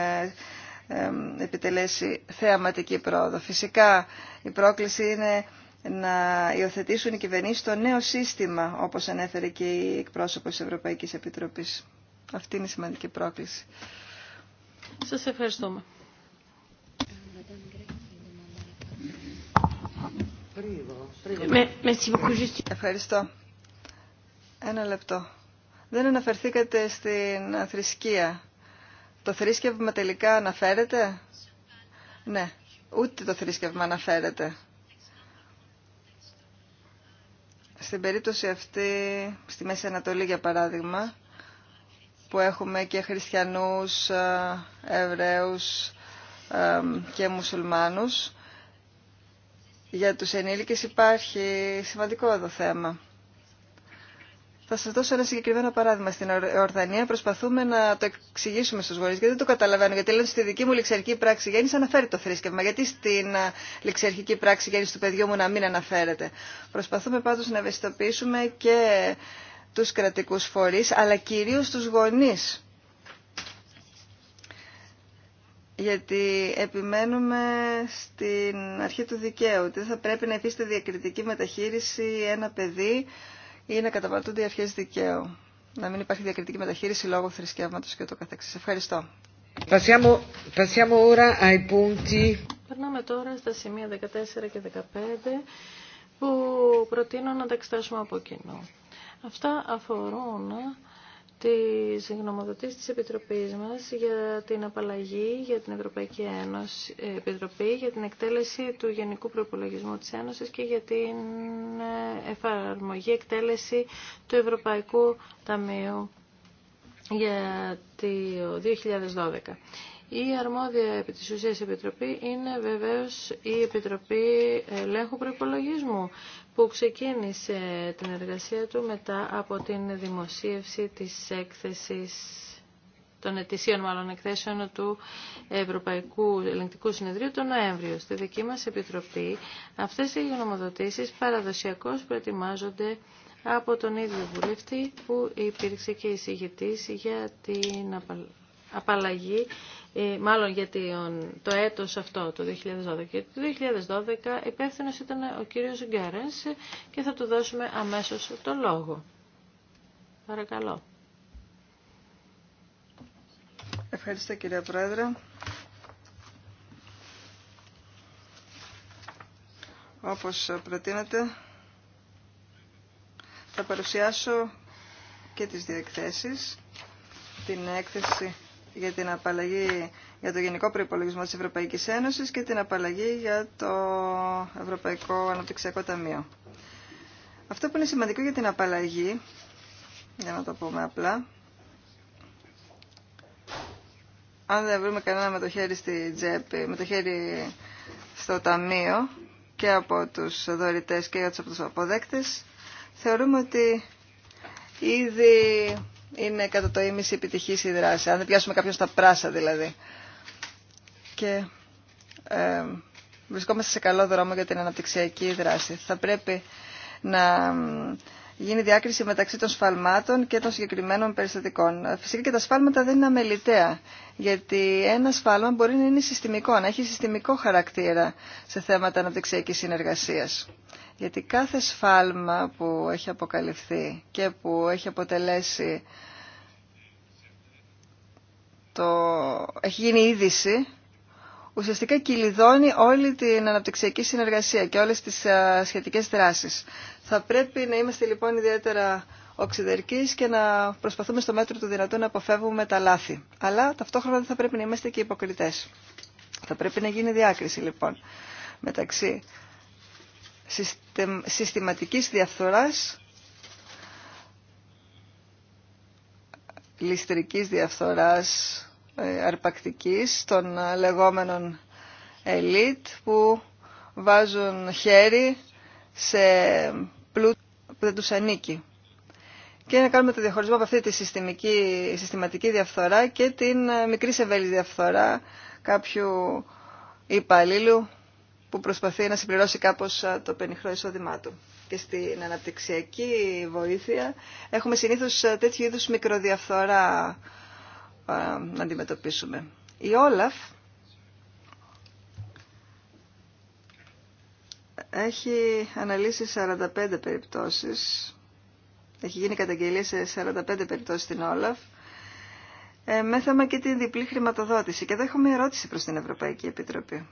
επιτελέσει θεαματική πρόοδο. Φυσικά η πρόκληση είναι να υιοθετήσουν οι κυβερνήσει το νέο σύστημα, όπω ανέφερε και η εκπρόσωπο τη Ευρωπαϊκή Επίτροπή. Αυτή είναι η σημαντική πρόκληση. Σας ευχαριστούμε. Ευχαριστώ. Ένα λεπτό. Δεν αναφερθήκατε στην θρησκεία. Το θρήσκευμα τελικά αναφέρεται. Ναι, ούτε το θρήσκευμα αναφέρεται. Στην περίπτωση αυτή, στη Μέση Ανατολή για παράδειγμα, που έχουμε και χριστιανούς, ε, εβραίους ε, και μουσουλμάνους, για τους ενήλικες υπάρχει σημαντικό εδώ θέμα. Θα σα δώσω ένα συγκεκριμένο παράδειγμα. Στην Ορδανία προσπαθούμε να το εξηγήσουμε στου γονείς, γιατί δεν το καταλαβαίνω. Γιατί λένε στη δική μου ληξιαρχική πράξη γέννηση αναφέρει το θρήσκευμα. Γιατί στην ληξιαρχική πράξη γέννηση του παιδιού μου να μην αναφέρεται. Προσπαθούμε πάντω να ευαισθητοποιήσουμε και του κρατικού φορεί, αλλά κυρίω του γονεί. γιατί επιμένουμε στην αρχή του δικαίου, ότι θα πρέπει να υφίσταται διακριτική μεταχείριση ένα παιδί ή να καταβαλτούνται οι αρχές δικαίου. Να μην υπάρχει διακριτική μεταχείριση λόγω θρησκεύματος και το καθεξής. Ευχαριστώ. Περνάμε τώρα στα σημεία 14 και 15 που προτείνω να τα εξετάσουμε από κοινό. Αυτά αφορούν τη γνωμοδοτής της Επιτροπής μας για την απαλλαγή για την Ευρωπαϊκή Ένωση, ε, Επιτροπή, για την εκτέλεση του Γενικού Προπολογισμού της Ένωσης και για την ε, εφαρμογή εκτέλεση του Ευρωπαϊκού Ταμείου για το 2012. Η αρμόδια επί της ουσίας επιτροπή είναι βεβαίως η Επιτροπή Ελέγχου Προϋπολογισμού που ξεκίνησε την εργασία του μετά από την δημοσίευση της έκθεσης των ετησίων μάλλον εκθέσεων του Ευρωπαϊκού Ελεγκτικού Συνεδρίου τον Νοέμβριο. Στη δική μας Επιτροπή αυτές οι γνωμοδοτήσεις παραδοσιακώς προετοιμάζονται από τον ίδιο βουλευτή που υπήρξε και εισηγητής για την απαλλαγή απαλλαγή ε, μάλλον γιατί το έτος αυτό, το 2012. Και το 2012 υπεύθυνος ήταν ο κύριος Γκέρενς και θα του δώσουμε αμέσως το λόγο. Παρακαλώ. Ευχαριστώ κύριε Πρόεδρε. Όπως προτείνατε, θα παρουσιάσω και τις διεκθέσεις την έκθεση για την απαλλαγή για το Γενικό Προϋπολογισμό της Ευρωπαϊκής Ένωσης και την απαλλαγή για το Ευρωπαϊκό Αναπτυξιακό Ταμείο. Αυτό που είναι σημαντικό για την απαλλαγή, για να το πούμε απλά, αν δεν βρούμε κανένα με το χέρι στη τσέπη, με το χέρι στο ταμείο και από τους δωρητές και από τους αποδέκτες, θεωρούμε ότι ήδη είναι κατά το ίμιση επιτυχής η δράση, αν δεν πιάσουμε κάποιον στα πράσα δηλαδή. Και ε, βρισκόμαστε σε καλό δρόμο για την αναπτυξιακή δράση. Θα πρέπει να γίνει διάκριση μεταξύ των σφαλμάτων και των συγκεκριμένων περιστατικών. Ε, φυσικά και τα σφάλματα δεν είναι αμεληταία, γιατί ένα σφάλμα μπορεί να είναι συστημικό, να έχει συστημικό χαρακτήρα σε θέματα αναπτυξιακής συνεργασίας. Γιατί κάθε σφάλμα που έχει αποκαλυφθεί και που έχει αποτελέσει το... έχει γίνει είδηση, ουσιαστικά κυλιδώνει όλη την αναπτυξιακή συνεργασία και όλες τις ε, σχετικές δράσεις. Θα πρέπει να είμαστε λοιπόν ιδιαίτερα οξυδερκείς και να προσπαθούμε στο μέτρο του δυνατού να αποφεύγουμε τα λάθη. Αλλά ταυτόχρονα δεν θα πρέπει να είμαστε και υποκριτές. Θα πρέπει να γίνει διάκριση λοιπόν μεταξύ συστηματικής διαφθοράς, ληστρικής διαφθοράς, αρπακτικής των λεγόμενων ελίτ που βάζουν χέρι σε πλούτο που δεν τους ανήκει. Και να κάνουμε το διαχωρισμό από αυτή τη συστηματική, συστηματική διαφθορά και την ε, μικρή σεβέλη διαφθορά κάποιου υπαλλήλου που προσπαθεί να συμπληρώσει κάπως ε, το πενιχρό εισόδημά του. Και στην αναπτυξιακή βοήθεια έχουμε συνήθως ε, τέτοιου είδους μικροδιαφθορά να αντιμετωπίσουμε. Η Όλαφ έχει αναλύσει 45 περιπτώσεις, έχει γίνει καταγγελία σε 45 περιπτώσεις στην Όλαφ, ε, με θέμα και την διπλή χρηματοδότηση. Και εδώ έχω μια ερώτηση προς την Ευρωπαϊκή Επιτροπή.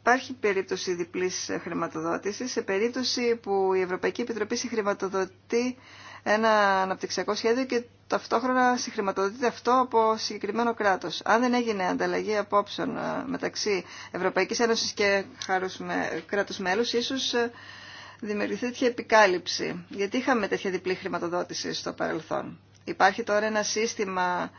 Υπάρχει περίπτωση διπλής χρηματοδότησης σε περίπτωση που η Ευρωπαϊκή Επιτροπή συγχρηματοδοτεί ένα αναπτυξιακό σχέδιο και ταυτόχρονα συγχρηματοδοτείται αυτό από συγκεκριμένο κράτο. Αν δεν έγινε ανταλλαγή απόψεων ε, μεταξύ Ευρωπαϊκή Ένωση και κράτου μέλου, ίσω ε, δημιουργηθεί τέτοια επικάλυψη, γιατί είχαμε τέτοια διπλή χρηματοδότηση στο παρελθόν. Υπάρχει τώρα ένα σύστημα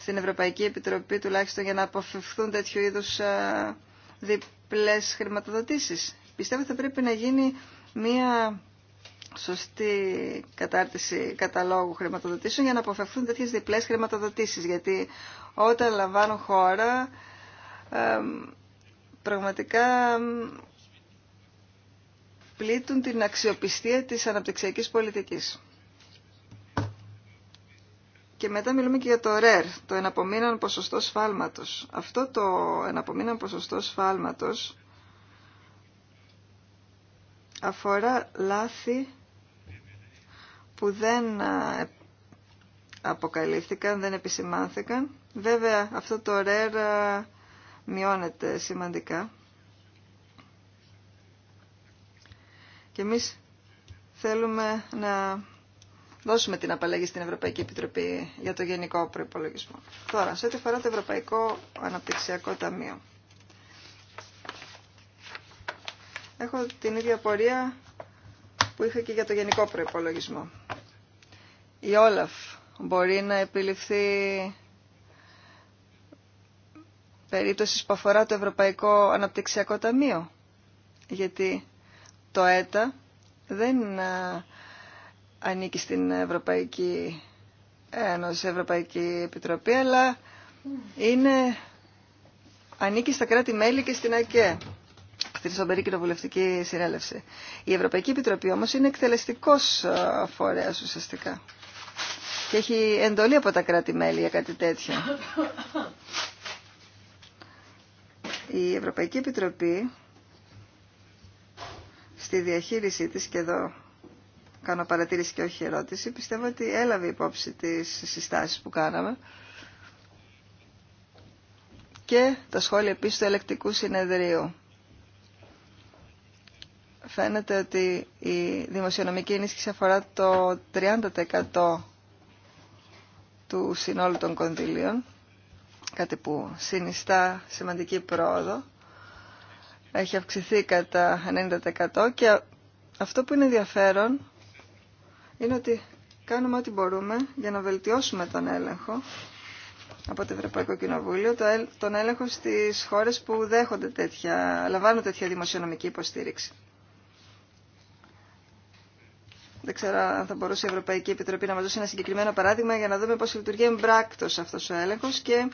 στην Ευρωπαϊκή Επιτροπή τουλάχιστον για να αποφευθούν τέτοιου είδου ε, διπλές χρηματοδοτήσει. Πιστεύω θα πρέπει να γίνει μία σωστή κατάρτιση καταλόγου χρηματοδοτήσεων για να αποφευθούν τέτοιες διπλές χρηματοδοτήσεις γιατί όταν λαμβάνουν χώρα πραγματικά πλήττουν την αξιοπιστία της αναπτυξιακής πολιτικής. Και μετά μιλούμε και για το RER, το εναπομείναν ποσοστό σφάλματος. Αυτό το εναπομείναν ποσοστό σφάλματος αφορά λάθη που δεν αποκαλύφθηκαν, δεν επισημάνθηκαν. Βέβαια αυτό το ΡΕΡ μειώνεται σημαντικά. Και εμείς θέλουμε να δώσουμε την απαλλαγή στην Ευρωπαϊκή Επιτροπή για το γενικό προϋπολογισμό. Τώρα, σε ό,τι αφορά το Ευρωπαϊκό Αναπτυξιακό Ταμείο. Έχω την ίδια πορεία που είχα και για το γενικό προϋπολογισμό η Όλαφ μπορεί να επιληφθεί περίπτωση που αφορά το Ευρωπαϊκό Αναπτυξιακό Ταμείο. Γιατί το ΕΤΑ δεν ανήκει στην Ευρωπαϊκή Ένωση, Ευρωπαϊκή Επιτροπή, αλλά είναι, ανήκει στα κράτη-μέλη και στην ΑΚΕ, στην Ισομπερή Κοινοβουλευτική Συνέλευση. Η Ευρωπαϊκή Επιτροπή όμως είναι εκτελεστικός φορέας ουσιαστικά και έχει εντολή από τα κράτη-μέλη για κάτι τέτοιο. Η Ευρωπαϊκή Επιτροπή στη διαχείρισή της και εδώ κάνω παρατήρηση και όχι ερώτηση πιστεύω ότι έλαβε υπόψη τις συστάσεις που κάναμε και τα σχόλια επίσης του ελεκτικού συνεδρίου. Φαίνεται ότι η δημοσιονομική ενίσχυση αφορά το 30% του συνόλου των κονδυλίων, κάτι που συνιστά σημαντική πρόοδο. Έχει αυξηθεί κατά 90% και αυτό που είναι ενδιαφέρον είναι ότι κάνουμε ό,τι μπορούμε για να βελτιώσουμε τον έλεγχο από το Ευρωπαϊκό Κοινοβούλιο, τον έλεγχο στις χώρες που δέχονται τέτοια, λαμβάνουν τέτοια δημοσιονομική υποστήριξη. Δεν ξέρω αν θα μπορούσε η Ευρωπαϊκή Επιτροπή να μας δώσει ένα συγκεκριμένο παράδειγμα για να δούμε πώς λειτουργεί εμπράκτος αυτός ο έλεγχος και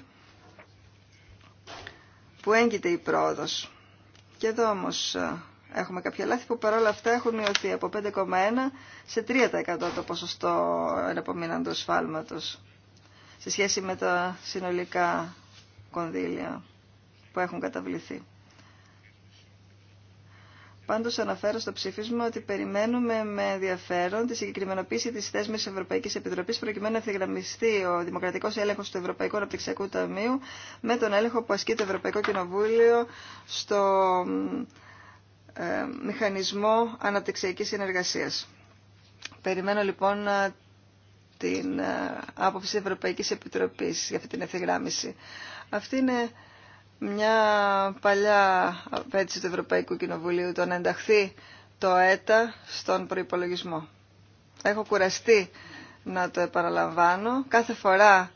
που έγκυται η πρόοδος. Και εδώ όμω ε, έχουμε κάποια λάθη που παρόλα αυτά έχουν μειωθεί από 5,1 σε 3% το ποσοστό εναπομείναντος σφάλματος σε σχέση με τα συνολικά κονδύλια που έχουν καταβληθεί. Πάντως αναφέρω στο ψήφισμα ότι περιμένουμε με ενδιαφέρον τη συγκεκριμενοποίηση της θέσμης της Ευρωπαϊκής Επιτροπής προκειμένου να ευθυγραμμιστεί ο δημοκρατικός έλεγχος του Ευρωπαϊκού Αναπτυξιακού Ταμείου με τον έλεγχο που ασκεί το Ευρωπαϊκό Κοινοβούλιο στο ε, μηχανισμό αναπτυξιακής συνεργασίας. Περιμένω λοιπόν την ε, άποψη της Ευρωπαϊκής Επιτροπής για αυτή την ευθυγράμμιση. Αυτή είναι μια παλιά απέτηση του Ευρωπαϊκού Κοινοβουλίου το να ενταχθεί το ΕΤΑ στον προϋπολογισμό. Έχω κουραστεί να το επαναλαμβάνω. Κάθε φορά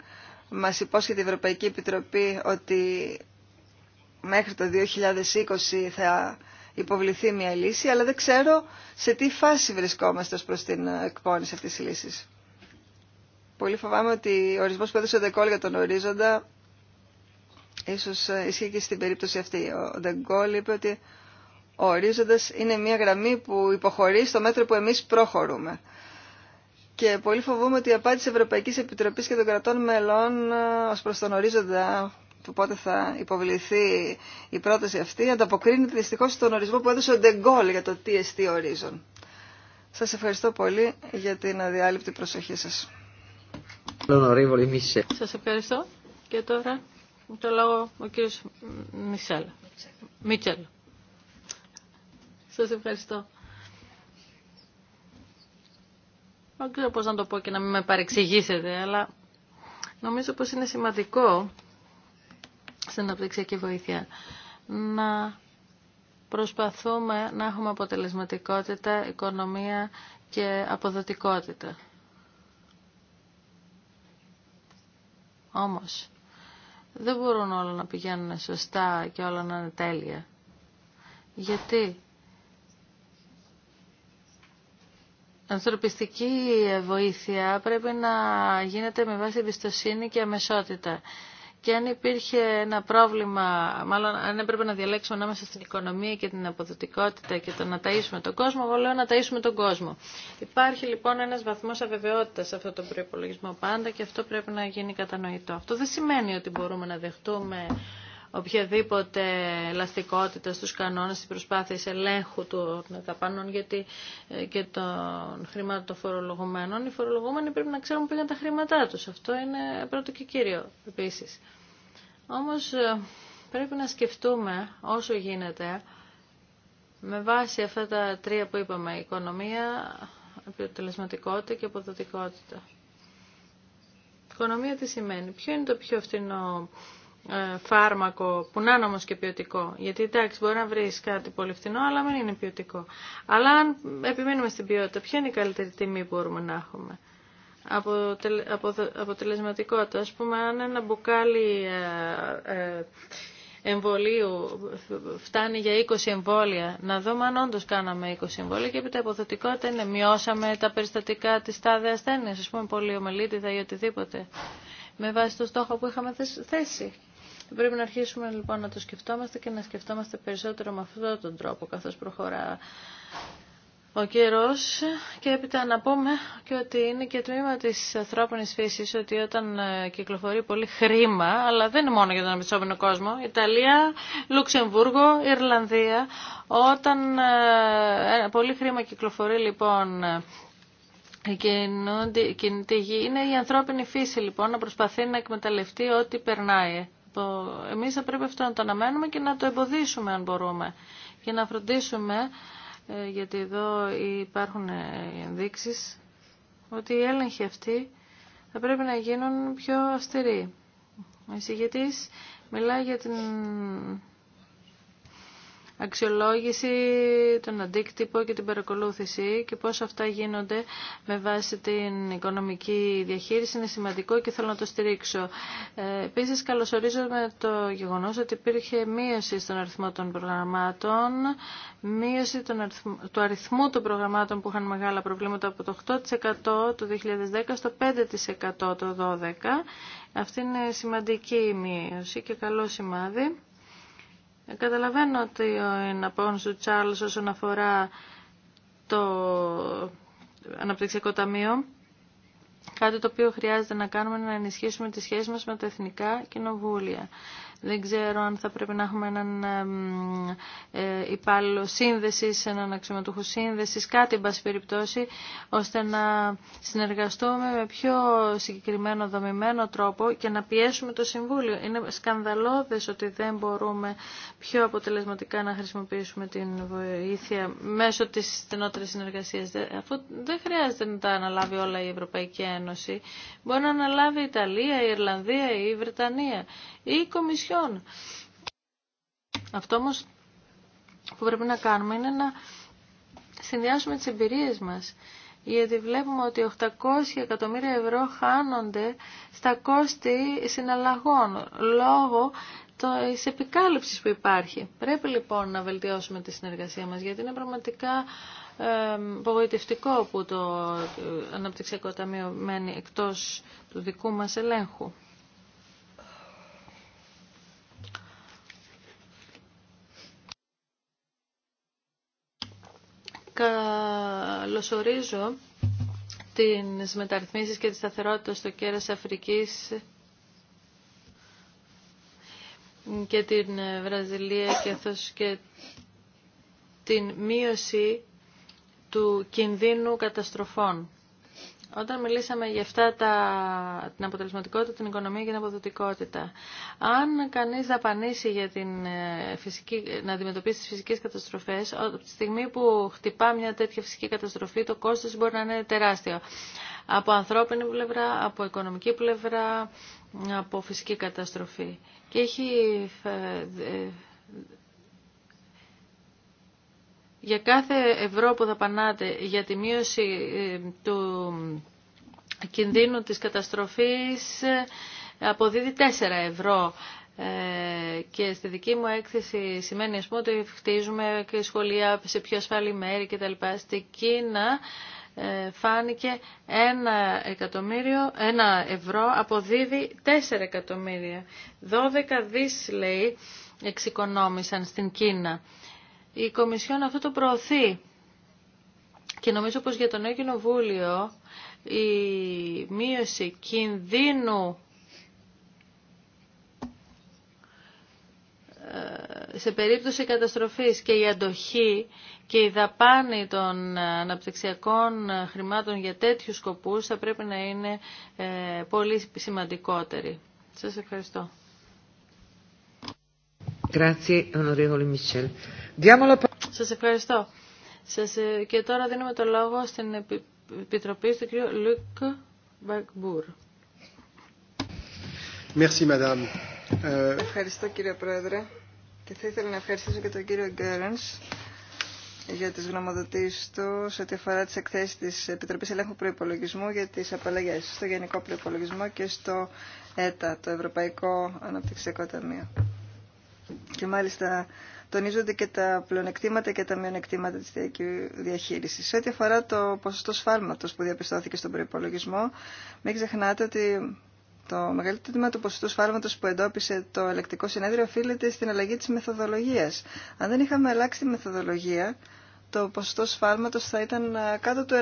μας υπόσχεται η Ευρωπαϊκή Επιτροπή ότι μέχρι το 2020 θα υποβληθεί μια λύση, αλλά δεν ξέρω σε τι φάση βρισκόμαστε προ προς την εκπόνηση αυτής της λύσης. Πολύ φοβάμαι ότι ο ορισμός που έδωσε ο Δεκόλ για τον ορίζοντα Ίσως ε, ισχύει και στην περίπτωση αυτή. Ο Ντεγκόλ είπε ότι ο ορίζοντας είναι μια γραμμή που υποχωρεί στο μέτρο που εμείς προχωρούμε. Και πολύ φοβούμαι ότι η απάντηση Ευρωπαϊκής Επιτροπής και των κρατών μελών ε, ως προς τον ορίζοντα του πότε θα υποβληθεί η πρόταση αυτή ανταποκρίνεται δυστυχώς στον ορισμό που έδωσε ο Ντεγκόλ για το TST ορίζον. Σας ευχαριστώ πολύ για την αδιάλειπτη προσοχή σας. Σας ευχαριστώ και τώρα το λόγο ο κύριος Μισελ. Μίτσελ. Σας ευχαριστώ. Δεν ξέρω πώς να το πω και να μην με παρεξηγήσετε, αλλά νομίζω πως είναι σημαντικό στην αναπτυξιακή βοήθεια να προσπαθούμε να έχουμε αποτελεσματικότητα, οικονομία και αποδοτικότητα. Όμως, δεν μπορούν όλα να πηγαίνουν σωστά και όλα να είναι τέλεια. Γιατί ανθρωπιστική βοήθεια πρέπει να γίνεται με βάση εμπιστοσύνη και αμεσότητα και αν υπήρχε ένα πρόβλημα, μάλλον αν έπρεπε να διαλέξουμε ανάμεσα στην οικονομία και την αποδοτικότητα και το να ταΐσουμε τον κόσμο, εγώ λέω να ταΐσουμε τον κόσμο. Υπάρχει λοιπόν ένας βαθμός αβεβαιότητας σε αυτό το προϋπολογισμό πάντα και αυτό πρέπει να γίνει κατανοητό. Αυτό δεν σημαίνει ότι μπορούμε να δεχτούμε οποιαδήποτε ελαστικότητα στους κανόνες της προσπάθειας ελέγχου των δαπανών γιατί, ε, και των χρημάτων των φορολογουμένων. Οι φορολογούμενοι πρέπει να ξέρουν πού πήγαν τα χρήματά τους. Αυτό είναι πρώτο και κύριο επίσης. Όμως ε, πρέπει να σκεφτούμε όσο γίνεται με βάση αυτά τα τρία που είναι τα χρηματα οικονομία, αποτελεσματικότητα και αποδοτικότητα. Οικονομία τι σημαίνει, ποιο είναι το πιο φθηνό ε, φάρμακο που να είναι όμως και ποιοτικό. Γιατί εντάξει μπορεί να βρεις κάτι πολύ φθηνό αλλά μην είναι ποιοτικό. Αλλά αν επιμείνουμε στην ποιότητα, ποια είναι η καλύτερη τιμή που μπορούμε να έχουμε. Από, αποτελεσματικότητα, ας πούμε, αν ένα μπουκάλι ε, ε, εμβολίου φτάνει για 20 εμβόλια, να δούμε αν όντω κάναμε 20 εμβόλια και επί αποθετικότητα είναι μειώσαμε τα περιστατικά της τάδε ασθένειας, ας πούμε πολιομελίτιδα ή οτιδήποτε, με βάση το στόχο που είχαμε θέσει πρέπει να αρχίσουμε λοιπόν να το σκεφτόμαστε και να σκεφτόμαστε περισσότερο με αυτόν τον τρόπο καθώς προχωρά ο καιρός και έπειτα να πούμε και ότι είναι και τμήμα της ανθρώπινης φύσης ότι όταν ε, κυκλοφορεί πολύ χρήμα, αλλά δεν είναι μόνο για τον αναπτυσσόμενο κόσμο, Ιταλία, Λουξεμβούργο, Ιρλανδία, όταν ε, πολύ χρήμα κυκλοφορεί λοιπόν ε, και είναι η ανθρώπινη φύση λοιπόν να προσπαθεί να εκμεταλλευτεί ό,τι περνάει το... εμείς θα πρέπει αυτό να το αναμένουμε και να το εμποδίσουμε αν μπορούμε και να φροντίσουμε ε, γιατί εδώ υπάρχουν ε, ενδείξεις ότι οι έλεγχοι αυτοί θα πρέπει να γίνουν πιο αυστηροί. Ο εισηγητής μιλάει για την αξιολόγηση, τον αντίκτυπο και την παρακολούθηση και πώς αυτά γίνονται με βάση την οικονομική διαχείριση είναι σημαντικό και θέλω να το στηρίξω. Ε, επίσης καλωσορίζομαι το γεγονός ότι υπήρχε μείωση στον αριθμό των προγραμμάτων, μείωση του αριθμού των προγραμμάτων που είχαν μεγάλα προβλήματα από το 8% το 2010 στο 5% το 2012. Αυτή είναι σημαντική μείωση και καλό σημάδι. Καταλαβαίνω ότι ο Ιναπών του όσον αφορά το αναπτυξιακό ταμείο. Κάτι το οποίο χρειάζεται να κάνουμε είναι να ενισχύσουμε τις σχέσεις μας με τα εθνικά κοινοβούλια. Δεν ξέρω αν θα πρέπει να έχουμε έναν ε, υπάλληλο σύνδεση, έναν αξιωματούχο σύνδεση, κάτι εν πάση περιπτώσει, ώστε να συνεργαστούμε με πιο συγκεκριμένο δομημένο τρόπο και να πιέσουμε το Συμβούλιο. Είναι σκανδαλώδε ότι δεν μπορούμε πιο αποτελεσματικά να χρησιμοποιήσουμε την βοήθεια μέσω τη στενότερη συνεργασία. Ε, Αφού δεν χρειάζεται να τα αναλάβει όλα η Ευρωπαϊκή Ένωση. Μπορεί να αναλάβει η Ιταλία, η Ιρλανδία, η Βρετανία ή η Κομισιόν αυτό όμως που πρέπει να κάνουμε είναι να συνδυάσουμε τις εμπειρίες μας. Γιατί βλέπουμε ότι 800 εκατομμύρια ευρώ χάνονται στα κόστη συναλλαγών λόγω τη επικάλυψης που υπάρχει. Πρέπει λοιπόν να βελτιώσουμε τη συνεργασία μας γιατί είναι πραγματικά απογοητευτικό που το ε, Αναπτυξιακό Ταμείο μένει εκτός του δικού μας ελέγχου. Καλωσορίζω τις μεταρρυθμίσεις και τη σταθερότητα στο κέρας Αφρικής και την ε, Βραζιλία και, και την μείωση του κινδύνου καταστροφών. Όταν μιλήσαμε για αυτά τα, την αποτελεσματικότητα, την οικονομία και την αποδοτικότητα, αν κανείς δαπανίσει για την ε, φυσική, να αντιμετωπίσει τις φυσικές καταστροφές, από τη στιγμή που χτυπά μια τέτοια φυσική καταστροφή, το κόστος μπορεί να είναι τεράστιο. Από ανθρώπινη πλευρά, από οικονομική πλευρά, από φυσική καταστροφή. Και έχει ε, ε, για κάθε ευρώ που δαπανάτε για τη μείωση ε, του κινδύνου της καταστροφής ε, αποδίδει 4 ευρώ ε, και στη δική μου έκθεση σημαίνει ας πούμε ότι χτίζουμε και σχολεία σε πιο ασφαλή μέρη κτλ. Στη Κίνα φάνηκε ένα, εκατομμύριο, ένα ευρώ αποδίδει 4 εκατομμύρια. 12 δις λέει εξοικονόμησαν στην Κίνα η Κομισιόν αυτό το προωθεί. Και νομίζω πως για το νέο κοινοβούλιο η μείωση κινδύνου ε, σε περίπτωση καταστροφής και η αντοχή και η δαπάνη των αναπτυξιακών χρημάτων για τέτοιους σκοπούς θα πρέπει να είναι ε, πολύ σημαντικότερη. Σας ευχαριστώ. Grazie, σας ευχαριστώ. Σας, ε, και τώρα δίνουμε το λόγο στην Επιτροπή του κύριο Λουκ Μπαγκμπούρ. Ε, ευχαριστώ κύριε Πρόεδρε και θα ήθελα να ευχαριστήσω και τον κύριο Γκέρενς για τις γνωμοδοτήσεις του σε ό,τι αφορά τις εκθέσεις της Επιτροπής Ελέγχου Προϋπολογισμού για τις απαλλαγές στο Γενικό Προϋπολογισμό και στο ΕΤΑ, το Ευρωπαϊκό Αναπτυξιακό Ταμείο. Και μάλιστα τονίζονται και τα πλεονεκτήματα και τα μειονεκτήματα της διαχείρισης. Σε ό,τι αφορά το ποσοστό σφάλματος που διαπιστώθηκε στον προϋπολογισμό, μην ξεχνάτε ότι το μεγαλύτερο τμήμα του ποσοστού σφάλματο που εντόπισε το ελεκτικό συνέδριο οφείλεται στην αλλαγή τη μεθοδολογία. Αν δεν είχαμε αλλάξει τη μεθοδολογία, το ποσοστό σφάλματο θα ήταν κάτω του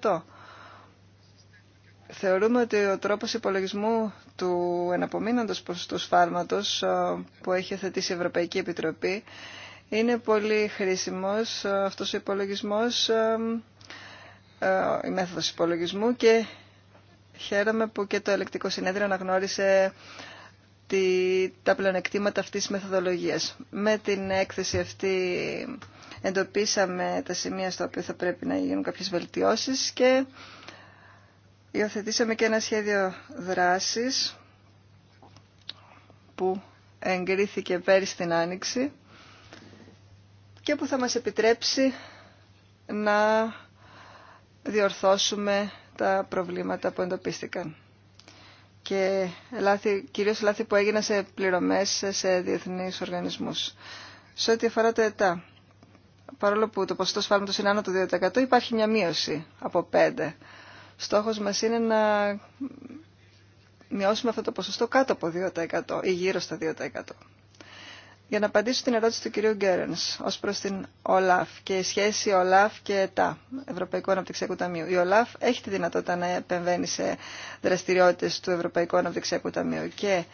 1%. Θεωρούμε ότι ο τρόπος υπολογισμού του εναπομείνοντος ποσοστού σφάλματος ε, που έχει θετήσει η Ευρωπαϊκή Επιτροπή είναι πολύ χρήσιμος ε, αυτός ο υπολογισμός, ε, η μέθοδος υπολογισμού και χαίρομαι που και το ελεκτικό συνέδριο αναγνώρισε τη, τα πλεονεκτήματα αυτής της μεθοδολογίας. Με την έκθεση αυτή εντοπίσαμε τα σημεία στα οποία θα πρέπει να γίνουν κάποιες βελτιώσεις και Υιοθετήσαμε και ένα σχέδιο δράσης που εγκρίθηκε πέρυσι την Άνοιξη και που θα μας επιτρέψει να διορθώσουμε τα προβλήματα που εντοπίστηκαν. Και λάθη, κυρίως λάθη που έγιναν σε πληρωμές σε διεθνείς οργανισμούς. Σε ό,τι αφορά το ΕΤΑ, παρόλο που το ποσοστό σφάλματος είναι άνω του 2%, υπάρχει μια μείωση από 5% στόχος μας είναι να μειώσουμε αυτό το ποσοστό κάτω από 2% ή γύρω στα 2%. Για να απαντήσω στην ερώτηση του κυρίου Γκέρενς ως προς την ΟΛΑΦ και η σχέση ΟΛΑΦ και ΤΑ, Ευρωπαϊκού Αναπτυξιακού Ταμείου. Η ΟΛΑΦ έχει τη δυνατότητα να επεμβαίνει σε δραστηριότητες του Ευρωπαϊκού Αναπτυξιακού Ταμείου και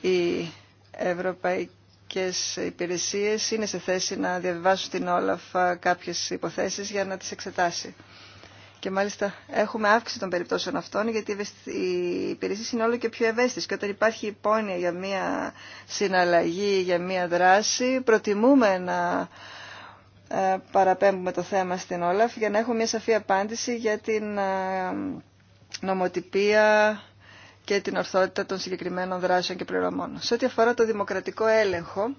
οι ευρωπαϊκές υπηρεσίες είναι σε θέση να διαβιβάσουν την ΟΛΑΦ κάποιες υποθέσεις για να τις εξετάσει. Και μάλιστα έχουμε αύξηση των περιπτώσεων αυτών, γιατί οι υπηρεσίε είναι όλο και πιο ευαίσθητε. Και όταν υπάρχει υπόνοια για μία συναλλαγή, για μία δράση, προτιμούμε να ε, παραπέμπουμε το θέμα στην Όλαφ για να έχουμε μία σαφή απάντηση για την ε, νομοτυπία και την ορθότητα των συγκεκριμένων δράσεων και πληρωμών. Σε ό,τι αφορά το δημοκρατικό έλεγχο,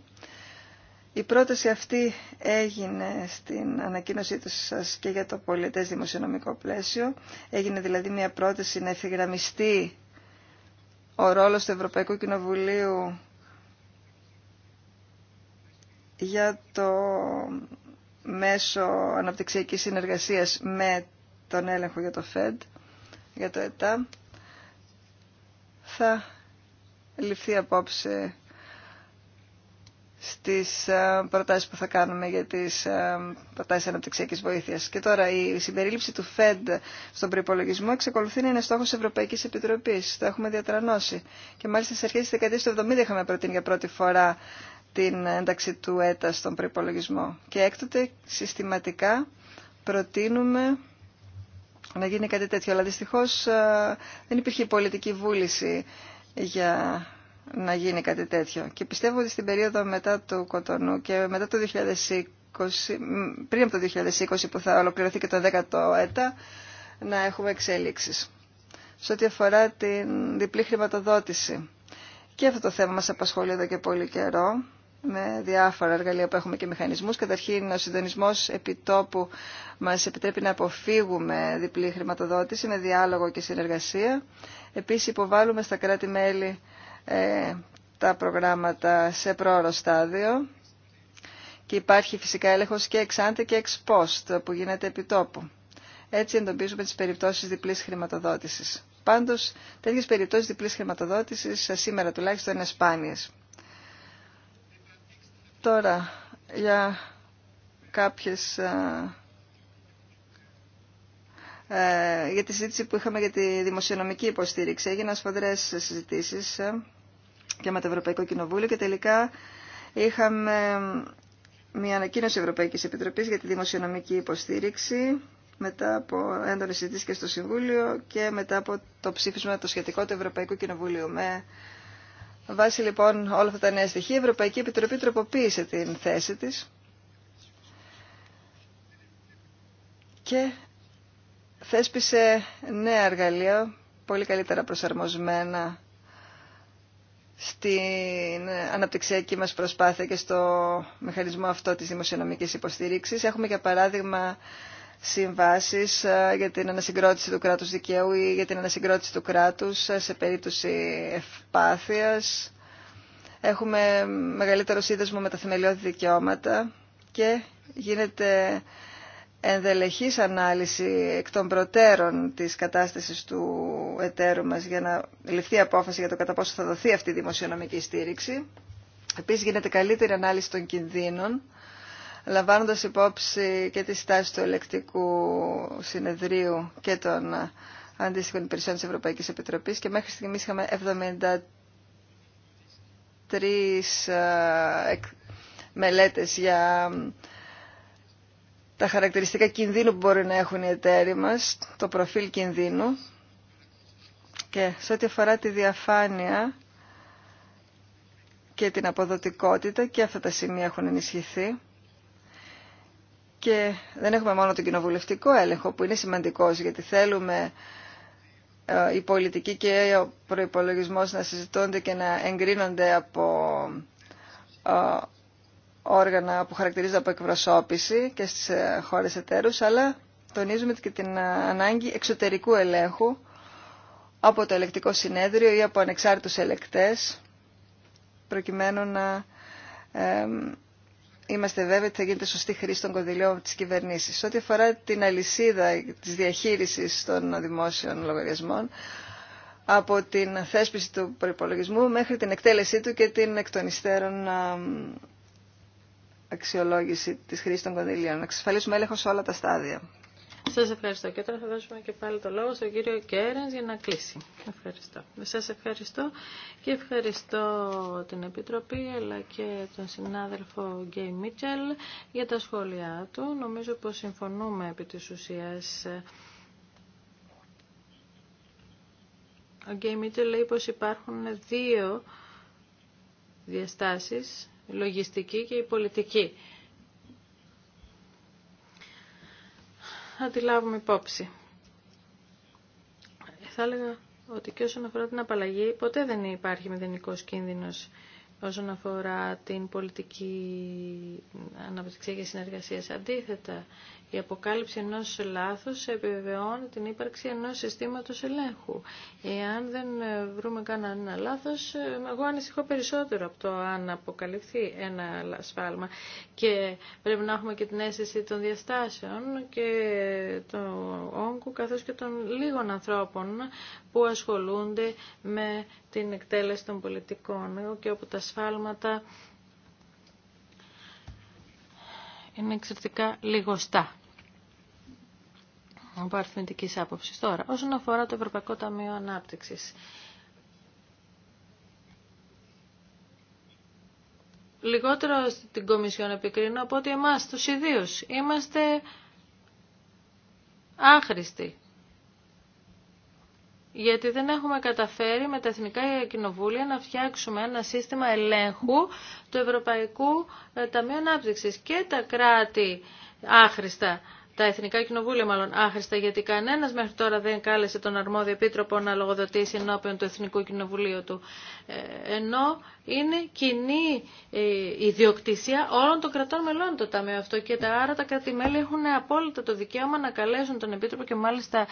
η πρόταση αυτή έγινε στην ανακοίνωσή του σας και για το πολιτές δημοσιονομικό πλαίσιο. Έγινε δηλαδή μια πρόταση να ευθυγραμμιστεί ο ρόλος του Ευρωπαϊκού Κοινοβουλίου για το μέσο αναπτυξιακής συνεργασίας με τον έλεγχο για το ΦΕΔ, για το ΕΤΑ. Θα ληφθεί απόψε στις ε, προτάσεις που θα κάνουμε για τις ε, προτάσεις αναπτυξιακής βοήθειας. Και τώρα η συμπερίληψη του ΦΕΔ στον προπολογισμό εξακολουθεί να είναι στόχος Ευρωπαϊκής Επιτροπής. Το έχουμε διατρανώσει. Και μάλιστα στις αρχές της δεκαετίας του 70 είχαμε προτείνει για πρώτη φορά την ένταξη του ΕΤΑ στον προπολογισμό. Και έκτοτε συστηματικά προτείνουμε να γίνει κάτι τέτοιο. Αλλά δυστυχώς ε, δεν υπήρχε πολιτική βούληση για να γίνει κάτι τέτοιο. Και πιστεύω ότι στην περίοδο μετά του Κοτονού και μετά το 2020, πριν από το 2020 που θα ολοκληρωθεί και το 10ο έτα, να έχουμε εξέλιξεις. Σε ό,τι αφορά την διπλή χρηματοδότηση. Και αυτό το θέμα μας απασχολεί εδώ και πολύ καιρό με διάφορα εργαλεία που έχουμε και μηχανισμούς. Καταρχήν ο συντονισμός επιτόπου μας επιτρέπει να αποφύγουμε διπλή χρηματοδότηση με διάλογο και συνεργασία. Επίσης υποβάλλουμε στα κράτη-μέλη ε, τα προγράμματα σε πρόωρο στάδιο και υπάρχει φυσικά έλεγχος και εξάντε και εξ που γίνεται επί τόπου. Έτσι εντοπίζουμε τις περιπτώσεις διπλής χρηματοδότησης. Πάντως, τέτοιες περιπτώσεις διπλής χρηματοδότησης σήμερα τουλάχιστον είναι σπάνιες. Τώρα, για κάποιες ε, ε, για τη συζήτηση που είχαμε για τη δημοσιονομική υποστήριξη. Έγιναν σφοδρές συζητήσεις ε, και με το Ευρωπαϊκό Κοινοβούλιο και τελικά είχαμε μια ανακοίνωση Ευρωπαϊκής Επιτροπής για τη δημοσιονομική υποστήριξη μετά από έντονε συζήτηση και στο Συμβούλιο και μετά από το ψήφισμα το σχετικό του Ευρωπαϊκού Κοινοβουλίου. Με βάση λοιπόν όλα αυτά τα νέα στοιχεία, η Ευρωπαϊκή Επιτροπή τροποποίησε την θέση της και θέσπισε νέα εργαλεία, πολύ καλύτερα προσαρμοσμένα στην αναπτυξιακή μας προσπάθεια και στο μηχανισμό αυτό της δημοσιονομικής υποστήριξης. Έχουμε για παράδειγμα συμβάσεις ε, για την ανασυγκρότηση του κράτους δικαίου ή για την ανασυγκρότηση του κράτους ε, σε περίπτωση ευπάθειας. Έχουμε μεγαλύτερο σύνδεσμο με τα θεμελιώδη δικαιώματα και γίνεται ενδελεχής ανάλυση εκ των προτέρων της κατάστασης του εταίρου μας για να ληφθεί απόφαση για το κατά πόσο θα δοθεί αυτή η δημοσιονομική στήριξη. Επίσης γίνεται καλύτερη ανάλυση των κινδύνων, λαμβάνοντας υπόψη και τη στάση του ελεκτικού συνεδρίου και των αντίστοιχων υπηρεσιών της Ευρωπαϊκής Επιτροπής και μέχρι στιγμής είχαμε 73 ε, μελέτες για τα χαρακτηριστικά κινδύνου που μπορεί να έχουν οι εταίροι μας, το προφίλ κινδύνου και σε ό,τι αφορά τη διαφάνεια και την αποδοτικότητα και αυτά τα σημεία έχουν ενισχυθεί. Και δεν έχουμε μόνο τον κοινοβουλευτικό έλεγχο που είναι σημαντικός γιατί θέλουμε ε, η πολιτική και ο προϋπολογισμός να συζητώνται και να εγκρίνονται από ε, όργανα που χαρακτηρίζονται από εκπροσώπηση και στις ε, χώρες εταίρους, αλλά τονίζουμε και την ε, ανάγκη εξωτερικού ελέγχου από το ελεκτικό συνέδριο ή από ανεξάρτητους ελεκτές, προκειμένου να είμαστε βέβαιοι ότι θα γίνεται σωστή χρήση των κονδυλίων της κυβερνήσης. Ό,τι αφορά την αλυσίδα της διαχείρισης των δημόσιων λογαριασμών, από την θέσπιση του προϋπολογισμού μέχρι την εκτέλεσή του και την εκ των υστέρων αξιολόγηση της χρήσης των κονδυλίων. Να εξασφαλίσουμε έλεγχο σε όλα τα στάδια. Σας ευχαριστώ. Και τώρα θα δώσουμε και πάλι το λόγο στον κύριο Κέρενς για να κλείσει. Ευχαριστώ. Σας ευχαριστώ και ευχαριστώ την Επιτροπή αλλά και τον συνάδελφο Γκέι Μίτσελ για τα σχόλιά του. Νομίζω πως συμφωνούμε επί τη ουσία. Ο Γκέι Μίτσελ λέει πω υπάρχουν δύο διαστάσεις λογιστική και η πολιτική. Θα τη λάβουμε υπόψη. Θα έλεγα ότι και όσον αφορά την απαλλαγή, ποτέ δεν υπάρχει μηδενικό κίνδυνο όσον αφορά την πολιτική αναπτυξία και συνεργασία. Αντίθετα, η αποκάλυψη ενός λάθους επιβεβαιώνει την ύπαρξη ενός συστήματος ελέγχου. Εάν δεν βρούμε κανένα λάθος, εγώ ανησυχώ περισσότερο από το αν αποκαλυφθεί ένα σφάλμα και πρέπει να έχουμε και την αίσθηση των διαστάσεων και των όγκου καθώς και των λίγων ανθρώπων που ασχολούνται με την εκτέλεση των πολιτικών και όπου τα σφάλματα είναι εξαιρετικά λιγοστά από αριθμητική άποψη. Τώρα, όσον αφορά το Ευρωπαϊκό Ταμείο ανάπτυξη. λιγότερο στην Κομισιόν επικρίνω από ότι εμάς τους ιδίους είμαστε άχρηστοι. Γιατί δεν έχουμε καταφέρει με τα Εθνικά Κοινοβούλια να φτιάξουμε ένα σύστημα ελέγχου του Ευρωπαϊκού ε, Ταμείου Ανάπτυξης και τα κράτη άχρηστα τα Εθνικά Κοινοβούλια μάλλον άχρηστα, γιατί κανένα μέχρι τώρα δεν κάλεσε τον αρμόδιο επίτροπο να λογοδοτήσει ενώπιον του Εθνικού Κοινοβουλίου του. Ε, ενώ είναι κοινή ε, ιδιοκτησία όλων των κρατών μελών το Ταμείο αυτό και τα άρα τα κράτη-μέλη έχουν απόλυτα το δικαίωμα να καλέσουν τον Επίτροπο και μάλιστα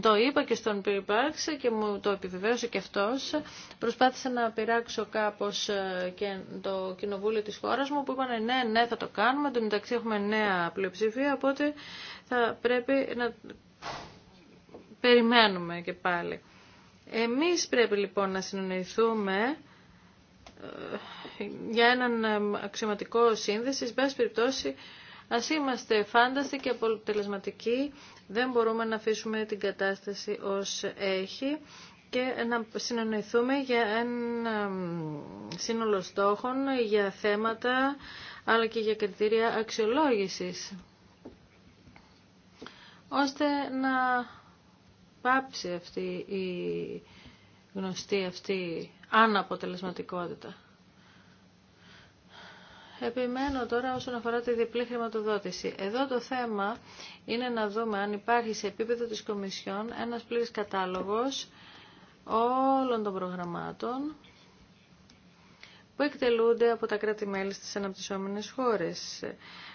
το είπα και στον Πιπάρξ και μου το επιβεβαίωσε και αυτός. Προσπάθησα να πειράξω κάπως ε, και το κοινοβούλιο της χώρας μου που είπαν «Ε, ναι, ναι θα το κάνουμε, το μεταξύ έχουμε νέα πλειοψηφία οπότε θα πρέπει να περιμένουμε και πάλι. Εμείς πρέπει λοιπόν να συνοηθούμε για έναν αξιωματικό σύνδεση, σε πάση περιπτώσει, ας είμαστε φάνταστοι και αποτελεσματικοί, δεν μπορούμε να αφήσουμε την κατάσταση ως έχει και να συνεννοηθούμε για ένα σύνολο στόχων, για θέματα, αλλά και για κριτήρια αξιολόγησης, ώστε να πάψει αυτή η γνωστή αυτή αναποτελεσματικότητα. Επιμένω τώρα όσον αφορά τη διπλή χρηματοδότηση. Εδώ το θέμα είναι να δούμε αν υπάρχει σε επίπεδο της Κομισιόν ένας πλήρης κατάλογος όλων των προγραμμάτων που εκτελούνται από τα κράτη-μέλη στις αναπτυσσόμενες χώρες.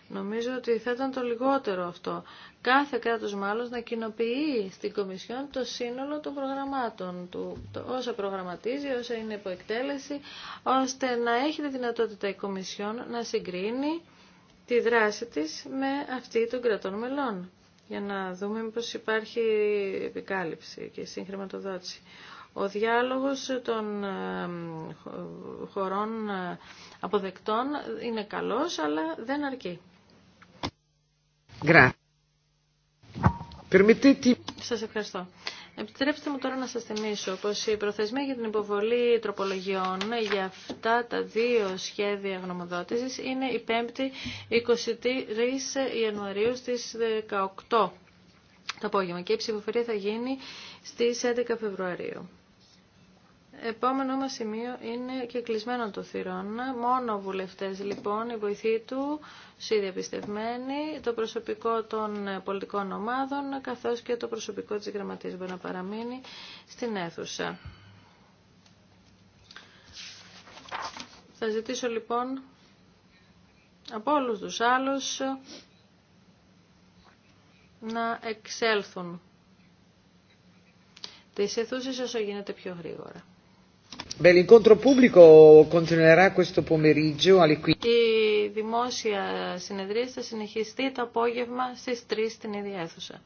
Νομίζω ότι θα ήταν το λιγότερο αυτό. Κάθε κράτος μάλλον να κοινοποιεί στην Κομισιόν το σύνολο των προγραμμάτων του, όσα προγραμματίζει, όσα είναι υπό εκτέλεση, ώστε να έχει τη δυνατότητα η Κομισιόν να συγκρίνει τη δράση της με αυτή των κρατών μελών για να δούμε πως υπάρχει επικάλυψη και συγχρηματοδότηση. Ο διάλογος των ε, χωρών ε, αποδεκτών είναι καλός, αλλά δεν αρκεί. Σας ευχαριστώ. Επιτρέψτε μου τώρα να σας θυμίσω πως η προθεσμία για την υποβολή τροπολογιών για αυτά τα δύο σχέδια γνωμοδότησης είναι η 5η 23 Ιανουαρίου στις 18 το απόγευμα και η ψηφοφορία θα γίνει στις 11 Φεβρουαρίου επόμενο μας σημείο είναι και κλεισμένο το θυρών. Μόνο βουλευτές λοιπόν, η βοηθή του, συνδιαπιστευμένοι, το προσωπικό των πολιτικών ομάδων, καθώς και το προσωπικό της γραμματείας μπορεί να παραμείνει στην αίθουσα. Θα ζητήσω λοιπόν από όλους τους άλλους να εξέλθουν τις αιθούσεις όσο γίνεται πιο γρήγορα. L'incontro Η δημόσια συνεδρία θα συνεχιστεί το απόγευμα στις 3 στην ίδια αίθουσα.